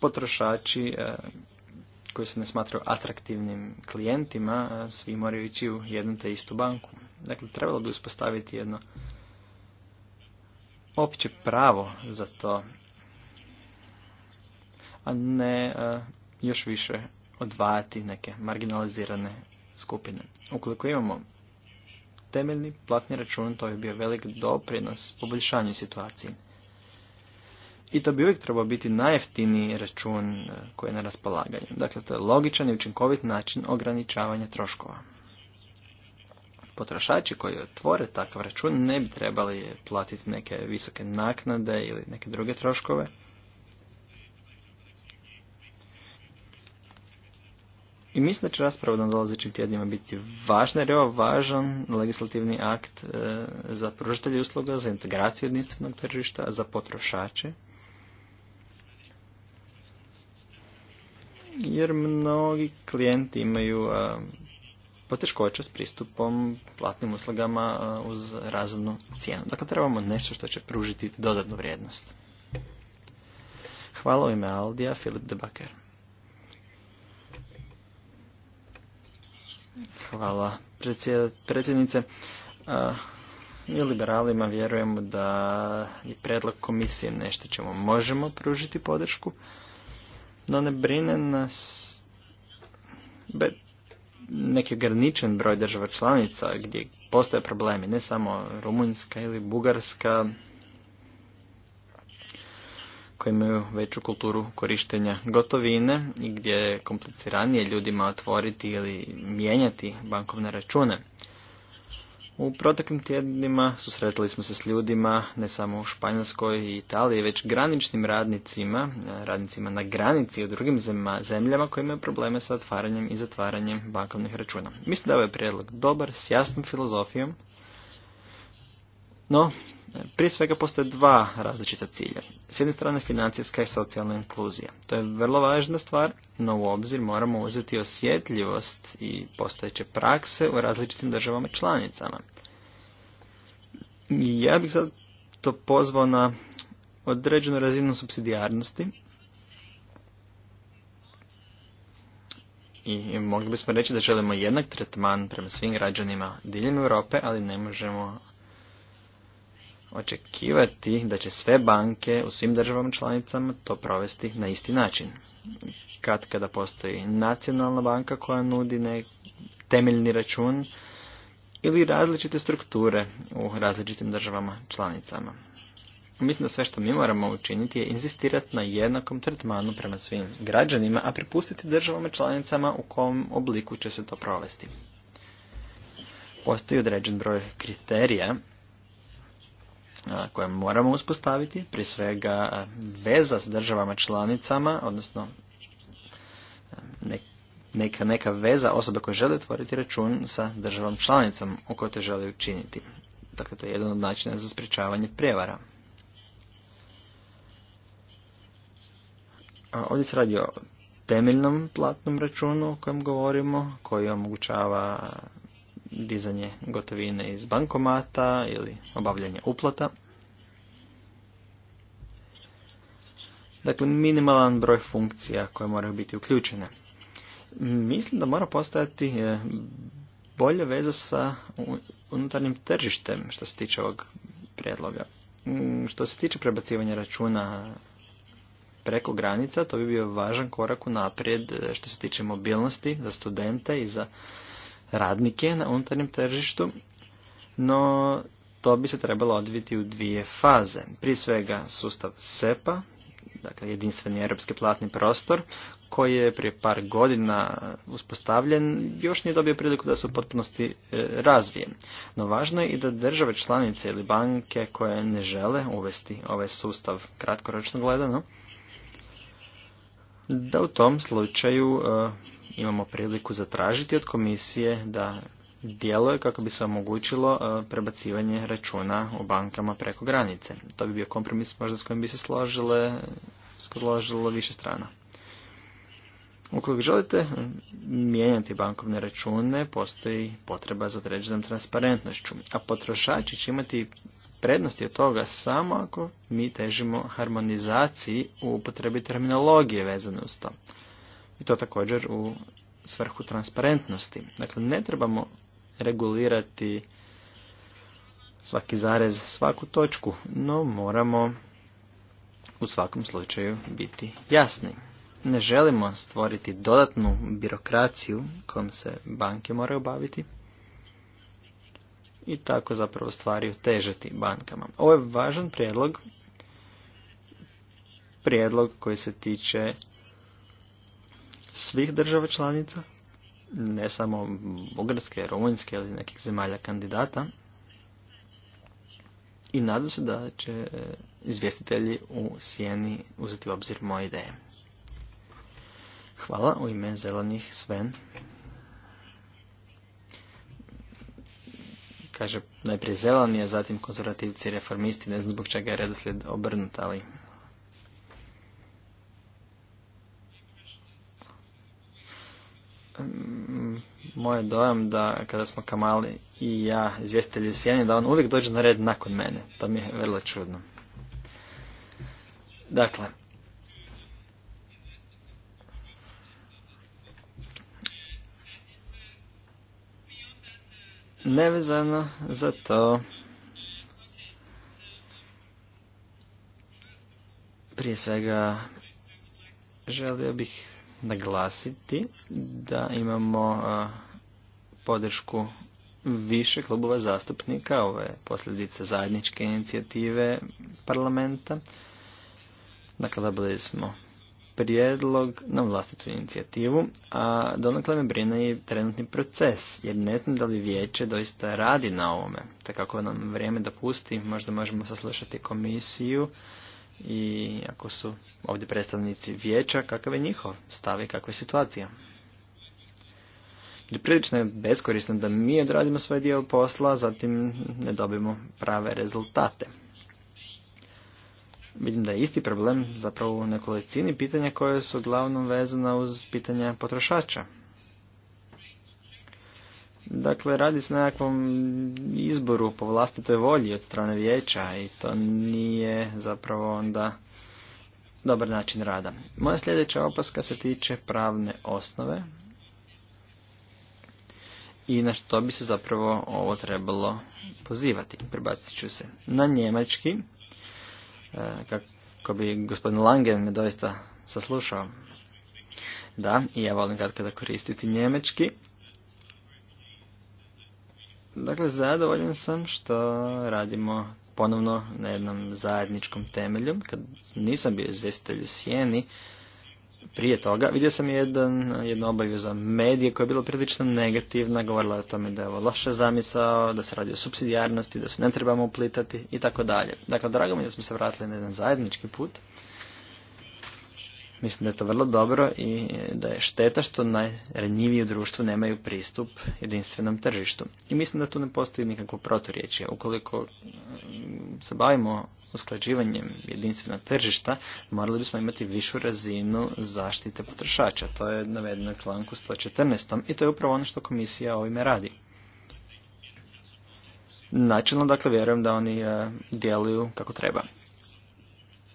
potrošači e, koji se ne smatraju atraktivnim klijentima, e, svi moraju ići u jednu te istu banku. Dakle, trebalo bi uspostaviti jedno opće pravo za to, a ne još više odvajati neke marginalizirane skupine. Ukoliko imamo temeljni platni račun, to bi bio velik doprinos poboljšanju situacije. I to bi uvijek trebao biti najjeftiniji račun e, koji je na raspolaganju. Dakle, to je logičan i učinkovit način ograničavanja troškova. Potrošači koji otvore takav račun ne bi trebali platiti neke visoke naknade ili neke druge troškove, I mislim da će rasprava na dolazećim tjednima biti važna jer je ovo važan legislativni akt e, za pružatelje usluga, za integraciju jedinstvenog tržišta, za potrošače. Jer mnogi klijenti imaju e, poteškoće s pristupom platnim uslugama e, uz razumnu cijenu. Dakle, trebamo nešto što će pružiti dodatnu vrijednost. Hvala u ime Aldija, Filip Debaker. Hvala predsjednice. Mi liberalima vjerujemo da je predlog komisije nešto čemu možemo pružiti podršku, no ne brine nas neki ograničen broj država članica gdje postoje problemi, ne samo Rumunjska ili Bugarska, koji imaju veću kulturu korištenja gotovine i gdje je kompliciranije ljudima otvoriti ili mijenjati bankovne račune. U proteklim tjednima susretili smo se s ljudima ne samo u Španjolskoj i Italiji, već graničnim radnicima, radnicima na granici u drugim zemljama koji imaju probleme sa otvaranjem i zatvaranjem bankovnih računa. Mislim da je ovaj prijedlog dobar, s jasnom filozofijom, no prije svega postoje dva različita cilja. S jedne strane financijska i socijalna inkluzija. To je vrlo važna stvar, no u obzir moramo uzeti osjetljivost i postojeće prakse u različitim državama članicama. Ja bih sad to pozvao na određenu razinu subsidijarnosti i mogli bismo reći da želimo jednak tretman prema svim građanima diljem Europe, ali ne možemo očekivati da će sve banke u svim državama članicama to provesti na isti način. Kad kada postoji nacionalna banka koja nudi nek temeljni račun ili različite strukture u različitim državama članicama. Mislim da sve što mi moramo učiniti je insistirati na jednakom tretmanu prema svim građanima, a prepustiti državama članicama u kom obliku će se to provesti. Postoji određen broj kriterija koje moramo uspostaviti, prije svega veza s državama članicama, odnosno neka, neka veza osobe koje žele otvoriti račun sa državom članicom u kojoj to žele učiniti. Dakle, to je jedan od načina za sprječavanje prijevara. Ovdje se radi o temeljnom platnom računu o kojem govorimo, koji omogućava dizanje gotovine iz bankomata ili obavljanje uplata. Dakle, minimalan broj funkcija koje moraju biti uključene. Mislim da mora postojati e, bolja veza sa unutarnjim tržištem što se tiče ovog prijedloga. Mm, što se tiče prebacivanja računa preko granica, to bi bio važan korak u naprijed e, što se tiče mobilnosti za studente i za radnike na unutarnjem tržištu, no to bi se trebalo odviti u dvije faze. Prije svega sustav SEPA, dakle jedinstveni europski platni prostor, koji je prije par godina uspostavljen, još nije dobio priliku da se u potpunosti e, razvije. No važno je i da države članice ili banke koje ne žele uvesti ovaj sustav kratkoročno gledano, da u tom slučaju e, imamo priliku zatražiti od komisije da djeluje kako bi se omogućilo e, prebacivanje računa u bankama preko granice. To bi bio kompromis možda s kojim bi se složile, složilo više strana. Ukoliko želite mijenjati bankovne račune, postoji potreba za određenom transparentnošću, a potrošači će imati Prednost je toga samo ako mi težimo harmonizaciji u upotrebi terminologije vezane uz to. I to također u svrhu transparentnosti. Dakle, ne trebamo regulirati svaki zarez, svaku točku, no moramo u svakom slučaju biti jasni. Ne želimo stvoriti dodatnu birokraciju kojom se banke moraju baviti, i tako zapravo stvari otežati bankama. Ovo je važan prijedlog, prijedlog koji se tiče svih država članica, ne samo Bugarske, Rumunjske ili nekih zemalja kandidata. I nadam se da će izvjestitelji u Sijeni uzeti u obzir moje ideje. Hvala u ime zelenih Sven. kaže najprije zeleni, a zatim konzervativci reformisti, ne znam zbog čega je redoslijed obrnut, ali... Mm, moj dojam da kada smo Kamali i ja, izvjestitelji Sjeni, da on uvijek dođe na red nakon mene. To mi je vrlo čudno. Dakle, Nevezano za to, prije svega želio bih naglasiti da imamo podršku više klubova zastupnika, ove posljedice zajedničke inicijative parlamenta. Dakle, dobili smo prijedlog na vlastitu inicijativu, a donakle me brine i trenutni proces, jer ne znam da li vijeće doista radi na ovome. tako kako nam vrijeme dopusti, možda možemo saslušati komisiju i ako su ovdje predstavnici vijeća, kakav je njihov stav i kakva je situacija. Prilično je beskorisno da mi odradimo svoj dio posla, zatim ne dobimo prave rezultate. Vidim da je isti problem zapravo u nekolicini pitanja koje su glavnom vezana uz pitanja potrošača. Dakle, radi se na nekakvom izboru po vlastitoj volji od strane vijeća i to nije zapravo onda dobar način rada. Moja sljedeća opaska se tiče pravne osnove i na što bi se zapravo ovo trebalo pozivati. Prebacit ću se na njemački E, kako bi gospodin Langen me doista saslušao. Da, i ja volim kad kada koristiti njemečki. Dakle, zadovoljan sam što radimo ponovno na jednom zajedničkom temelju. Kad nisam bio izvestitelj u Sijeni, prije toga vidio sam jedan, jednu obavju za medije koja je bila prilično negativna, govorila je o tome da je ovo loša zamisao, da se radi o subsidijarnosti, da se ne trebamo uplitati i tako dalje. Dakle, drago mi je da smo se vratili na jedan zajednički put. Mislim da je to vrlo dobro i da je šteta što najranjiviji u društvu nemaju pristup jedinstvenom tržištu. I mislim da tu ne postoji nikakvo proturječje. Ukoliko mm, se bavimo usklađivanjem jedinstvenog tržišta morali bismo imati višu razinu zaštite potrošača. To je navedeno u članku 114. i to je upravo ono što komisija ovime radi. Načelno, dakle, vjerujem da oni e, djeluju kako treba.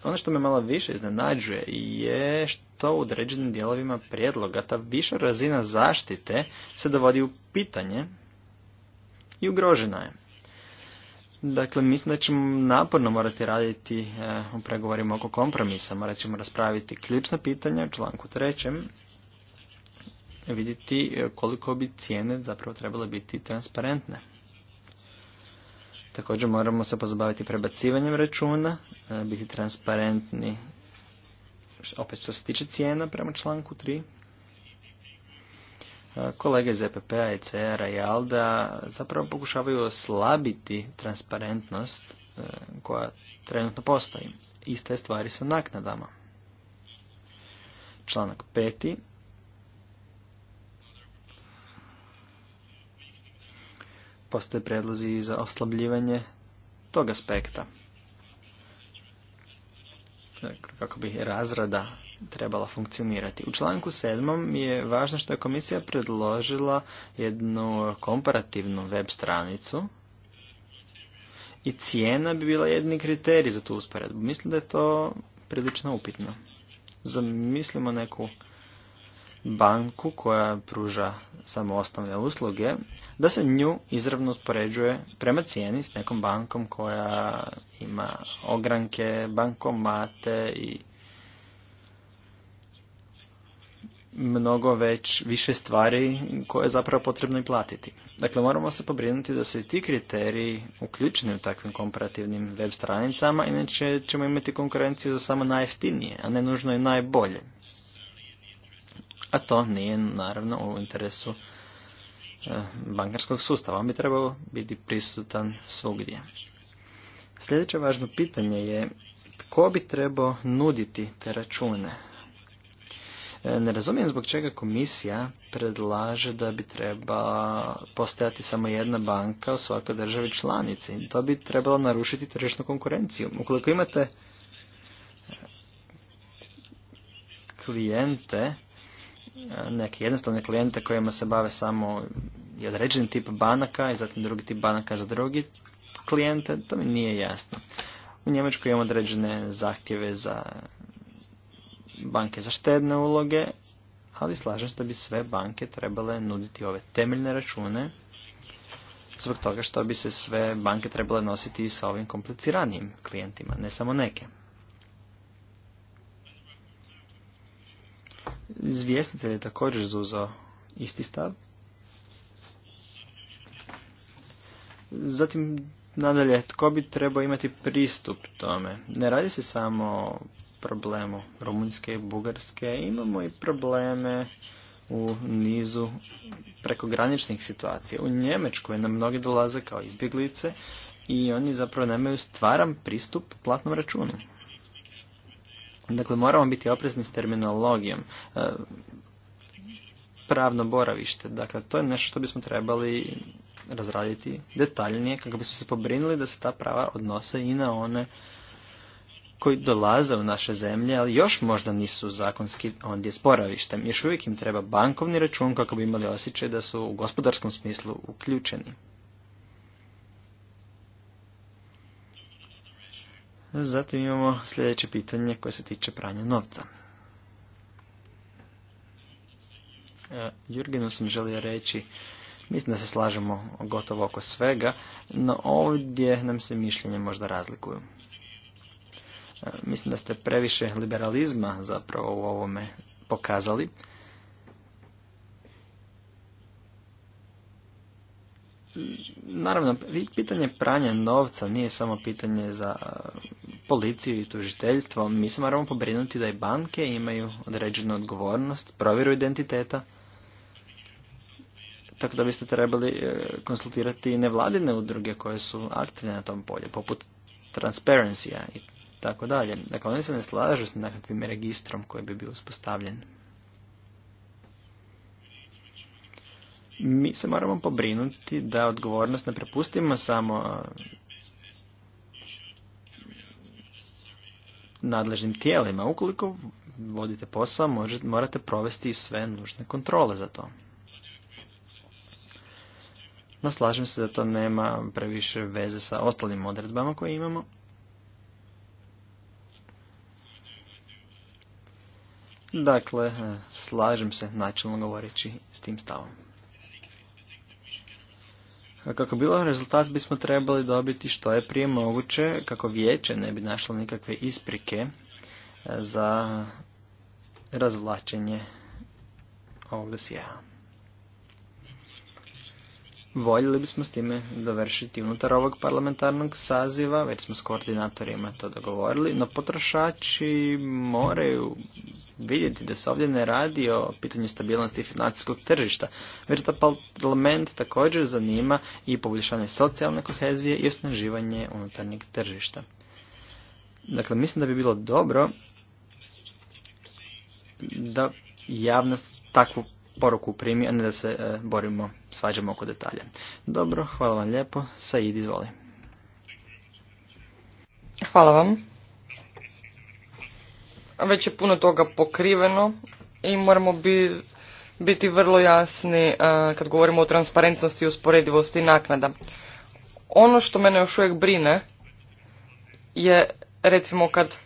Ono što me malo više iznenađuje je što u određenim dijelovima prijedloga ta viša razina zaštite se dovodi u pitanje i ugrožena je. Dakle, mislim da ćemo naporno morati raditi eh, u pregovorima oko kompromisa. Morat ćemo raspraviti ključna pitanja u članku trećem vidjeti eh, koliko bi cijene zapravo trebale biti transparentne. Također moramo se pozabaviti prebacivanjem računa, eh, biti transparentni opet što se tiče cijena prema članku tri, kolege iz epp p-a i i ALDA zapravo pokušavaju oslabiti transparentnost e, koja trenutno postoji. iste stvari sa naknadama. Članak peti. Postoje predlozi za oslabljivanje tog aspekta. kako bi razrada trebala funkcionirati. U članku 7. je važno što je komisija predložila jednu komparativnu web stranicu i cijena bi bila jedni kriterij za tu usporedbu. Mislim da je to prilično upitno. Zamislimo neku banku koja pruža samo osnovne usluge, da se nju izravno uspoređuje prema cijeni s nekom bankom koja ima ogranke, bankomate i mnogo već više stvari koje je zapravo potrebno i platiti. Dakle, moramo se pobrinuti da su i ti kriteriji uključeni u takvim komparativnim web stranicama, inače ćemo imati konkurenciju za samo najjeftinije, a ne nužno i najbolje. A to nije naravno u interesu e, bankarskog sustava. On bi trebao biti prisutan svugdje. Sljedeće važno pitanje je tko bi trebao nuditi te račune? E, ne razumijem zbog čega komisija predlaže da bi treba postojati samo jedna banka u svakoj državi članici. To bi trebalo narušiti tržišnu konkurenciju. Ukoliko imate e, klijente, e, neke jednostavne klijente kojima se bave samo i određeni tip banaka i zatim drugi tip banaka za drugi klijente, to mi nije jasno. U Njemačkoj imamo određene zahtjeve za banke za štedne uloge, ali slažem se da bi sve banke trebale nuditi ove temeljne račune zbog toga što bi se sve banke trebale nositi sa ovim kompliciranijim klijentima, ne samo neke. Izvjestitelj je također zuzao isti stav. Zatim, nadalje, tko bi trebao imati pristup tome? Ne radi se samo o problemu Rumunjske i Bugarske, imamo i probleme u nizu prekograničnih situacija. U Njemačkoj nam mnogi dolaze kao izbjeglice i oni zapravo nemaju stvaran pristup platnom računu. Dakle, moramo biti oprezni s terminologijom. E, pravno boravište, dakle, to je nešto što bismo trebali razraditi detaljnije kako bismo se pobrinuli da se ta prava odnose i na one koji dolaze u naše zemlje, ali još možda nisu zakonski ondje sporavištem, Još uvijek im treba bankovni račun kako bi imali osjećaj da su u gospodarskom smislu uključeni. Zatim imamo sljedeće pitanje koje se tiče pranja novca. E, Jurgenu sam želio reći, mislim da se slažemo gotovo oko svega, no ovdje nam se mišljenje možda razlikuju. E, mislim da ste previše liberalizma zapravo u ovome pokazali. Naravno, pitanje pranja novca nije samo pitanje za e, policiju i tužiteljstvo. Mi se moramo pobrinuti da i banke imaju određenu odgovornost, provjeru identiteta. Tako da biste trebali e, konsultirati nevladine udruge koje su aktivne na tom polju, poput transparency i tako dalje. Dakle, oni se ne slažu s nekakvim registrom koji bi bio uspostavljen. Mi se moramo pobrinuti da odgovornost ne prepustimo samo nadležnim tijelima. Ukoliko vodite posao, morate provesti i sve nužne kontrole za to. No slažem se da to nema previše veze sa ostalim odredbama koje imamo. Dakle, e, slažem se načelno govoreći s tim stavom. Kako bilo rezultat bismo trebali dobiti što je prije moguće, kako vijeće ne bi našlo nikakve isprike e, za razvlačenje ovog dosjeha voljeli bismo s time dovršiti unutar ovog parlamentarnog saziva, već smo s koordinatorima to dogovorili, no potrošači moraju vidjeti da se ovdje ne radi o pitanju stabilnosti financijskog tržišta, već da parlament također zanima i poboljšanje socijalne kohezije i osnaživanje unutarnjeg tržišta. Dakle, mislim da bi bilo dobro da javnost takvu poruku primi, a ne da se e, borimo svađamo oko detalja. Dobro, hvala vam lijepo. Said, izvoli. Hvala vam. Već je puno toga pokriveno i moramo biti vrlo jasni eh, kad govorimo o transparentnosti i usporedivosti naknada. Ono što mene još uvijek brine je recimo kad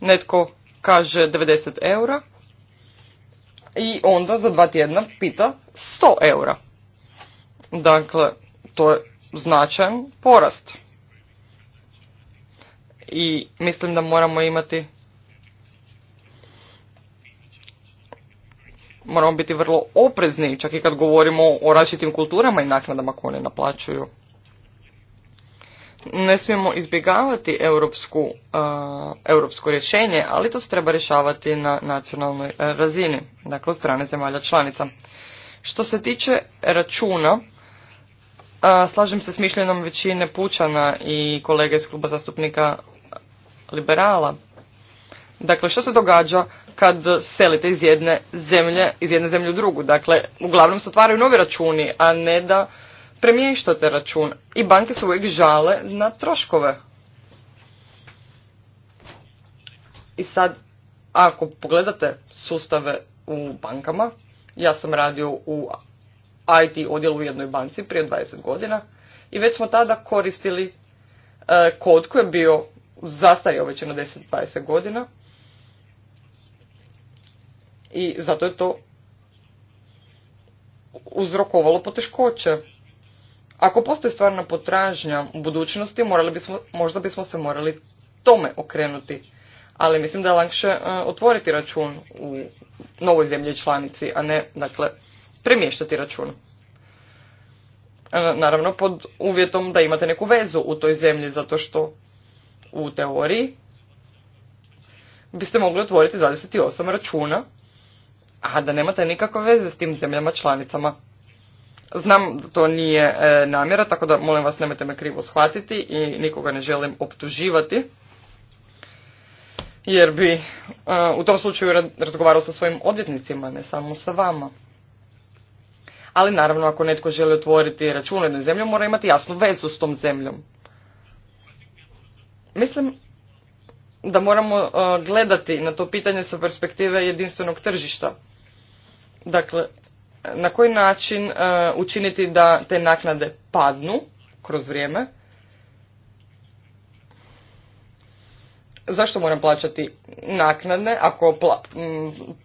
netko kaže 90 eura i onda za dva tjedna pita 100 eura. Dakle, to je značajan porast. I mislim da moramo imati moramo biti vrlo oprezni, čak i kad govorimo o različitim kulturama i naknadama koje one naplaćuju. Ne smijemo izbjegavati europsku, europsko rješenje, ali to se treba rješavati na nacionalnoj razini, dakle od strane zemalja članica. Što se tiče računa, Slažem se s mišljenom većine pučana i kolege iz kluba zastupnika liberala. Dakle, što se događa kad selite iz jedne zemlje, iz jedne zemlje u drugu? Dakle, uglavnom se otvaraju novi računi, a ne da premještate račun. I banke su uvijek žale na troškove. I sad, ako pogledate sustave u bankama, ja sam radio u IT odjel u jednoj banci prije 20 godina i već smo tada koristili e, kod koji je bio zastario već na 10-20 godina i zato je to uzrokovalo poteškoće. Ako postoji stvarna potražnja u budućnosti, morali bismo, možda bismo se morali tome okrenuti. Ali mislim da je lakše e, otvoriti račun u novoj zemlji članici, a ne dakle, premještati račun. E, naravno pod uvjetom da imate neku vezu u toj zemlji zato što u teoriji biste mogli otvoriti 28 računa, a da nemate nikakve veze s tim zemljama članicama. Znam da to nije e, namjera, tako da molim vas nemojte me krivo shvatiti i nikoga ne želim optuživati. Jer bi e, u tom slučaju razgovarao sa svojim odvjetnicima, ne samo sa vama ali naravno ako netko želi otvoriti račun na zemlju mora imati jasnu vezu s tom zemljom. Mislim da moramo uh, gledati na to pitanje sa perspektive jedinstvenog tržišta. Dakle, na koji način uh, učiniti da te naknade padnu kroz vrijeme? Zašto moram plaćati naknade ako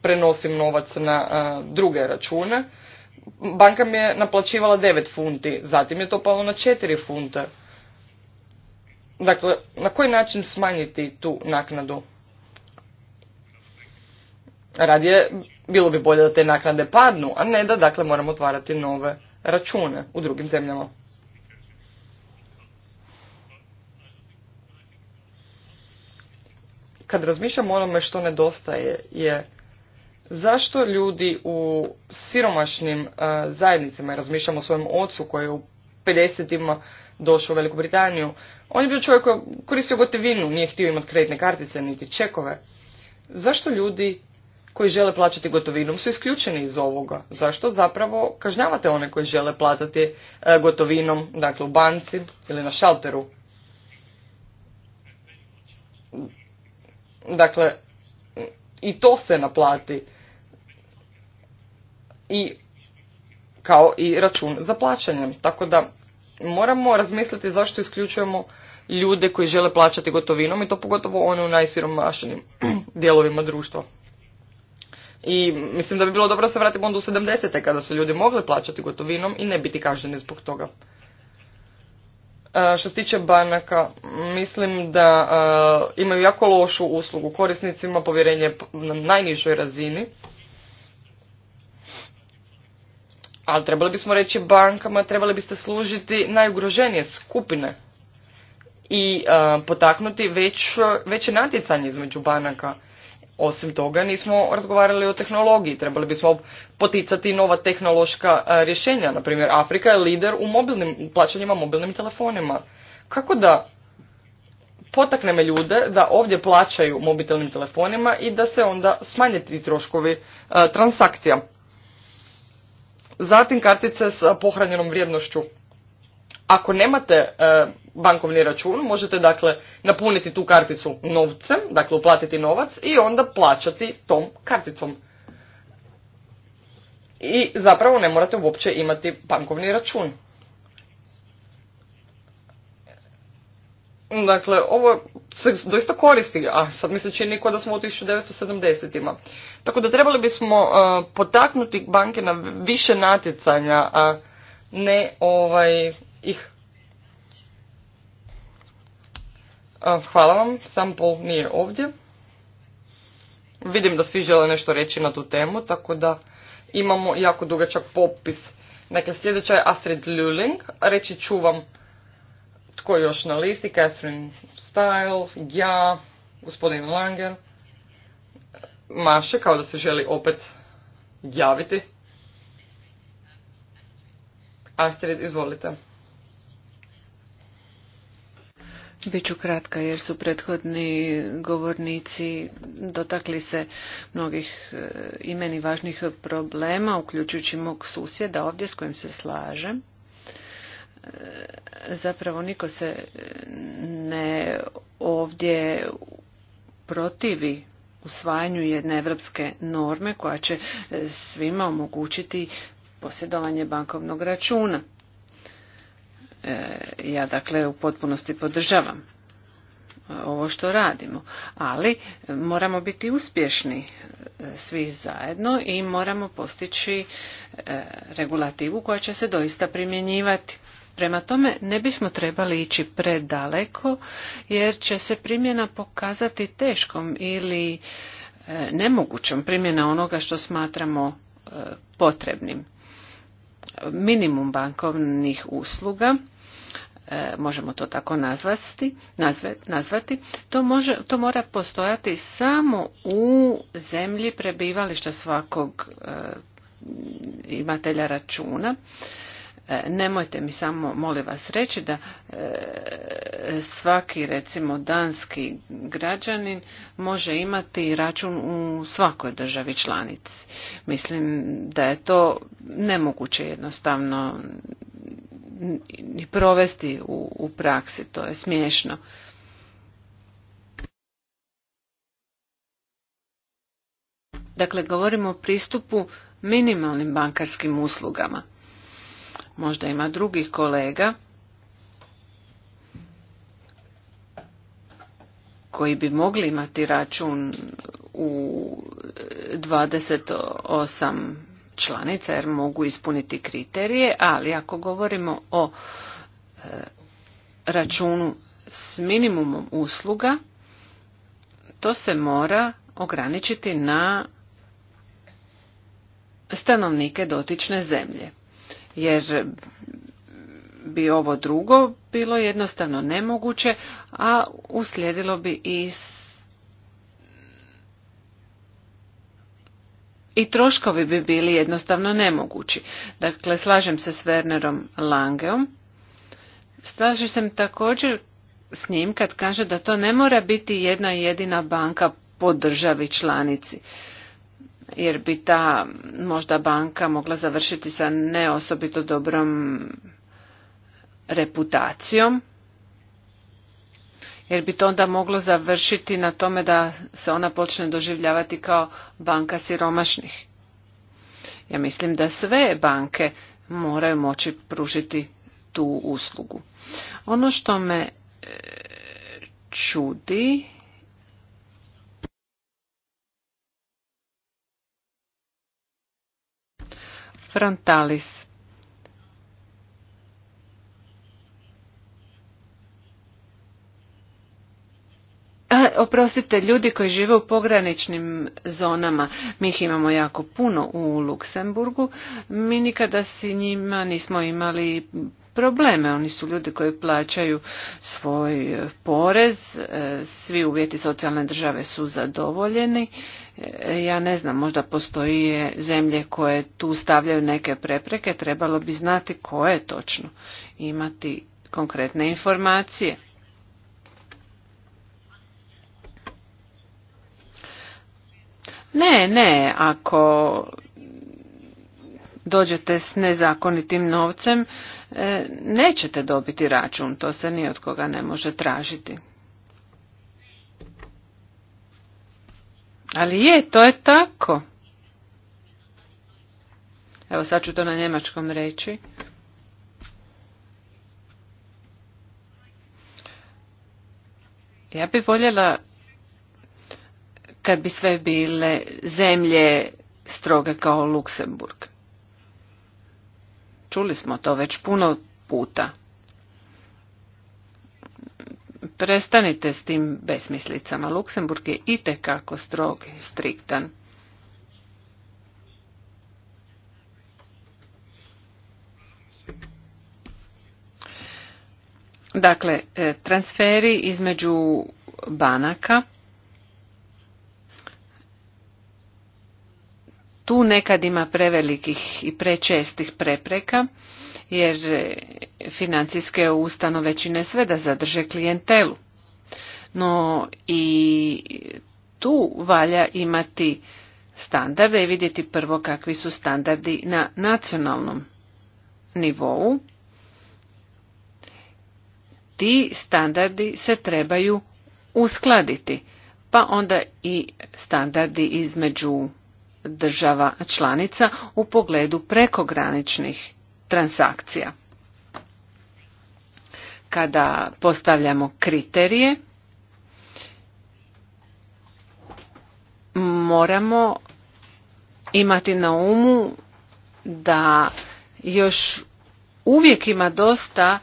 prenosim novac na uh, druge račune? banka mi je naplaćivala 9 funti, zatim je to palo na 4 funte. Dakle, na koji način smanjiti tu naknadu? Radije bilo bi bolje da te naknade padnu, a ne da dakle moramo otvarati nove račune u drugim zemljama. Kad razmišljam o onome što nedostaje je Zašto ljudi u siromašnim e, zajednicama, ja razmišljam o svojem ocu koji je u 50-ima došao u Veliku Britaniju, on je bio čovjek koji koristio gotovinu, nije htio imati kreditne kartice niti čekove. Zašto ljudi koji žele plaćati gotovinom su isključeni iz ovoga. Zašto zapravo kažnjavate one koji žele platati e, gotovinom, dakle u banci ili na šalteru? Dakle, i to se naplati i kao i račun za plaćanje. Tako da moramo razmisliti zašto isključujemo ljude koji žele plaćati gotovinom i to pogotovo one u najsiromašnijim dijelovima društva. I mislim da bi bilo dobro da se vratimo onda u 70. kada su ljudi mogli plaćati gotovinom i ne biti kažnjeni zbog toga. E, što se tiče banaka, mislim da e, imaju jako lošu uslugu korisnicima, povjerenje na najnižoj razini Ali trebali bismo reći bankama, trebali biste služiti najugroženije skupine i potaknuti veće natjecanje između banaka. Osim toga nismo razgovarali o tehnologiji, trebali bismo poticati nova tehnološka rješenja. Naprimjer, Afrika je lider u mobilnim, plaćanjima mobilnim telefonima. Kako da potaknemo ljude da ovdje plaćaju mobilnim telefonima i da se onda smanje troškovi transakcija. Zatim kartice s pohranjenom vrijednošću. Ako nemate e, bankovni račun, možete dakle napuniti tu karticu novcem, dakle uplatiti novac i onda plaćati tom karticom. I zapravo ne morate uopće imati bankovni račun. Dakle, ovo se doista koristi, a sad mi se čini kao da smo u 1970-ima. Tako da trebali bismo e, potaknuti banke na više natjecanja, a ne ovaj ih. Uh, hvala vam, sam Pol nije ovdje. Vidim da svi žele nešto reći na tu temu, tako da imamo jako dugačak popis. Dakle, sljedeća je Astrid Luling, reći ću vam tko je još na listi? Catherine Style, ja, gospodin Langer. Maše kao da se želi opet javiti. Astrid, izvolite. Biću kratka jer su prethodni govornici dotakli se mnogih e, imeni važnih problema, uključujući mog susjeda ovdje s kojim se slažem zapravo niko se ne ovdje protivi usvajanju jedne evropske norme koja će svima omogućiti posjedovanje bankovnog računa. E, ja dakle u potpunosti podržavam ovo što radimo, ali moramo biti uspješni e, svi zajedno i moramo postići e, regulativu koja će se doista primjenjivati. Prema tome ne bismo trebali ići predaleko jer će se primjena pokazati teškom ili e, nemogućom primjena onoga što smatramo e, potrebnim. Minimum bankovnih usluga e, možemo to tako nazvati, nazvati to, može, to mora postojati samo u zemlji prebivališta svakog imatelja računa E, nemojte mi samo, molim vas, reći da e, svaki, recimo, danski građanin može imati račun u svakoj državi članici. Mislim da je to nemoguće jednostavno ni provesti u, u praksi. To je smiješno. Dakle, govorimo o pristupu minimalnim bankarskim uslugama. Možda ima drugih kolega koji bi mogli imati račun u 28 članica jer mogu ispuniti kriterije, ali ako govorimo o e, računu s minimumom usluga, to se mora ograničiti na stanovnike dotične zemlje jer bi ovo drugo bilo jednostavno nemoguće, a uslijedilo bi i i troškovi bi bili jednostavno nemogući. Dakle, slažem se s Wernerom Langeom. Slažem se također s njim kad kaže da to ne mora biti jedna jedina banka po državi članici jer bi ta možda banka mogla završiti sa ne osobito dobrom reputacijom jer bi to onda moglo završiti na tome da se ona počne doživljavati kao banka siromašnih. Ja mislim da sve banke moraju moći pružiti tu uslugu. Ono što me e, čudi Frontalis. oprostite, ljudi koji žive u pograničnim zonama, mi ih imamo jako puno u Luksemburgu, mi nikada si njima nismo imali probleme. Oni su ljudi koji plaćaju svoj porez, e, svi uvjeti socijalne države su zadovoljeni. E, ja ne znam, možda postoji zemlje koje tu stavljaju neke prepreke, trebalo bi znati koje točno, imati konkretne informacije. Ne, ne, ako dođete s nezakonitim novcem, e, nećete dobiti račun, to se ni od koga ne može tražiti. Ali je, to je tako. Evo sad ću to na njemačkom reći. Ja bih voljela kad bi sve bile zemlje stroge kao Luksemburg. Čuli smo to već puno puta. Prestanite s tim besmislicama. Luksemburg je itekako strog i striktan. Dakle, e, transferi između banaka tu nekad ima prevelikih i prečestih prepreka jer financijske ustanove čine sve da zadrže klijentelu. No i tu valja imati standarde i vidjeti prvo kakvi su standardi na nacionalnom nivou. Ti standardi se trebaju uskladiti, pa onda i standardi između država članica u pogledu prekograničnih transakcija. Kada postavljamo kriterije, moramo imati na umu da još uvijek ima dosta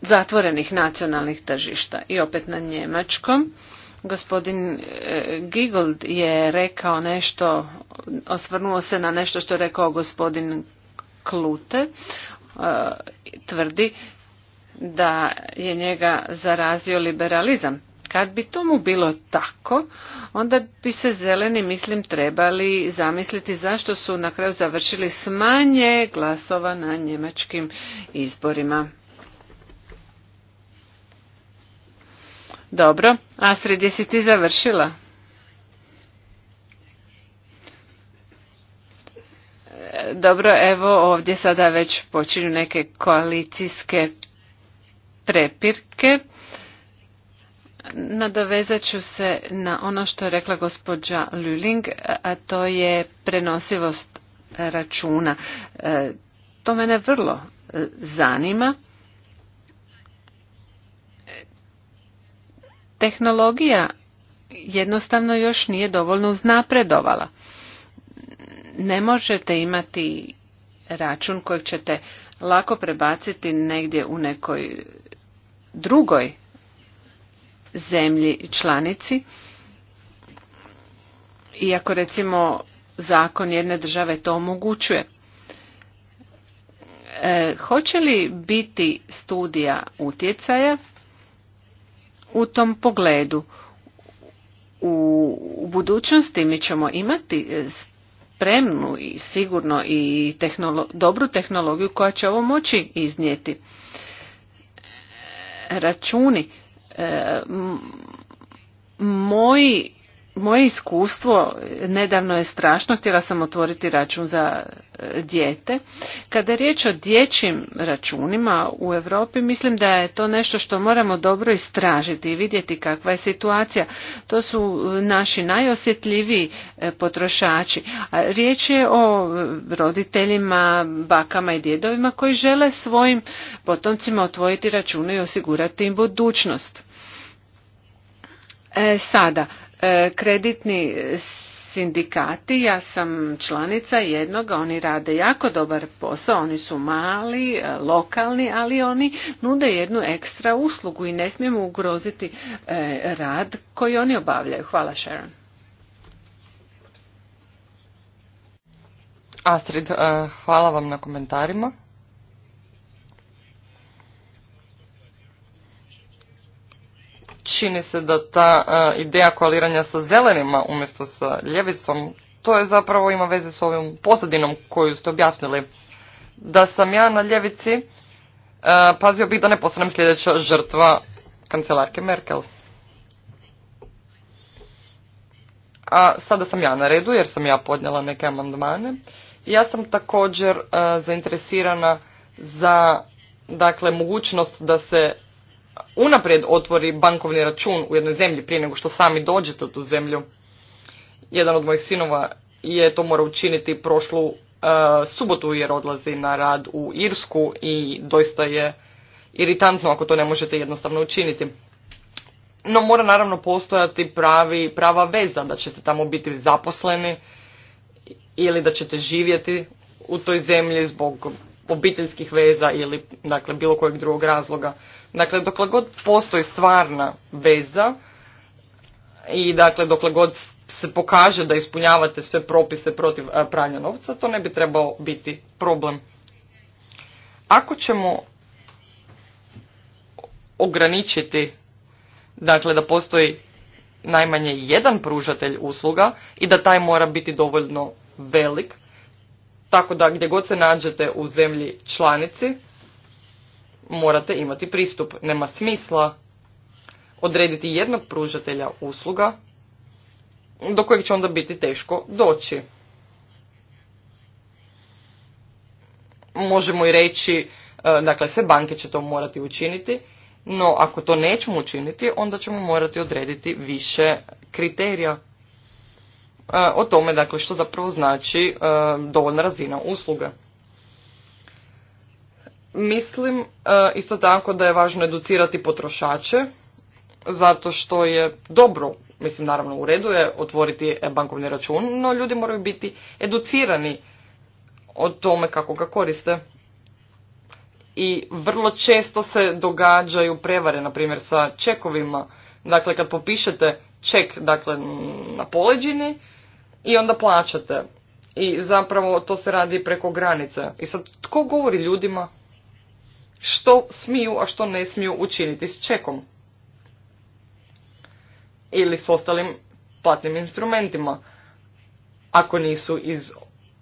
zatvorenih nacionalnih tržišta i opet na njemačkom Gospodin e, Gigold je rekao nešto, osvrnuo se na nešto što je rekao gospodin Klute, e, tvrdi da je njega zarazio liberalizam. Kad bi tomu bilo tako, onda bi se zeleni, mislim, trebali zamisliti zašto su na kraju završili smanje glasova na njemačkim izborima. Dobro. Astrid, jesi ti završila? E, dobro, evo ovdje sada već počinju neke koalicijske prepirke. Nadovezat ću se na ono što je rekla gospođa Luling, a to je prenosivost računa. E, to mene vrlo e, zanima tehnologija jednostavno još nije dovoljno uznapredovala. Ne možete imati račun kojeg ćete lako prebaciti negdje u nekoj drugoj zemlji članici. Iako recimo zakon jedne države to omogućuje. E, hoće li biti studija utjecaja u tom pogledu. U budućnosti mi ćemo imati e, spremnu i sigurno i dobru tehnologiju koja će ovo moći iznijeti. E, računi. E, moji moje iskustvo nedavno je strašno, htjela sam otvoriti račun za e, dijete. Kada je riječ o dječjim računima u Europi, mislim da je to nešto što moramo dobro istražiti i vidjeti kakva je situacija. To su e, naši najosjetljiviji e, potrošači. Riječ je o roditeljima, bakama i djedovima koji žele svojim potomcima otvoriti račune i osigurati im budućnost. sada, E, kreditni sindikati, ja sam članica jednoga, oni rade jako dobar posao, oni su mali, e, lokalni, ali oni nude jednu ekstra uslugu i ne smijemo ugroziti e, rad koji oni obavljaju. Hvala Sharon. Astrid, hvala vam na komentarima. čini se da ta e, ideja koaliranja sa zelenima umjesto sa ljevicom, to je zapravo ima veze s ovim posadinom koju ste objasnili. Da sam ja na ljevici, e, pazio bih da ne postanem sljedeća žrtva kancelarke Merkel. A sada sam ja na redu jer sam ja podnijela neke amandmane. Ja sam također e, zainteresirana za dakle mogućnost da se unaprijed otvori bankovni račun u jednoj zemlji prije nego što sami dođete u tu zemlju. Jedan od mojih sinova je to morao učiniti prošlu uh, subotu jer odlazi na rad u Irsku i doista je iritantno ako to ne možete jednostavno učiniti. No mora naravno postojati pravi, prava veza da ćete tamo biti zaposleni ili da ćete živjeti u toj zemlji zbog obiteljskih veza ili dakle bilo kojeg drugog razloga. Dakle, dokle god postoji stvarna veza i dakle, dokle god se pokaže da ispunjavate sve propise protiv e, pranja novca, to ne bi trebao biti problem. Ako ćemo ograničiti, dakle, da postoji najmanje jedan pružatelj usluga i da taj mora biti dovoljno velik, tako da gdje god se nađete u zemlji članici, morate imati pristup. Nema smisla odrediti jednog pružatelja usluga do kojeg će onda biti teško doći. Možemo i reći, e, dakle sve banke će to morati učiniti, no ako to nećemo učiniti, onda ćemo morati odrediti više kriterija e, o tome dakle, što zapravo znači e, dovoljna razina usluga. Mislim e, isto tako da je važno educirati potrošače, zato što je dobro, mislim naravno u redu je otvoriti bankovni račun, no ljudi moraju biti educirani o tome kako ga koriste. I vrlo često se događaju prevare, na primjer sa čekovima. Dakle, kad popišete ček dakle, na poleđini i onda plaćate. I zapravo to se radi preko granice. I sad, tko govori ljudima što smiju, a što ne smiju učiniti s čekom ili s ostalim platnim instrumentima. Ako nisu iz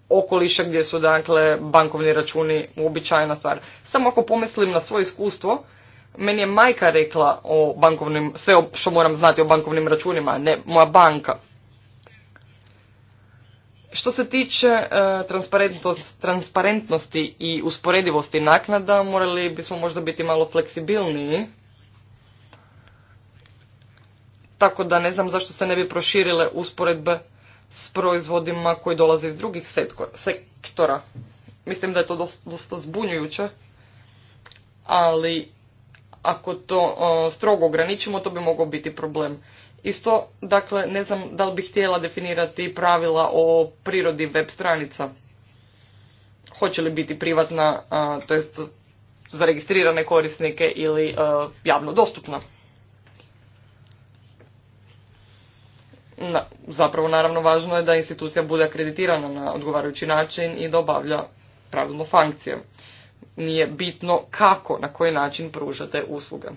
okoliša gdje su dakle bankovni računi uobičajena stvar. Samo ako pomislim na svoje iskustvo, meni je majka rekla o bankovnim, sve što moram znati o bankovnim računima, ne moja banka. Što se tiče e, transparentnosti i usporedivosti naknada, morali bismo možda biti malo fleksibilniji. Tako da ne znam zašto se ne bi proširile usporedbe s proizvodima koji dolaze iz drugih sektora. Mislim da je to dosta, zbunjujuće, ali ako to e, strogo ograničimo, to bi mogao biti problem. Isto, dakle, ne znam da li bih htjela definirati pravila o prirodi web stranica. Hoće li biti privatna, to jest za registrirane korisnike ili javno dostupna. zapravo, naravno, važno je da institucija bude akreditirana na odgovarajući način i da obavlja pravilno funkcije. Nije bitno kako, na koji način pružate usluge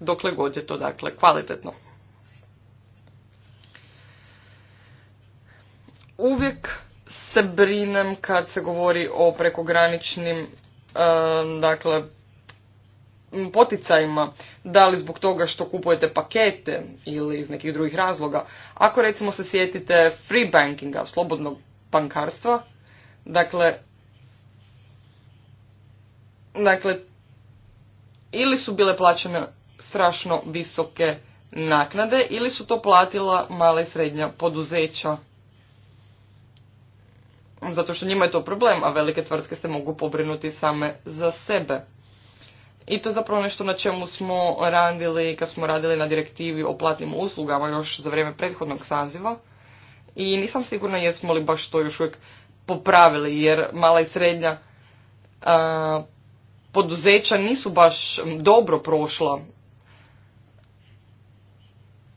dokle god je to dakle kvalitetno. Uvijek se brinem kad se govori o prekograničnim dakle poticajima, da li zbog toga što kupujete pakete ili iz nekih drugih razloga. Ako recimo se sjetite free bankinga, slobodnog bankarstva, dakle, dakle ili su bile plaćene strašno visoke naknade ili su to platila mala i srednja poduzeća. Zato što njima je to problem, a velike tvrtke se mogu pobrinuti same za sebe. I to je zapravo nešto na čemu smo radili kad smo radili na direktivi o platnim uslugama još za vrijeme prethodnog saziva. I nisam sigurna jesmo li baš to još uvijek popravili jer mala i srednja poduzeća nisu baš dobro prošla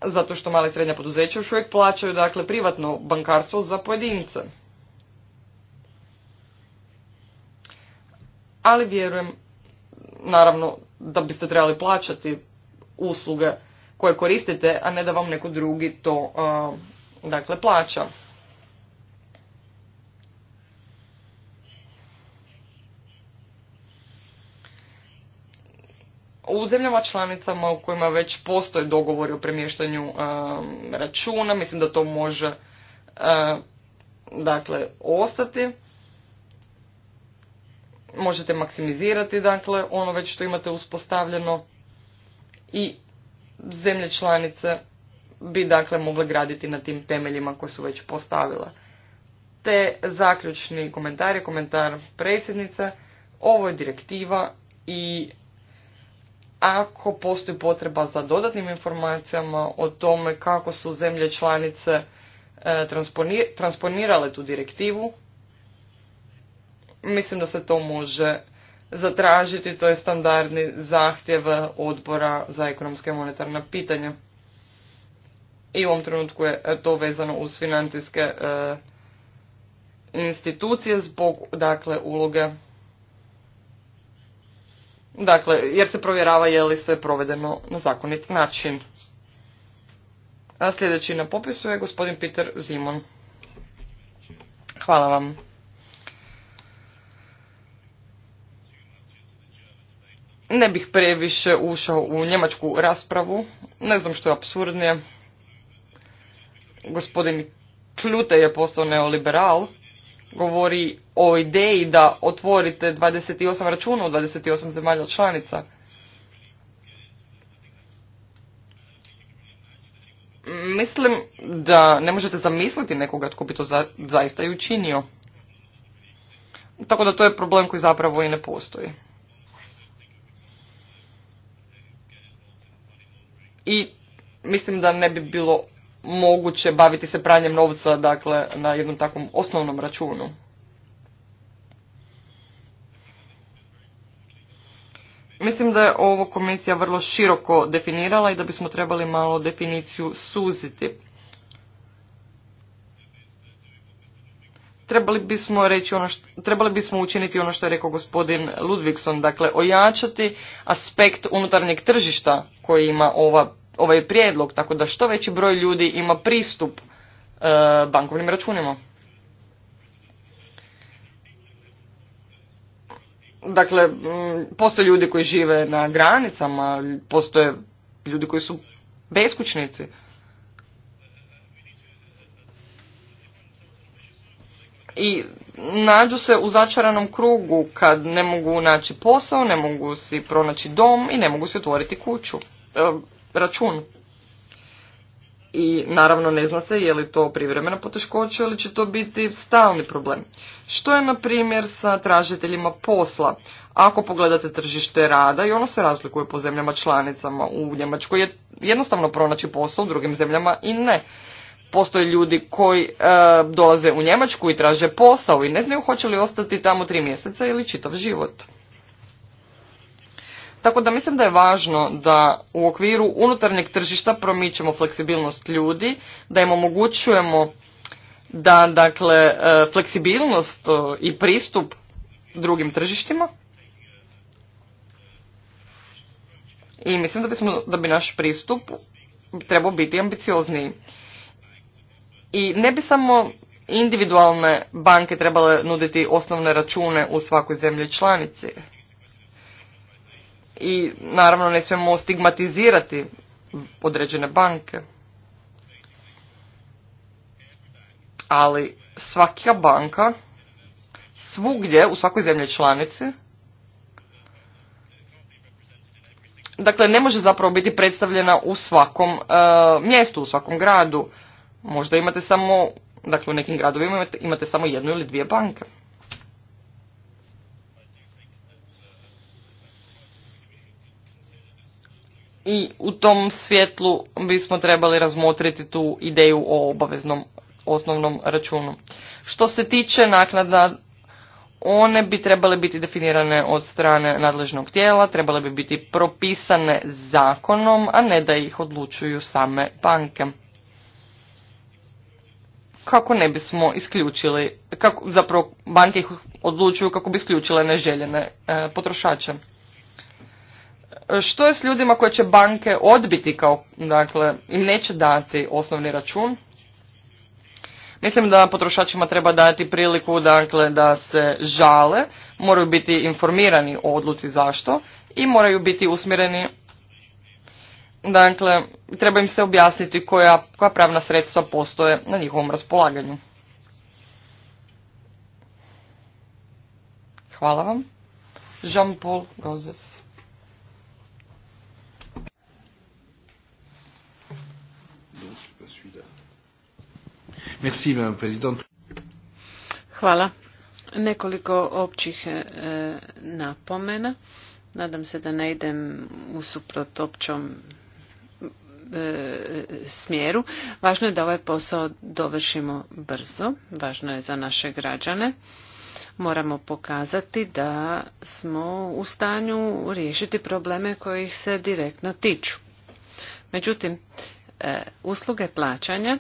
zato što mala i srednja poduzeća još uvijek plaćaju dakle privatno bankarstvo za pojedince. Ali vjerujem naravno da biste trebali plaćati usluge koje koristite, a ne da vam neko drugi to dakle plaća. U zemljama članicama u kojima već postoje dogovori o premještanju um, računa, mislim da to može uh, dakle ostati. Možete maksimizirati dakle ono već što imate uspostavljeno i zemlje članice bi dakle mogle graditi na tim temeljima koje su već postavile. Te zaključni komentar je komentar predsjednice, ovo je direktiva i ako postoji potreba za dodatnim informacijama o tome kako su zemlje članice e, transponirale tu direktivu, mislim da se to može zatražiti, to je standardni zahtjev odbora za ekonomske i monetarna pitanja. I u ovom trenutku je to vezano uz financijske e, institucije zbog dakle uloge Dakle, jer se provjerava je li sve provedeno na zakonit način. A sljedeći na popisu je gospodin Peter Zimon. Hvala vam. Ne bih previše ušao u njemačku raspravu. Ne znam što je apsurdnije. Gospodin Klute je postao neoliberal govori o ideji da otvorite 28 računa u 28 zemalja članica. Mislim da ne možete zamisliti nekoga tko bi to za, zaista i učinio. Tako da to je problem koji zapravo i ne postoji. I mislim da ne bi bilo moguće baviti se pranjem novca dakle, na jednom takvom osnovnom računu. Mislim da je ovo komisija vrlo široko definirala i da bismo trebali malo definiciju suziti. Trebali bismo, reći ono što, trebali bismo učiniti ono što je rekao gospodin Ludvigson, dakle ojačati aspekt unutarnjeg tržišta koji ima ova ovaj prijedlog, tako da što veći broj ljudi ima pristup e, bankovnim računima. Dakle, postoje ljudi koji žive na granicama, postoje ljudi koji su beskućnici. I nađu se u začaranom krugu kad ne mogu naći posao, ne mogu si pronaći dom i ne mogu si otvoriti kuću. E, račun. I naravno ne zna se je li to privremena poteškoća ili će to biti stalni problem. Što je na primjer sa tražiteljima posla? Ako pogledate tržište rada i ono se razlikuje po zemljama članicama, u Njemačkoj je jednostavno pronaći posao, u drugim zemljama i ne. Postoje ljudi koji e, dolaze u Njemačku i traže posao i ne znaju hoće li ostati tamo tri mjeseca ili čitav život. Tako da mislim da je važno da u okviru unutarnjeg tržišta promičemo fleksibilnost ljudi, da im omogućujemo da dakle e, fleksibilnost e, i pristup drugim tržištima. I mislim da bismo da bi naš pristup trebao biti ambiciozniji. I ne bi samo individualne banke trebale nuditi osnovne račune u svakoj zemlji članici, i naravno ne smijemo stigmatizirati određene banke. Ali svaka banka svugdje u svakoj zemlji članici dakle ne može zapravo biti predstavljena u svakom e, mjestu, u svakom gradu. Možda imate samo, dakle u nekim gradovima imate, imate samo jednu ili dvije banke. i u tom svjetlu bismo trebali razmotriti tu ideju o obaveznom osnovnom računu. Što se tiče naknada, one bi trebale biti definirane od strane nadležnog tijela, trebale bi biti propisane zakonom, a ne da ih odlučuju same banke. Kako ne bismo isključili, kako, zapravo banke ih odlučuju kako bi isključile neželjene e, potrošače. Što je s ljudima koje će banke odbiti kao, dakle, i neće dati osnovni račun? Mislim da potrošačima treba dati priliku, dakle, da se žale, moraju biti informirani o odluci zašto i moraju biti usmjereni Dakle, treba im se objasniti koja, koja pravna sredstva postoje na njihovom raspolaganju. Hvala vam. Jean-Paul Gozes. Hvala. Nekoliko općih e, napomena. Nadam se da ne idem usuprot općom e, smjeru. Važno je da ovaj posao dovršimo brzo, važno je za naše građane. Moramo pokazati da smo u stanju riješiti probleme koji ih se direktno tiču. Međutim, e, usluge plaćanja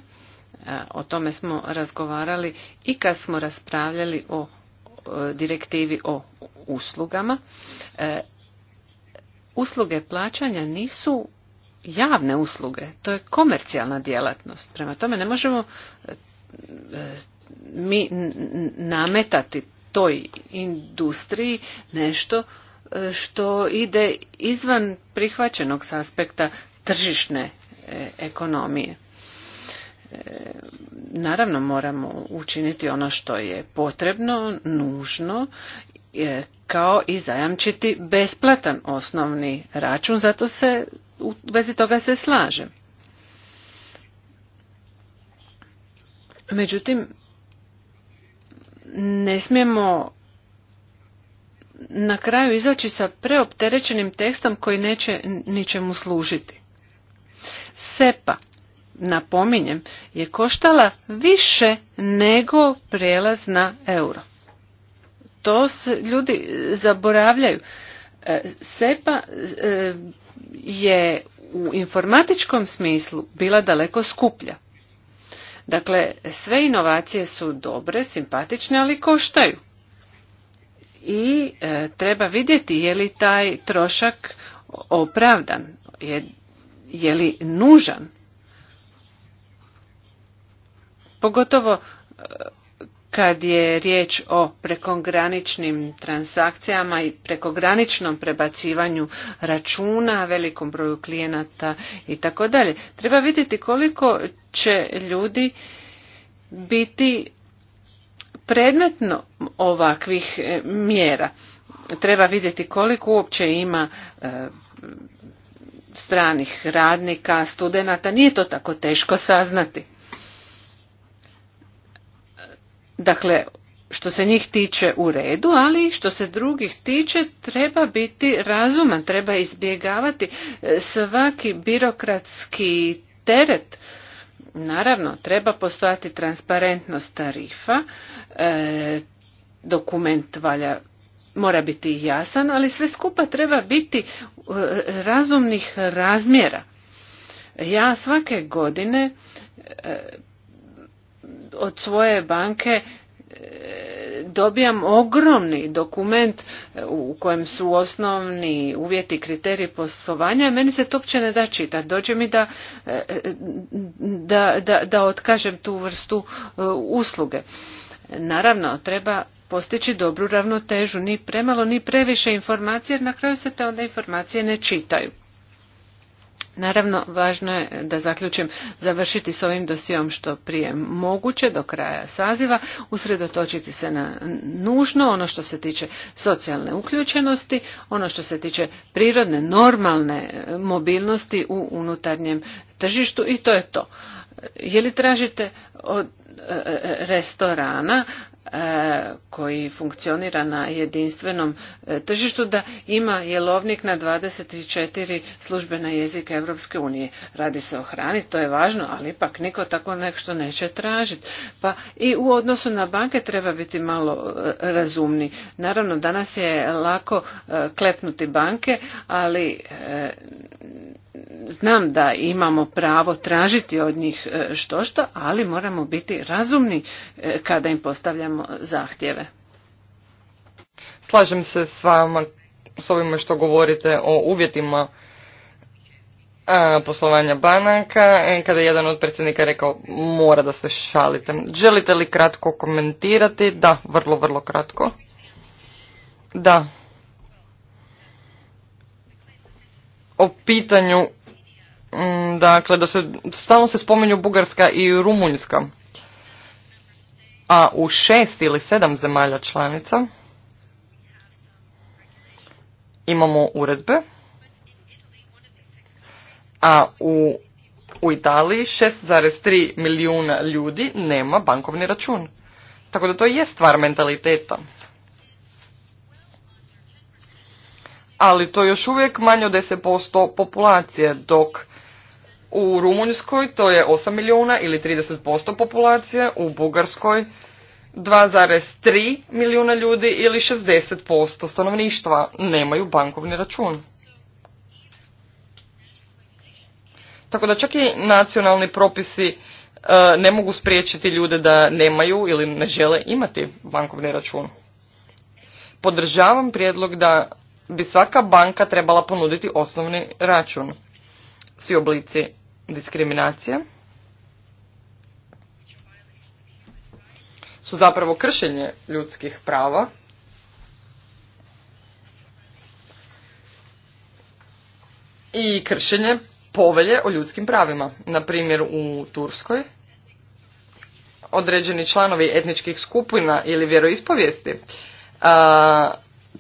E, o tome smo razgovarali i kad smo raspravljali o direktivi o uslugama. E, usluge plaćanja nisu javne usluge, to je komercijalna djelatnost. Prema tome ne možemo e, mi nametati toj industriji nešto što ide izvan prihvaćenog s aspekta tržišne ekonomije. E, naravno moramo učiniti ono što je potrebno, nužno, e, kao i zajamčiti besplatan osnovni račun, zato se u vezi toga se slažem. Međutim, ne smijemo na kraju izaći sa preopterećenim tekstom koji neće ničemu služiti. SEPA napominjem, je koštala više nego prelaz na euro. To se ljudi zaboravljaju. E, SEPA e, je u informatičkom smislu bila daleko skuplja. Dakle, sve inovacije su dobre, simpatične, ali koštaju. I e, treba vidjeti je li taj trošak opravdan, je li nužan Pogotovo e, kad je riječ o prekograničnim transakcijama i prekograničnom prebacivanju računa, velikom broju klijenata i tako dalje. Treba vidjeti koliko će ljudi biti predmetno ovakvih e, mjera. Treba vidjeti koliko uopće ima e, stranih radnika, studenata, nije to tako teško saznati. Dakle, što se njih tiče u redu, ali što se drugih tiče treba biti razuman, treba izbjegavati e, svaki birokratski teret. Naravno, treba postojati transparentnost tarifa, e, dokument valja mora biti jasan, ali sve skupa treba biti e, razumnih razmjera. Ja svake godine od svoje banke e, dobijam ogromni dokument e, u kojem su osnovni uvjeti kriteriji poslovanja meni se to uopće ne da čitati. Dođe mi da, e, da, da, da otkažem tu vrstu usluge. Naravno, treba postići dobru ravnotežu, ni premalo ni previše informacija jer na kraju se te onda informacije ne čitaju. Naravno, važno je da zaključim završiti s ovim dosijom što prije moguće do kraja saziva, usredotočiti se na nužno ono što se tiče socijalne uključenosti, ono što se tiče prirodne, normalne e, mobilnosti u unutarnjem tržištu i to je to. Je li tražite od e, e, restorana E, koji funkcionira na jedinstvenom e, tržištu da ima jelovnik na 24 službena jezika Europske unije. Radi se o hrani, to je važno, ali ipak niko tako nešto neće tražiti. Pa i u odnosu na banke treba biti malo e, razumni. Naravno, danas je lako klepnuti banke, ali znam da imamo pravo tražiti od njih što e, što, ali moramo biti razumni e, kada im postavljamo zahtjeve. Slažem se s vama s ovime što govorite o uvjetima a, e, poslovanja banaka, kada je jedan od predsjednika rekao mora da se šalite. Želite li kratko komentirati? Da, vrlo, vrlo kratko. Da, o pitanju, mm, dakle, da se stalno se spominju Bugarska i Rumunjska, a u šest ili sedam zemalja članica imamo uredbe, a u, u Italiji 6,3 milijuna ljudi nema bankovni račun. Tako da to je stvar mentaliteta. ali to je još uvijek manje od 10% populacije, dok u Rumunjskoj to je 8 milijuna ili 30% populacije, u Bugarskoj 2,3 milijuna ljudi ili 60% stanovništva nemaju bankovni račun. Tako da čak i nacionalni propisi e, ne mogu spriječiti ljude da nemaju ili ne žele imati bankovni račun. Podržavam prijedlog da bi svaka banka trebala ponuditi osnovni račun. Svi oblici diskriminacije su zapravo kršenje ljudskih prava i kršenje povelje o ljudskim pravima. Na primjer u Turskoj određeni članovi etničkih skupina ili vjeroispovijesti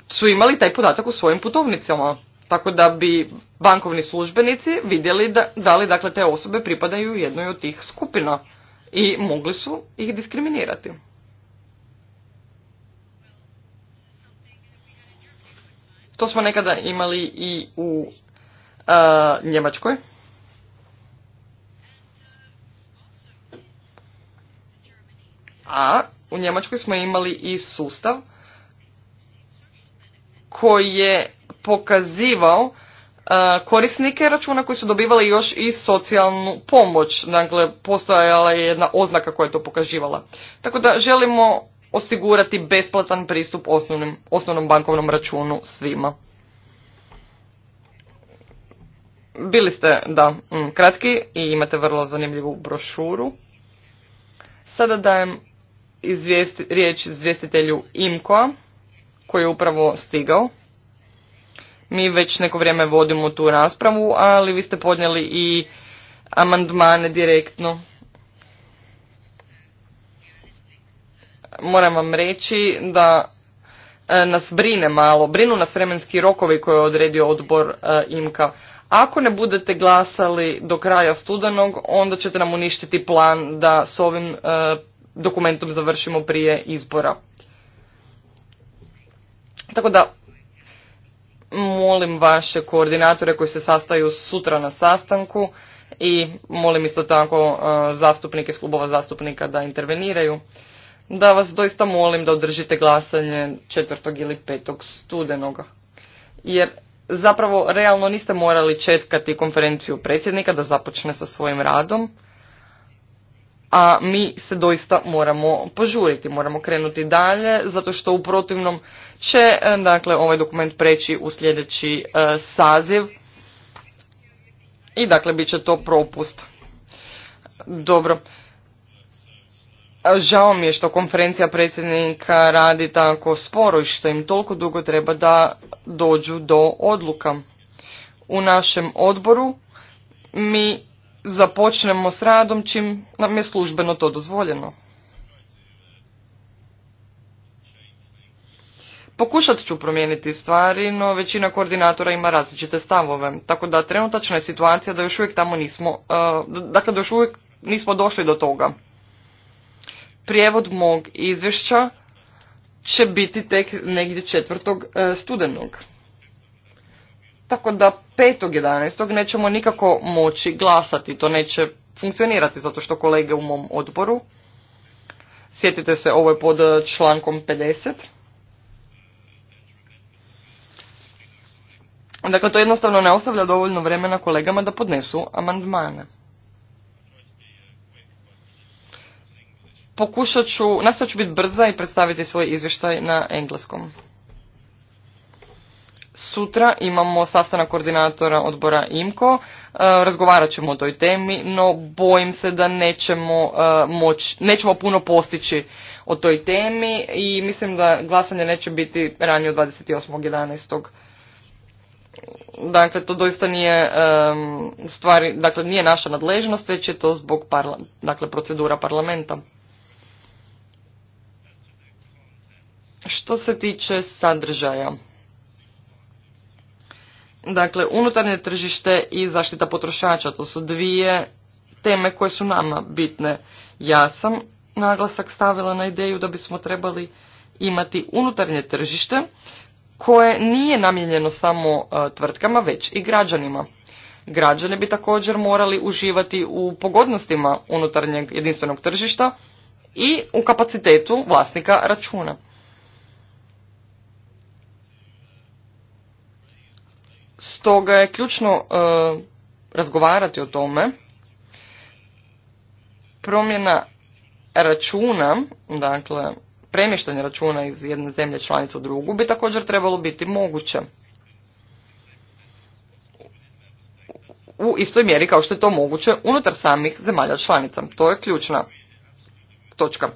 su imali taj podatak u svojim putovnicama. Tako da bi bankovni službenici vidjeli da, da li dakle te osobe pripadaju jednoj od tih skupina i mogli su ih diskriminirati. To smo nekada imali i u Njemačkoj. A u Njemačkoj smo imali i sustav koji je pokazivao e, korisnike računa koji su dobivali još i socijalnu pomoć. Dakle, postojala je jedna oznaka koja je to pokaživala. Tako da želimo osigurati besplatan pristup osnovnom bankovnom računu svima. Bili ste, da, mm, kratki i imate vrlo zanimljivu brošuru. Sada dajem izvijesti, riječ izvjestitelju Imkoa koji je upravo stigao. Mi već neko vrijeme vodimo tu raspravu, ali vi ste podnijeli i amandmane direktno. Moram vam reći da e, nas brine malo, brinu nas vremenski rokovi koje je odredio odbor e, IMKA. Ako ne budete glasali do kraja studenog, onda ćete nam uništiti plan da s ovim e, dokumentom završimo prije izbora. Tako da molim vaše koordinatore koji se sastaju sutra na sastanku i molim isto tako uh, zastupnike iz klubova zastupnika da interveniraju, da vas doista molim da održite glasanje četvrtog ili petog studenoga. Jer zapravo realno niste morali četkati konferenciju predsjednika da započne sa svojim radom a mi se doista moramo požuriti, moramo krenuti dalje, zato što u protivnom će e, dakle, ovaj dokument preći u sljedeći e, saziv i dakle bit će to propust. Dobro. E, žao mi je što konferencija predsjednika radi tako sporo i što im toliko dugo treba da dođu do odluka. U našem odboru mi započnemo s radom čim nam je službeno to dozvoljeno. Pokušat ću promijeniti stvari, no većina koordinatora ima različite stavove, tako da trenutačna je situacija da još uvijek tamo nismo, e, dakle još uvijek nismo došli do toga. Prijevod mog izvješća će biti tek negdje 4. E, studenog. Tako da 5.11. nećemo nikako moći glasati, to neće funkcionirati zato što kolege u mom odboru, sjetite se ovo je pod e, člankom 50, Dakle, to jednostavno ne ostavlja dovoljno vremena kolegama da podnesu amandmane. Pokušat ću, nastavit ću biti brza i predstaviti svoj izvještaj na engleskom. Sutra imamo sastanak koordinatora odbora IMKO, e, razgovarat ćemo o toj temi, no bojim se da nećemo, e, moć, nećemo puno postići o toj temi i mislim da glasanje neće biti ranije od 28.11. Dakle, to doista nije stvari, dakle nije naša nadležnost, već je to zbog parla, dakle, procedura parlamenta. Što se tiče sadržaja, Dakle, unutarnje tržište i zaštita potrošača, to su dvije teme koje su nama bitne. Ja sam naglasak stavila na ideju da bismo trebali imati unutarnje tržište koje nije namijenjeno samo e, tvrtkama, već i građanima. Građani bi također morali uživati u pogodnostima unutarnjeg jedinstvenog tržišta i u kapacitetu vlasnika računa. Stoga je ključno e, razgovarati o tome. Promjena računa, dakle premještanje računa iz jedne zemlje članice u drugu bi također trebalo biti moguće. U istoj mjeri kao što je to moguće unutar samih zemalja članica. To je ključna točka.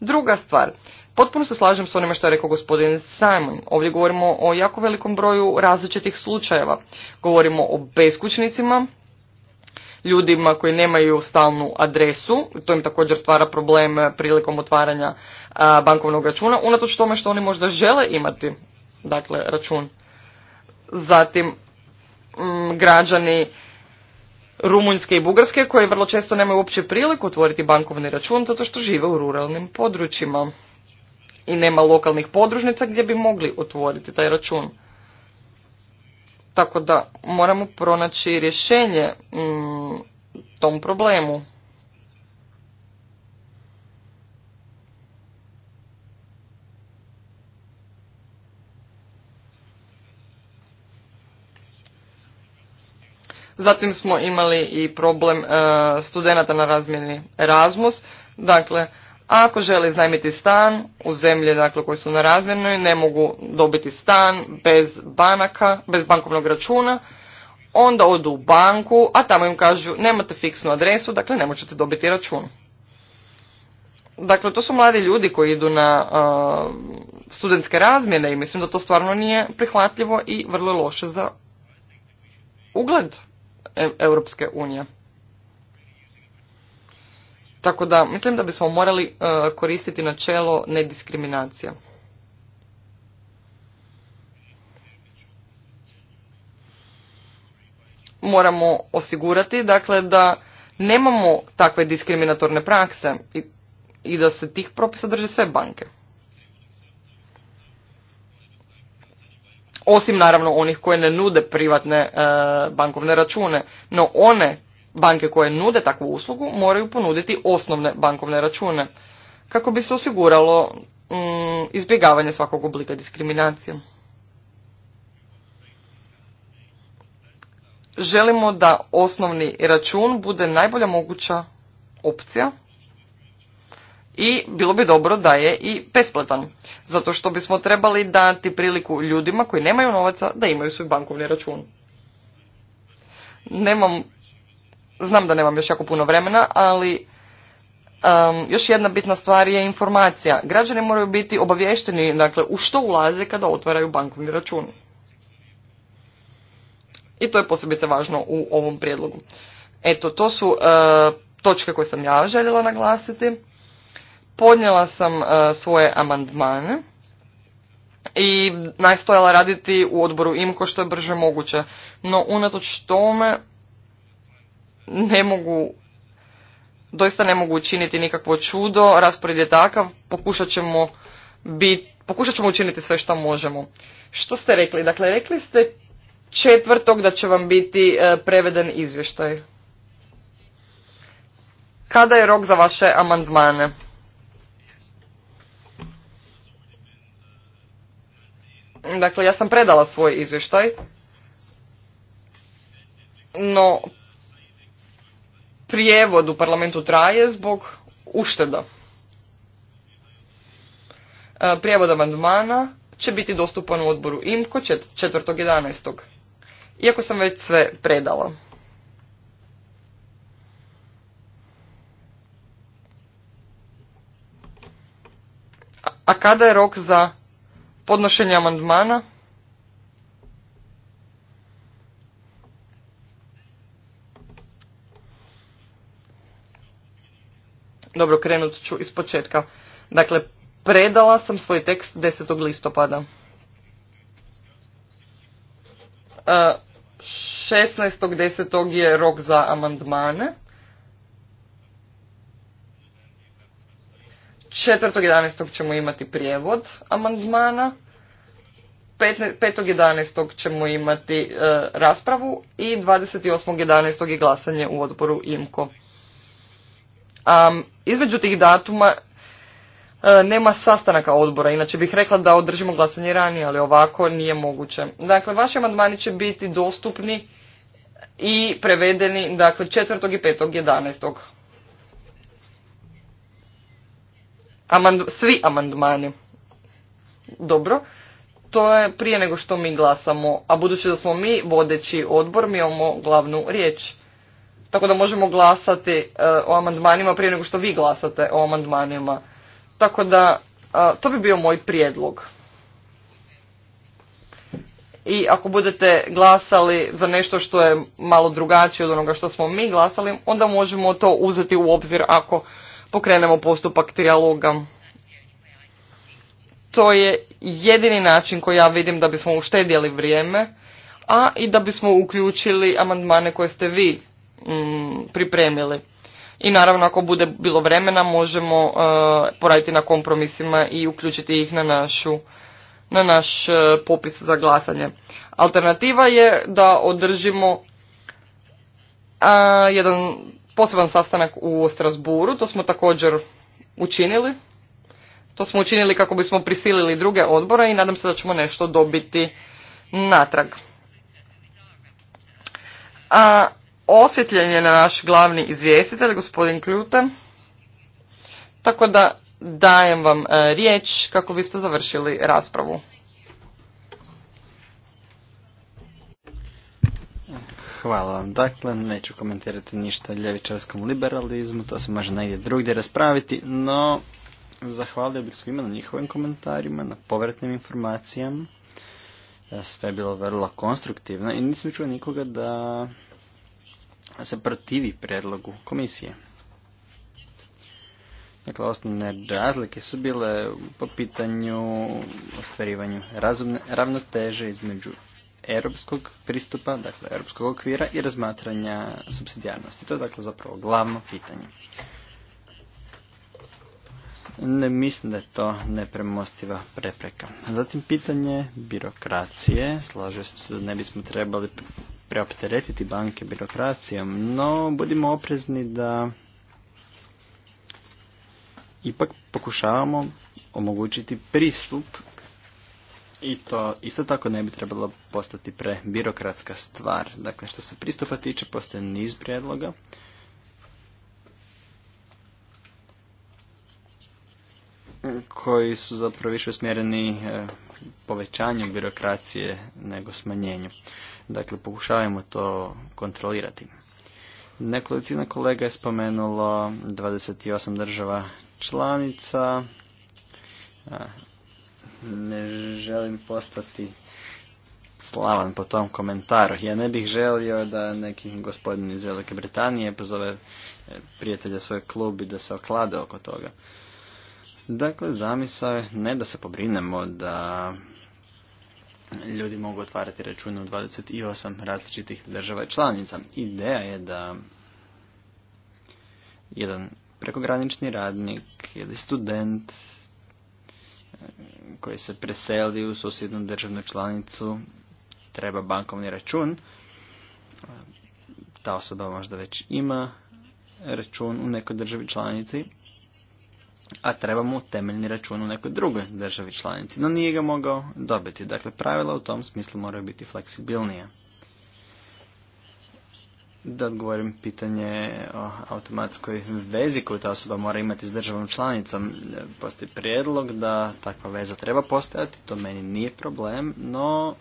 Druga stvar, Potpuno se slažem s onime što je rekao gospodin Simon. Ovdje govorimo o jako velikom broju različitih slučajeva. Govorimo o beskućnicima, ljudima koji nemaju stalnu adresu, to im također stvara problem prilikom otvaranja bankovnog računa, unatoč tome što oni možda žele imati dakle, račun. Zatim, mm, građani Rumunjske i Bugarske koji vrlo često nemaju uopće priliku otvoriti bankovni račun zato što žive u ruralnim područjima i nema lokalnih podružnica gdje bi mogli otvoriti taj račun. Tako da moramo pronaći rješenje mm, tom problemu. Zatim smo imali i problem e, studenata na razmjeni Erasmus. Dakle, ako žele iznajmiti stan u zemlje dakle, koje su na razmjernoj, ne mogu dobiti stan bez banaka, bez bankovnog računa, onda odu u banku, a tamo im kažu nemate fiksnu adresu, dakle ne možete dobiti račun. Dakle, to su mladi ljudi koji idu na studentske razmjene i mislim da to stvarno nije prihvatljivo i vrlo loše za ugled e, Europske unije. Tako da mislim da bismo morali e, koristiti načelo nediskriminacija. Moramo osigurati dakle da nemamo takve diskriminatorne prakse i, da se tih propisa drže sve banke. Osim naravno onih koje ne nude privatne e, bankovne račune, no one Banke koje nude takvu uslugu moraju ponuditi osnovne bankovne račune kako bi se osiguralo mm, izbjegavanje svakog oblika diskriminacije. Želimo da osnovni račun bude najbolja moguća opcija i bilo bi dobro da je i besplatan, zato što bismo trebali dati priliku ljudima koji nemaju novaca da imaju svoj bankovni račun. Nemam znam da nemam još jako puno vremena, ali još jedna bitna stvar je informacija. Građani moraju biti obavješteni dakle, u što ulaze kada otvaraju bankovni račun. I to je posebice važno u ovom prijedlogu. Eto, to su uh, točke koje sam ja željela naglasiti. Podnijela sam e, svoje amandmane i nastojala raditi u odboru IMKO što je brže moguće. No, unatoč tome, ne mogu, doista ne mogu učiniti nikakvo čudo, raspored je takav, pokušat ćemo, pokušat ćemo učiniti sve što možemo. Što ste rekli? Dakle, rekli ste četvrtog da će vam biti e, preveden izvještaj. Kada je rok za vaše amandmane? Dakle, ja sam predala svoj izvještaj, no prijevod u parlamentu traje zbog ušteda. E, prijevod amandmana će biti dostupan u odboru IMKO 4.11. Iako sam već sve predala. A kada je rok za podnošenje amandmana? Dobro, krenut ću iz početka. Dakle, predala sam svoj tekst 10. listopada. 16.10. E, je rok za amandmane. 4.11. ćemo imati prijevod amandmana. 5.11. ćemo imati e, raspravu i 28.11. je glasanje u odboru IMKO a između tih datuma e, nema sastanaka odbora, inače bih rekla da održimo glasanje ranije, ali ovako nije moguće. Dakle, vaši amandmani će biti dostupni i prevedeni dakle, 4. i 5. 11. Amand, svi amandmani. Dobro. To je prije nego što mi glasamo, a budući da smo mi vodeći odbor, mi imamo glavnu riječ. Tako da možemo glasati e, o amandmanima prije nego što vi glasate o amandmanima. Tako da e, to bi bio moj prijedlog. I ako budete glasali za nešto što je malo drugačije od onoga što smo mi glasali, onda možemo to uzeti u obzir ako pokrenemo postupak trialoga. To je jedini način koji ja vidim da bismo uštedjeli vrijeme, a i da bismo uključili amandmane koje ste vi Mm, pripremili. I naravno ako bude bilo vremena možemo e, poraditi na kompromisima i uključiti ih na našu na naš e, popis za glasanje. Alternativa je da održimo a, jedan poseban sastanak u Strasburu, to smo također učinili. To smo učinili kako bismo prisilili druge odbore i nadam se da ćemo nešto dobiti natrag. A osvjetljen je na naš glavni izvjestitelj, gospodin Kljute. Tako da dajem vam e, riječ kako biste završili raspravu. Hvala vam. Dakle, neću komentirati ništa ljevičarskom liberalizmu, to se može negdje drugdje raspraviti, no zahvalio bih svima na njihovim komentarima, na povratnim informacijama. E, sve je bilo vrlo konstruktivno i nisam čuo nikoga da se protivi predlogu komisije. Dakle, osnovne razlike su bile po pitanju ostvarivanju razumne ravnoteže između europskog pristupa, dakle europskog okvira i razmatranja subsidijarnosti. To je dakle zapravo glavno pitanje. Ne mislim da je to nepremostiva prepreka. Zatim pitanje birokracije. Slažem se da ne bismo trebali preopteretiti banke birokracijom, no budimo oprezni da ipak pokušavamo omogućiti pristup i to isto tako ne bi trebalo postati prebirokratska stvar. Dakle, što se pristupa tiče, postoje niz prijedloga. koji su zapravo više usmjereni eh, povećanju birokracije nego smanjenju. Dakle, pokušavamo to kontrolirati. Nekolicina kolega je spomenulo 28 država članica. Ne želim postati slavan po tom komentaru. Ja ne bih želio da neki gospodin iz Velike Britanije pozove e, prijatelja svoj klub i da se oklade oko toga. Dakle, zamisao je ne da se pobrinemo da ljudi mogu otvarati račune u 28 različitih država i članica. Ideja je da jedan prekogranični radnik ili student eh, koji se preseli u susjednu državnu članicu treba bankovni račun. Ta osoba možda već ima račun u nekoj državi članici a treba mu temeljni račun u nekoj drugoj državi članici, no nije ga mogao dobiti. Dakle, pravila u tom smislu moraju biti fleksibilnije. Da odgovorim pitanje o automatskoj vezi koju ta osoba mora imati s državom članicom. Postoji prijedlog da takva veza treba postojati, to meni nije problem, no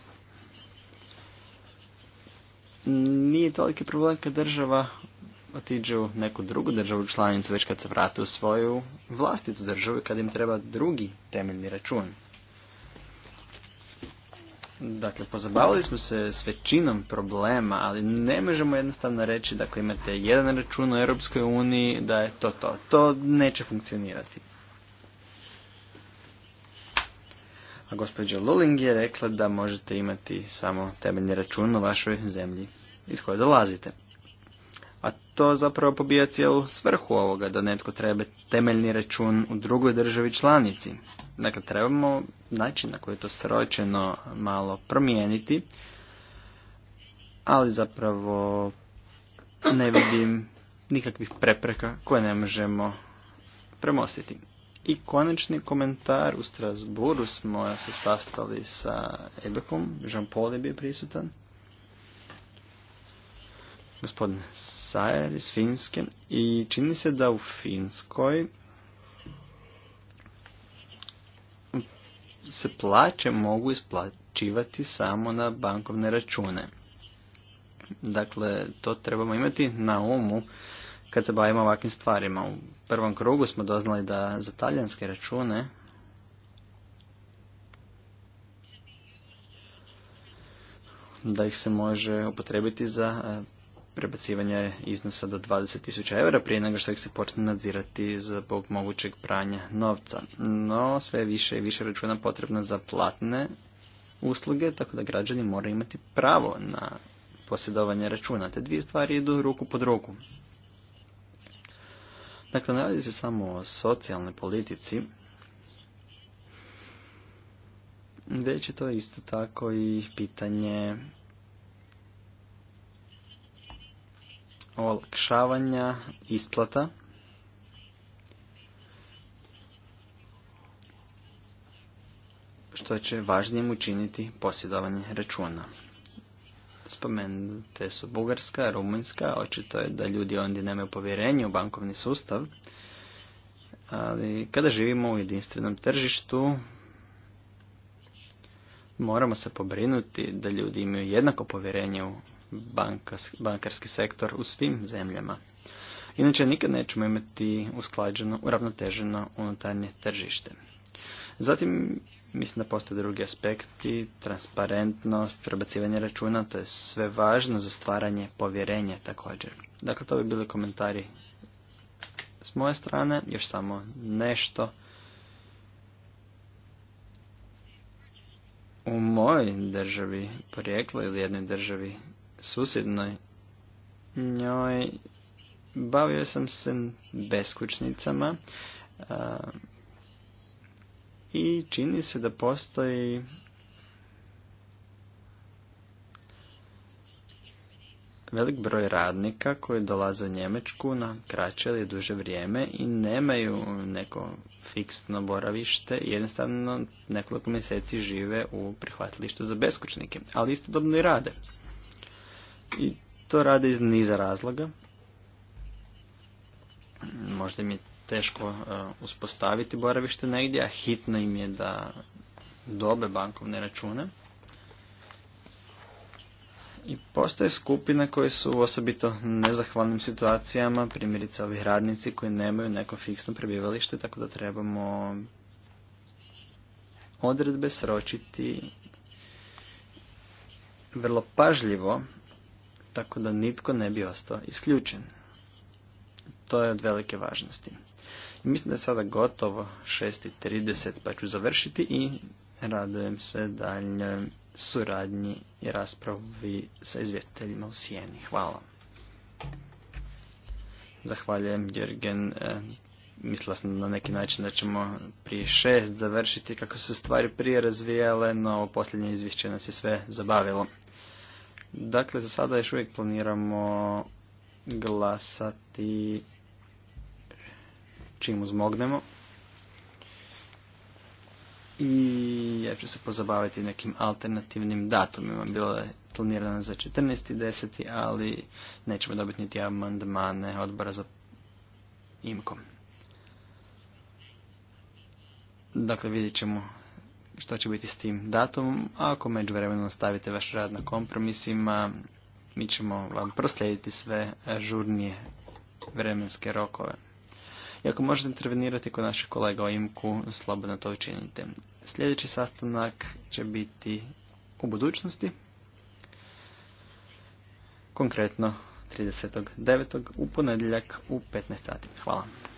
nije toliki problem kad država otiđu neku drugu državu članicu, već kad se vrate u svoju vlastitu državu i kad im treba drugi temeljni račun. Dakle, pozabavili smo se s većinom problema, ali ne možemo jednostavno reći da ako imate jedan račun u Europskoj uniji, da je to to. To neće funkcionirati. A gospođa Luling je rekla da možete imati samo temeljni račun u vašoj zemlji iz koje dolazite a to zapravo pobija cijelu svrhu ovoga, da netko treba temeljni račun u drugoj državi članici. Dakle, trebamo način na koji je to sročeno malo promijeniti, ali zapravo ne vidim nikakvih prepreka koje ne možemo premostiti. I konačni komentar u Strasburu smo se sastali sa Ebekom, Jean Paul je bio prisutan gospodin Sajer iz Finske i čini se da u Finskoj se plaće mogu isplaćivati samo na bankovne račune. Dakle, to trebamo imati na umu kad se bavimo ovakvim stvarima. U prvom krugu smo doznali da za talijanske račune da ih se može upotrebiti za prebacivanja iznosa do 20.000 eura prije nego što ih se počne nadzirati zbog mogućeg pranja novca. No, sve više i više računa potrebno za platne usluge, tako da građani moraju imati pravo na posjedovanje računa. Te dvije stvari idu ruku pod ruku. Dakle, ne radi se samo o socijalnoj politici, već je to isto tako i pitanje olakšavanja isplata što će važnijem učiniti posjedovanje računa. Spomenute su Bugarska, Rumunjska, očito je da ljudi ondje nemaju povjerenje u bankovni sustav, ali kada živimo u jedinstvenom tržištu, moramo se pobrinuti da ljudi imaju jednako povjerenje u bankarski sektor u svim zemljama. Inače nikad nećemo imati usklađeno, uravnoteženo unutarnje tržište. Zatim mislim da postoje drugi aspekti, transparentnost, prebacivanje računa, to je sve važno za stvaranje povjerenja također. Dakle, to bi bili komentari s moje strane, još samo nešto. U mojoj državi porijekla ili jednoj državi susjednoj njoj bavio sam se beskućnicama i čini se da postoji velik broj radnika koji dolaze u Njemačku na kraće ili duže vrijeme i nemaju neko fiksno boravište i jednostavno nekoliko mjeseci žive u prihvatilištu za beskućnike, ali istodobno i rade. I to rade iz niza razloga. Možda im je teško e, uspostaviti boravište negdje, a hitno im je da dobe bankovne račune. I postoje skupine koje su u osobito nezahvalnim situacijama, primjerice ovih radnici koji nemaju neko fiksno prebivalište, tako da trebamo odredbe sročiti vrlo pažljivo tako da nitko ne bi ostao isključen. To je od velike važnosti. mislim da je sada gotovo 6.30 pa ću završiti i radujem se daljnjoj suradnji i raspravi sa izvjestiteljima u Sijeni. Hvala. Zahvaljujem Jürgen. E, mislila sam na neki način da ćemo prije šest završiti kako su se stvari prije razvijale, no posljednje izvješće nas je sve zabavilo. Dakle, za sada još uvijek planiramo glasati čim uzmognemo. I ja ću se pozabaviti nekim alternativnim datumima. Bilo je planirano za 14.10. ali nećemo dobiti niti amandmane odbora za imkom. Dakle, vidjet ćemo što će biti s tim datumom, a ako vremenom nastavite vaš rad na kompromisima, mi ćemo vam proslijediti sve žurnije vremenske rokove. I ako možete intervenirati kod našeg kolega o imku, slobodno to učinite. Sljedeći sastanak će biti u budućnosti, konkretno 39. u ponedjeljak u 15 sati. Hvala.